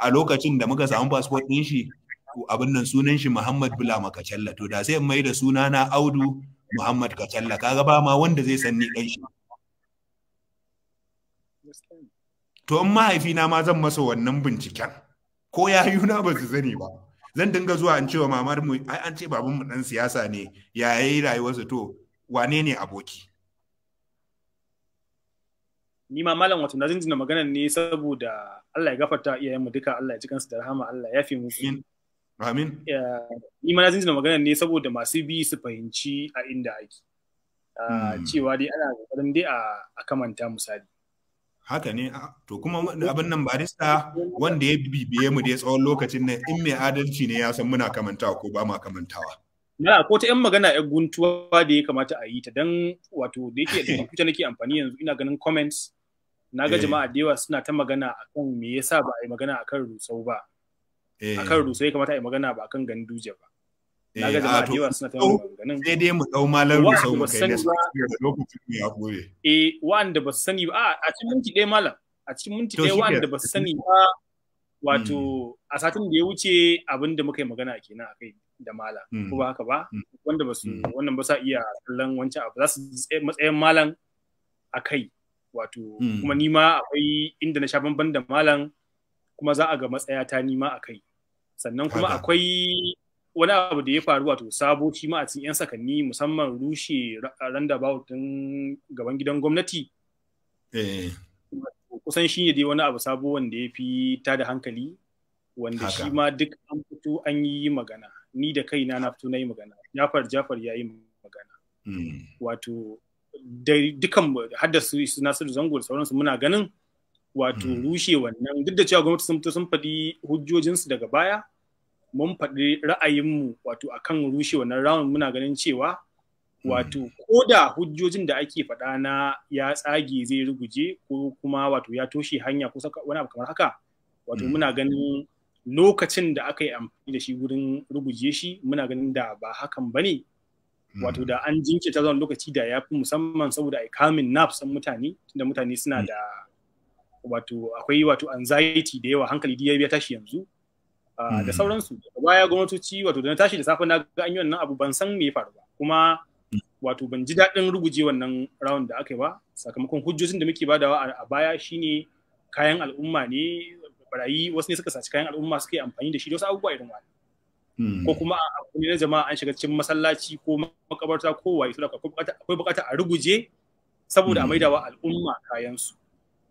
a lokacin da muka samu passport ɗin shi abin nan sunan shi Muhammad Bula Kacalla to da sai mai da suna na Audu Muhammad Kacalla kaga ba ma wanda zai san ni dan shi to in mahaifina ma zan masa wannan binciken ko ya yayuna ba su sani ba zan dinga zuwa an cewa mamar mu ai an ce babanmu dan siyasa ne ya yayi rayuwarsa to wane ne aboki ni ma malam wato na jinjina maganar ne saboda Allah ya gafarta iyayen mu duka Allah ya ji kansu da rahama Allah ya fi mu amin ni ma na zinjina magana ne saboda masu bi su fahimci a inda ake hmm. cewa dai ana kokarin dai a kamanta misali haka ne to kuma abin nan barista wanda ya bibiye mu dai tsawon lokacin nan in mai adalci ne ya san muna kamantawa ko ba ma kamantawa na ko ta yan magana yan guntuwa da ya kamata a yi ta dan wato da yake da computer nake amfani yanzu ina ganin comments na ga eh. jama'a da yawa suna ta magana akan me yasa ba a yi magana akan rusau ba eh. akan rusau ya kamata a yi magana ba akan ganduje ba eh, na ga jama'a da yawa suna ta maganganun sai dai mu dau malar rusau ba. kai lokacin ya gobe eh wanda ba su sani ba ah, a cikin minti ɗaya malam a cikin minti ɗaya wanda ba su sani ba wato hmm. a satin da ya wuce abin da muka yi magana kenan akai da malam hmm. ko ba haka ba hmm. wanda ba su wannan ba sa iya kallon wancan abu za su matsayin malam a kai wato hmm. kuma nima akwai inda na sha bamban da malam kuma za a ga matsaya ta nima a kai sannan kuma akwai wani abu da ya faru wato sabo shi ma a cikin 'yan sakanni musamman rushe ba din gaban gidan gwamnati eh. kusan shi ne dai wani abu sabo wanda ya fi ta da hankali wanda shi ma duk an fito an yi magana ni da kaina na fito na yi magana jafar jafar ya yi magana hmm. wato da dukan haddasa su nasiru zango da sauransu muna ganin wato hmm. rushe wannan duk da cewa gwamnati sun fito sun faɗi hujjojinsu daga baya mun faɗi ra'ayinmu wato akan rushe wannan rawan muna ganin cewa hmm. wato ko da hujjojin da ake faɗa na ya tsage zai ruguje ko kuma wato ya toshe hanya ko wani abu kamar haka wato hmm. muna ganin lokacin da aka yi amfani da shi wurin ruguje shi muna ganin da ba hakan ba ne wato mm. da an jinkirta zuwa lokaci da ya fi musamman saboda a kamin nafsan mutane tunda mutane suna mm. da wato akwai wato anxiety da yawa hankali da ya tashi yanzu ah, da mm. sauransu da baya gwamnatoci wato da na tashi da safe na ga an yi wannan abu ban san me ya faru ba kuma wato ban ji daɗin ruguje wannan round da aka yi ba sakamakon hujjojin da muke badawa a baya shine kayan al'umma ne barayi wasu ne suka saci kayan al'umma suka yi amfani da shi da wasu abubuwa irin wani Hmm. ko kuma a kuni na jama'a an shiga cikin masallaci ko makabarta ko waye suna akwai bukata a ruguje saboda a hmm. maidawa al'umma kayan su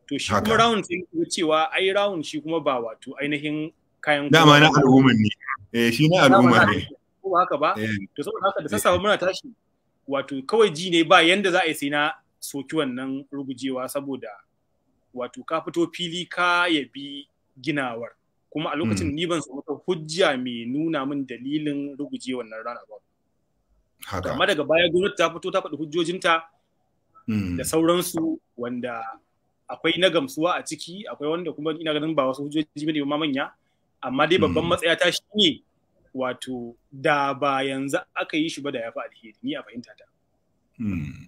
to shi kuma round sai cewa ai round shi kuma ba wato ainihin kayan dama na al'umma ne eh shi na al'umma ne ko haka ba eh. to saboda haka da sassafe muna tashi wato kawai ji ne ba yanda za a yi sai na soki wannan rugujewa saboda wato ka fito fili ka yabi ginawar kuma a lokacin hmm. ni ban samu hujja mai nuna min dalilin ruguje wannan runabout haka daga baya gwamnati ta fito ta faɗi hujjojinta hmm. da sauransu wanda akwai na gamsuwa a ciki akwai wanda kuma ina ganin ba wasu hujjoji bane ma manya amma dai babban hmm. matsaya ta shine wato da ba yanzu aka yi shi ba da ya fi alheri a fahimta ta hmm.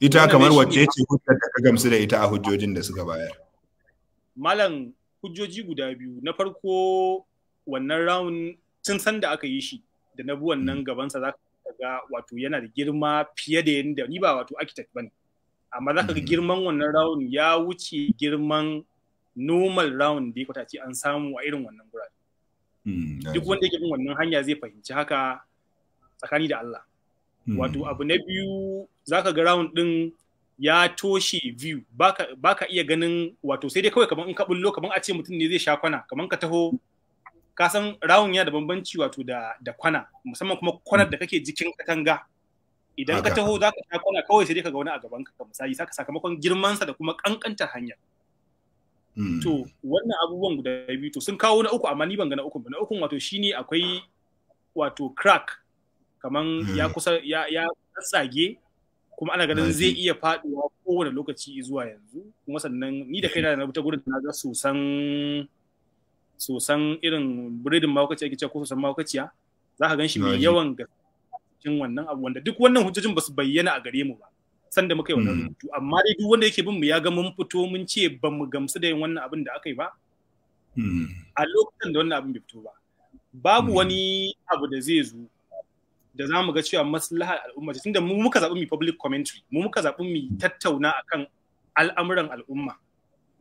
ita kamar wacce ce hujjar da ka gamsu da ita a hujjojin da suka bayar malam hujjoji guda biyu na farko wannan raun tun san da aka yi shi da na bi wannan mm. gabansa za ka ga wato yana da girma fiye da yadda ni ba wato architect ne. amma za ka ga mm. girman wannan raun ya wuce girman normal raun da ya ce an samu a irin wannan gurare mm, duk wanda ya bin wannan hanya zai fahimci haka tsakani da Allah wato abu na biyu za ka ga raun din ya toshe biyu. baka, baka iya ganin wato sai dai kawai kamar in ka bullo kamar a ce mutum ne zai sha kwana kamar ka taho ka san rawun ya da bambanci wato da da kwana musamman kuma kwanar mm. da kake jikin katanga idan ka taho za ka sha kwana kawai sai dai ka ga wani a gaban ka misali saka sakamakon girmansa da kuma kankantar hanya mm. to wannan abubuwan guda biyu to sun kawo na uku amma ni ban ga na uku ba na uku wato shine akwai wato crack kaman mm. ya kusa ya ya tsage kuma ana ganin zai iya faduwa kowane lokaci zuwa yanzu kuma sannan ni da kaina na ta gurin na ga sosan sosan irin biredin mahaukaciya ake ko sosan mahaukaciya za ka gan shi mai yawan cikin wannan abu wanda duk wannan hujjojin ba su bayyana a gare mu ba sanda muka yi wannan hmm. rubutu amma dai duk wanda yake bin mu ya ga mun fito mun ce ba mu gamsu da yin wannan abin da aka yi ba hmm. a lokacin da wannan abin bai fito ba babu hmm. wani abu da zai zo da za mu ga cewa maslaha al'umma ce tunda mu muka zaɓi mu public commentary mu muka zaɓi mu tattauna akan al'amuran al'umma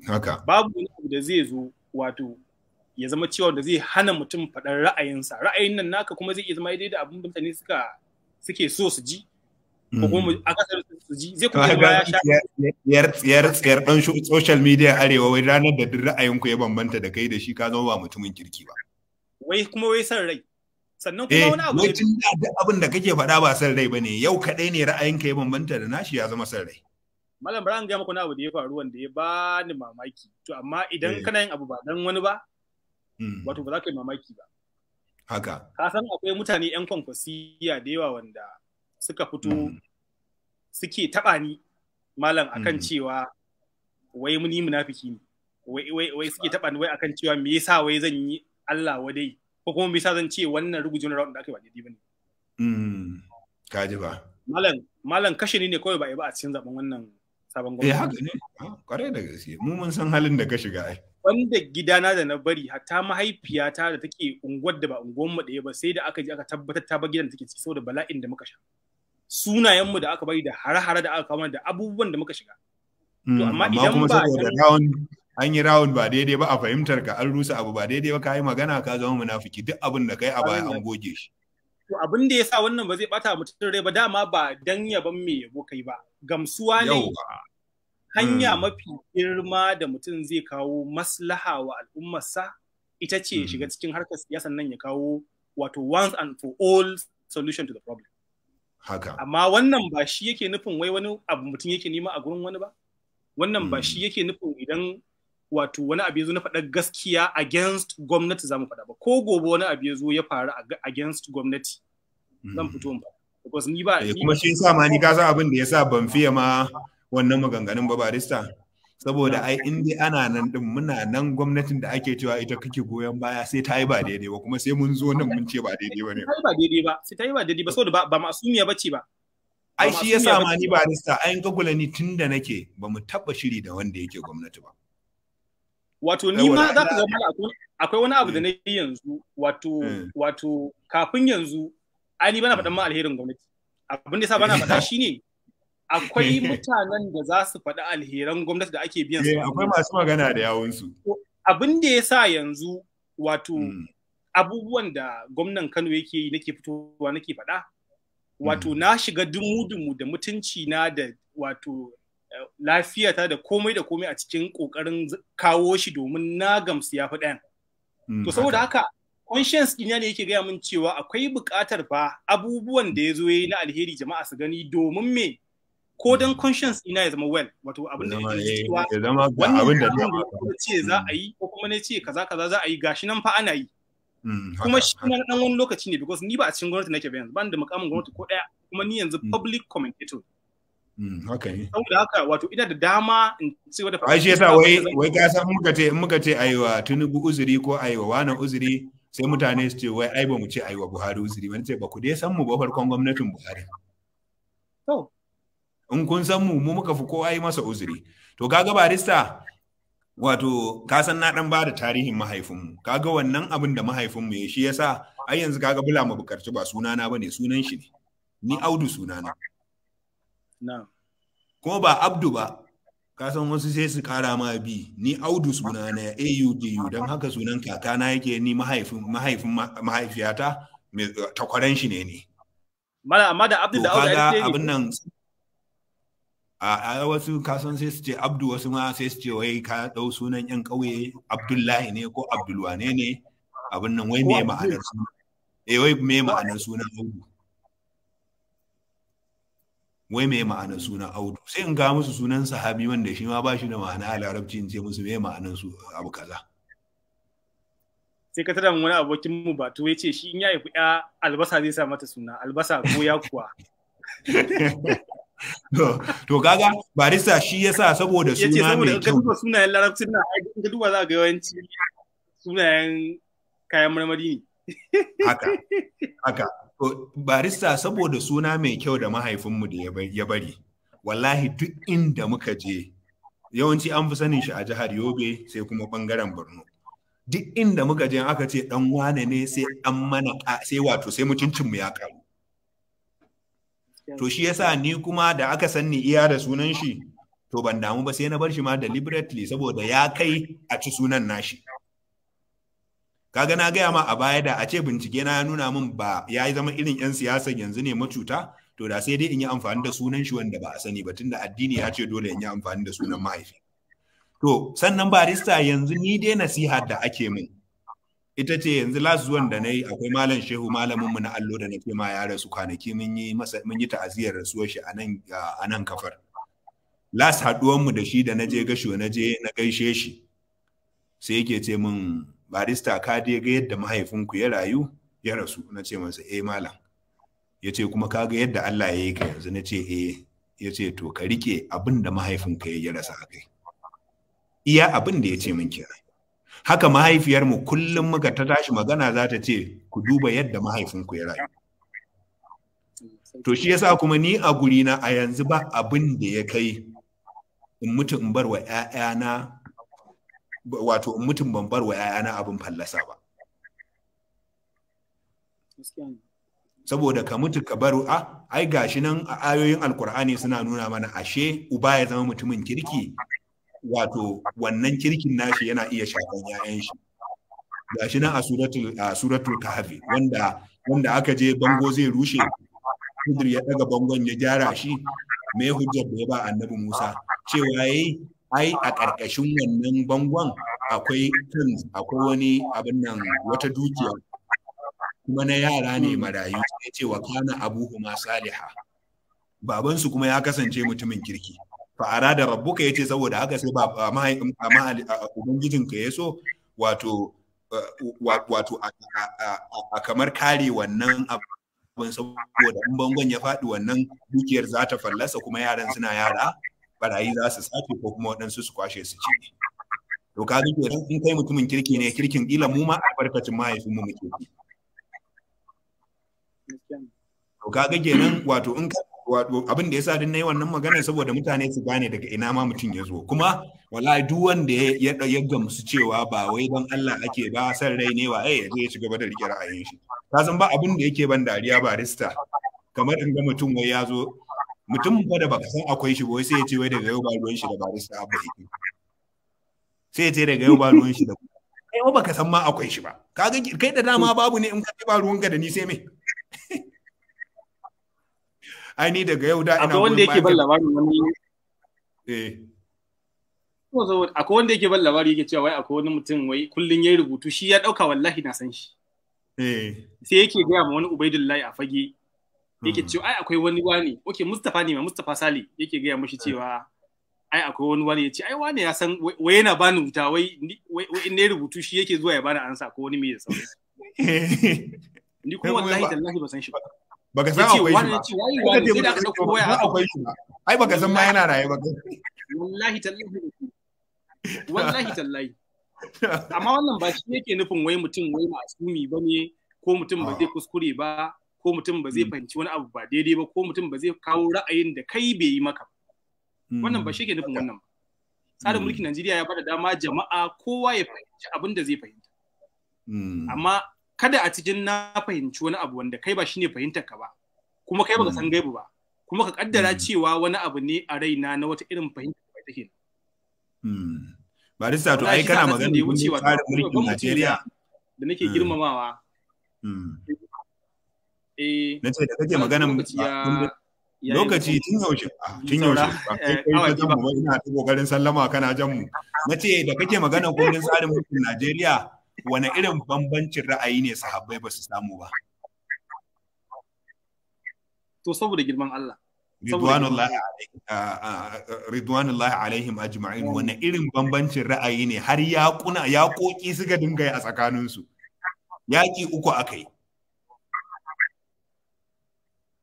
haka babu wani abu da zai zo wato ya zama cewa da zai hana mutum faɗar ra'ayinsa ra'ayin nan naka kuma zai iya zama daidai da abin da mutane suka suke so su ji ko kuma hmm. akasar su ji zai kuma ya sha tsiyar tsiyar tsiyar dan social media arewa wai ranar da duk ra'ayinku ya bambanta da kai da shi ka zama ba mutumin kirki ba wai kuma wai san rai sannan kuma eh, wani abu lokacin da duk abin da kake faɗa ba san rai bane yau kadai ne ra'ayinka ya bambanta da nashi ya zama san rai malam bara an ga muku na abu da ya faru wanda ya bani mamaki to amma idan eh. kana yin abu ba dan wani ba Hmm. wato ba za ka yi mamaki ba haka ka san akwai mutane yan kwankwasiya da yawa wanda suka fito hmm. suke taɓa ni malam akan hmm. cewa wai muni munafiki ne wai suke taɓa ni wai akan cewa me yasa wai zan yi Allah wadai ko kuma me yasa zan ce wannan rugujin rawar da aka yi ba daidai ne. ka ji ba malam malam kashe ne kawai ba a ba a cikin zaɓen wannan sabon gwamnati eh haka ne kwarai ah, da gaske mu mun san halin da ka shiga ai banda gidana da na bari hatta mahaifiyata da take unguwar da ba unguwar mu ba sai da aka je aka tabbatar ta ba gidan da take ciki saboda bala'in da muka sha sunayen mu da aka bari da harahara da aka kama da abubuwan da muka shiga to hmm, amma idan ba an yi rawun ba daidai ba a fahimtar ka an rusa abu ba daidai ba ka yi magana ka zama munafiki duk abin da kai a baya an goge shi to abin da yasa wannan ba zai bata mutum rai ba dama ba dan yaban me yabo kai ba gamsuwa ne hanya hmm. mafi girma da mutum zai kawo maslaha wa al'ummarsa ita ce mm. shiga hmm. cikin harkar siyasa nan ya kawo wato once and for all solution to the problem. Haka. Amma wannan ba shi yake nufin wai wani abu mutum yake nema a gurin wani ba. Wannan ba shi hmm. yake nufin idan wato wani abu ya zo na faɗa gaskiya against gwamnati za mu faɗa ba. Ko gobe wani abu ya zo ya faru against gwamnati. Zan fito ba. ni ba. Eh, kuma shi sa ma ni ka san abin da ya sa ban fiye ma wannan maganganun ba barista saboda ai in dai ana nan din muna nan gwamnatin da ake cewa ita kake goyon baya sai ta yi ba daidai ba kuma sai mun zo nan mun ce ba daidai ba ne ba daidai ba sai ta yi ba daidai ba saboda ba masumiya bace ba ai shi yasa ma ni barista ai in kagula ni tunda nake ba mu taba shiri da wanda yake gwamnati ba wato ni ma za ka ga akwai wani abu da mm. na yi yanzu wato mm. wato kafin yanzu ai ni bana faɗan ma alherin gwamnati abin da yasa bana faɗa shine akwai mutanen da za su faɗi alheran gwamnati da ake biyan su. Eh, akwai masu magana da yawunsu. Abin da ya sa yanzu wato hmm. abubuwan da gwamnan Kano yake yi nake fitowa nake faɗa. Hmm. Wato na shiga dumu-dumu da mutunci na da wato eh, lafiyata da komai da komai a cikin ƙoƙarin kawo shi domin na gamsu ya fi ɗayan. Hmm, to saboda haka conscience ɗina ne yake gaya min cewa akwai buƙatar fa abubuwan da ya zo ya yi na alheri jama'a su gani domin me ko dan conscience ina ya zama well wato abin da eh, ya zama wannan abin da ya ce za a yi ko kuma ne ce kaza kaza za a yi gashi nan fa ana yi mm, kuma shi na dan wani lokaci ne because ni ba a cikin gwamnati nake ba yanzu ban da mukamin gwamnati ko daya kuma ni yanzu mm. public commentator Okay. Mm, saboda haka wato ina da dama in ci wata fara. shi yasa wai wai ka san muka ce muka ce aiwa tunubu uzuri ko aiwa wannan uzuri sai mutane su ce wai ai ba mu ce aiwa Buhari uzuri wani ce ba ku dai san mu ba farkon gwamnatin Buhari to in kun san mu mu muka fi kowa yi masa uzuri to kaga barista wato ka san na dan bada tarihin mahaifinmu kaga wannan abin da mahaifinmu ya shi yasa ai yanzu kaga bula mu bukarci ba sunana bane sunan shi ne ni audu sunana na kuma ba abdu ba ka san wasu sai su kara ma bi ni audu sunana audu don haka sunan kakana yake ni mahaifin mahaifin mahaifiyata takwaren shi ne ni amma da abdu da audu abin nan a wasu kasan sai su ce abdu wasu ma sai su ce wai ka dau sunan yan ƙauye abdullahi ne ko abdulwane ne abin nan wai me ma'anar sunan eh wai me ma'anar sunan audu wai me ma'anar sunan audu sai in ga musu sunan sahabi wanda shi ma ba shi da ma'ana a larabci in ce musu me ma'anar su abu kaza sai ka tada wani abokin mu ba to yace shi in ya yi ya albasa zai sa mata suna albasa ko ya kuwa to kaga barista shi yasa saboda suna mai kyau yace sunayen larabci na ga duba za ga yawanci sunayen kayan marmari ne haka haka barista saboda suna mai kyau da mahaifinmu da ya bari wallahi duk inda muka je yawanci an fi sanin shi a jihar Yobe sai kuma bangaren Borno duk inda muka je aka ce ɗan wane ne sai an mana sai wato sai mutuncin mu ya karu to shi yasa ni kuma da aka sanni iya da sunan shi to ban damu ba sai na bar shi ma deliberately saboda ya kai a ci sunan nashi kaga na gaya ma a baya da a ce bincike na ya nuna min ba ya zama irin yan siyasa yanzu ne macuta to da sai dai in yi amfani da sunan shi wanda ba a sani ba tunda addini ya ce dole in yi amfani da sunan mahaifi to sannan barista yanzu ni dai nasiha da ake min ita ce yanzu last zuwan da na yi akwai malam shehu malaminmu na allo da na ce ma ya rasu kwanaki mun yi masa mun yi ta'aziyar rasuwar shi a nan kafar last mu da shi da na je gasho na na gaishe shi sai yake ce min barista ka dai ga yadda mahaifinku ya rayu ya rasu na ce masa eh malam ya ce kuma ka ga yadda Allah ya yi ka yanzu na ce eh ya ce to ka rike abin da mahaifinka ya rasa a kai iya abin da ya ce min kenan haka mahaifiyarmu kullum muka ta tashi magana za ta ce ku duba yadda mahaifinku ya rayu to shi yasa kuma ni a gurina a yanzu ba abin da ya kai in mutum in bar wa ‘ya'yana wato in mutum ban bar wa ‘ya'yana abin fallasa ba saboda ka mutu ka bar a ah, ai gashi nan a ayoyin alkur'ani suna nuna mana ashe uba ya zama mutumin kirki wato wannan kirkin nashi yana iya shafar 'ya'yan shi gashi nan a suratul a suratul kahfi wanda wanda aka je bango zai rushe Hudri ya daga bangon ya gyara shi me hujjar da ya ba annabi Musa cewa yayi ai a ƙarƙashin wannan bangon akwai kan akwai wani abin nan wata dukiya kuma na yara ne marayu sai ce wa kana abuhuma saliha babansu kuma ya kasance mutumin kirki fa'ara da rabbuka yace saboda haka sai ba mahaifin amma ubangijin ka yaso wato wato a kamar kare wannan abin saboda in bangon ya faɗi wannan dukiyar za ta fallasa kuma yaran suna yara barayi za su sace ko kuma waɗansu su kwashe su ce to ka ga kenan in kai mutumin kirki ne kirkin ila mu ma albarkacin mahaifin mu muke to ka ga kenan wato in ka abin da ya sa din na yi wannan magana saboda mutane su gane daga ina ma mutum ya zo kuma wala duk wanda ya ya gamsu cewa ba wai don Allah ake ba san rai ne wa eh zai ci gaba da rike ra'ayin shi ka san ba abin da yake ban dariya barista kamar in ga mutum wai ya zo mutum ba da baka san akwai shi wai sai ya ce wai daga yau ba ruwan shi da barista ba yake sai ya ce daga yau ba ruwan shi da kai ba baka san ma akwai shi ba kaga kai da dama babu ne in ka ba ka da ni sai me ai ni daga yau da ina akwai wanda yake ban wani eh akwai wanda yake ban labari yake cewa wai akwai wani mutum wai kullun yayi rubutu shi ya dauka wallahi na san shi eh sai yake gaya ma wani ubaidullahi a fage yake hmm. cewa ai akwai wani wani okay mustafa ne ma mustafa sali yake gaya mashi cewa ai akwai wani wani ya ce ai wani ya san wai yana bani wuta wai in ne rubutu shi yake zuwa ya bani ansa ko wani mai da sauransu ni kuma wallahi tallahi ba san shi ba baka san akwai shi ba wani sai da aka dauko waya akwai shi ba ai baka san ma yana raye ba wallahi tallahi wallahi tallahi amma wannan ba shi yake nufin wai mutum wai masumi ba ne ko mutum ba zai ah. kuskure ba ko mutum ba zai hmm. fahimci wani abu ba daidai ba ko mutum ba zai kawo ra'ayin da kai bai yi maka hmm. wannan ba shi yake nufin wannan ba tsarin hmm. mulkin Najeriya ya bada dama jama'a kowa ya fahimci abin da zai fahimta amma kada a cikin na fahimci wani abu wanda kai ba shine fahimtar ka ba kuma kai baka san mm. gaibu ba kuma ka kaddara mm. cewa wani abu ne a raina na wata irin fahimta da take mm. barista to ai kana magana ne wucewa tsarin mulkin Najeriya da nake girmamawa eh nace da kake magana lokaci tun yaushe ah, tun yaushe eh, kai ka ina ta kokarin sallama kana jan mu nace da kake magana kundin tsarin mulkin Najeriya wane irin bambancin ra'ayi ne sahabbai ba su samu ba to saboda girman Allah Ridwanullahi alaihim ajma'in wane irin bambancin ra'ayi ne har ya kuna ya koki suka dinga a tsakaninsu yaƙi uku yi.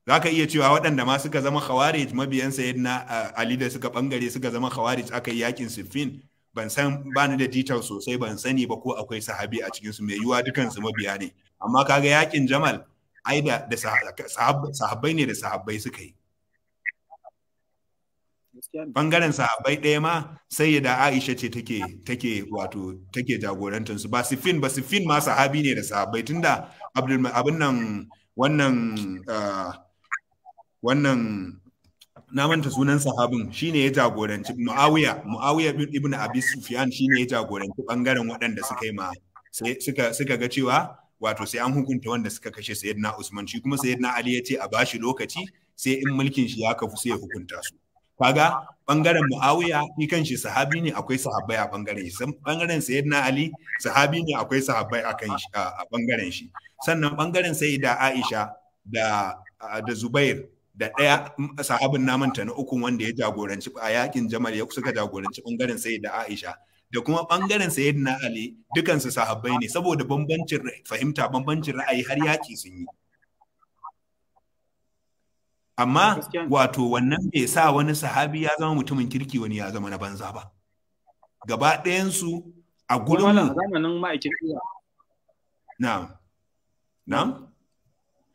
za ka iya cewa waɗanda ma suka zama khawarij mabiyan sayyidina Ali da suka bangare suka zama khawarij aka yi yaƙin siffin ban san ba ni da detail sosai ban sani ba ko akwai sahabi a cikinsu mai yiwuwa dukansu mabiya ne amma kaga yakin jamal ai da sahabbai ne da sahabbai suka yi bangaren sahabbai ɗaya ma sai da aisha ce take take wato take jagorantar su ba sifin ba sifin ma sahabi ne da sahabbai tunda abdul abin nan wannan ah, wannan na manta sunan sahabin shine ya jagoranci Muawiya Muawiya ibn Abi Sufyan shine ya jagoranci bangaren waɗanda suka yi ma suka suka ga cewa wato sai an hukunta wanda suka kashe Sayyidina Usman shi kuma Sayyidina Ali ya ce a bashi lokaci sai in mulkin shi ya kafu sai ya hukunta su kaga bangaren Muawiya shi kanshi sahabi ne akwai sahabbai a bangaren shi bangaren Sayyidina Ali sahabi ne akwai sahabbai a kan shi a bangaren shi sannan bangaren Sayyida Aisha da da Zubair da ɗaya mm, sahabin namanta na uku wanda ya jagoranci a yakin jamal ya suka jagoranci bangaren sai da aisha da kuma bangaren sayid na ali dukansu sahabbai ne saboda bambancin fahimta bambancin ra'ayi har yaki sun yi amma wato wannan bai sa wani sahabi ya zama mutumin kirki wani ya zama na banza ba gaba ɗayansu a gurin na'am na'am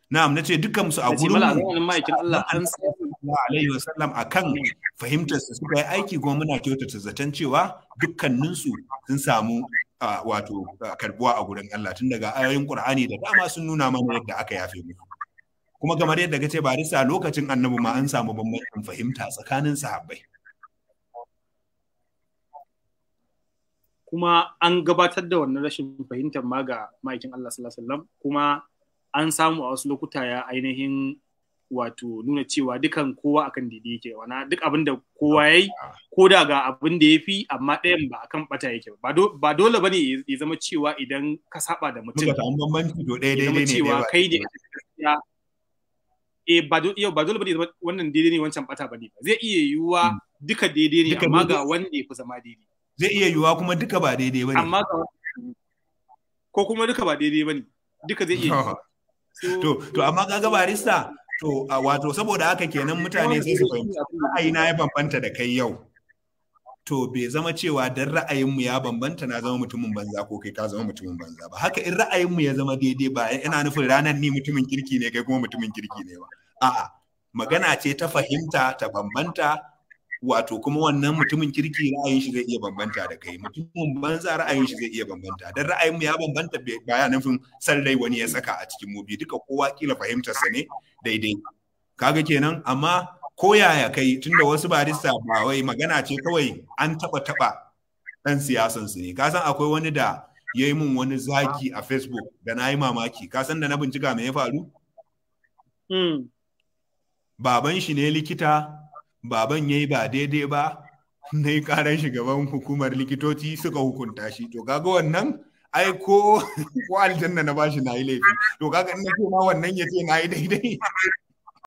na'am nace dukkan su a gurin Allah alaihi a kan fahimtar su suka yi aiki kuma muna kyautata zaton cewa dukkanin su sun samu wato karbuwa a gurin Allah tun daga ayoyin Qur'ani da dama sun nuna mana yadda aka yafe mu kuma kamar yadda kace barisa lokacin annabi ma an samu bambancin fahimta tsakanin sahabbai kuma an gabatar da wannan rashin fahimtar ma ga ma'aikin Allah sallallahu alaihi wasallam kuma an samu a wasu lokuta ya ainihin wato nuna cewa dukan kowa akan daidai yake wana duk abin da kowa yayi ko da ga abin da ya fi amma ɗayan ba akan bata yake ba dole bane ya zama cewa idan ka saba da mutum ya ne cewa kai da gaskiya e ba yau ba dole bane zama wannan daidai ne wancan bata bane ba zai iya yiwuwa hmm. duka daidai ne amma ga wanda ya fi zama daidai zai iya yiwuwa kuma duka ba daidai bane amma ko kuma duka ba daidai bane duka zai iya yiwuwa to to amma kaga barista to wato saboda haka kenan mutane sai su fahimci ra'ayi na ya bambanta da kai yau to bai zama cewa dan mu ya bambanta na zama mutumin banza ko kai ka zama mutumin banza ba haka in ra'ayin mu ya zama daidai ba yana nufin ranar ni mutumin kirki ne kai kuma mutumin kirki ne ba a'a magana ce ta fahimta ta bambanta wato kuma wannan mutumin kirki ra'ayin shi zai iya bambanta da kai mutumin banza ra'ayin shi zai iya bambanta dan ra'ayin mu ya bambanta baya nufin sallai wani ya saka a cikin mu duka kowa kila fahimtar sa ne daidai kaga kenan amma ko yaya kai tunda wasu barista ba wai magana ce kawai an taba taba dan siyasan su ne kasan akwai wani da ya yi min wani zaki a facebook da na yi mamaki kasan da na bincika me ya faru hmm. baban shi ne likita baban ya yi ba daidai ba na yi karan shugaban hukumar likitoci suka hukunta shi to kaga wannan ai ko ko aljanna na bashi na yi laifi to kaga ina ce ma wannan ya ce na yi daidai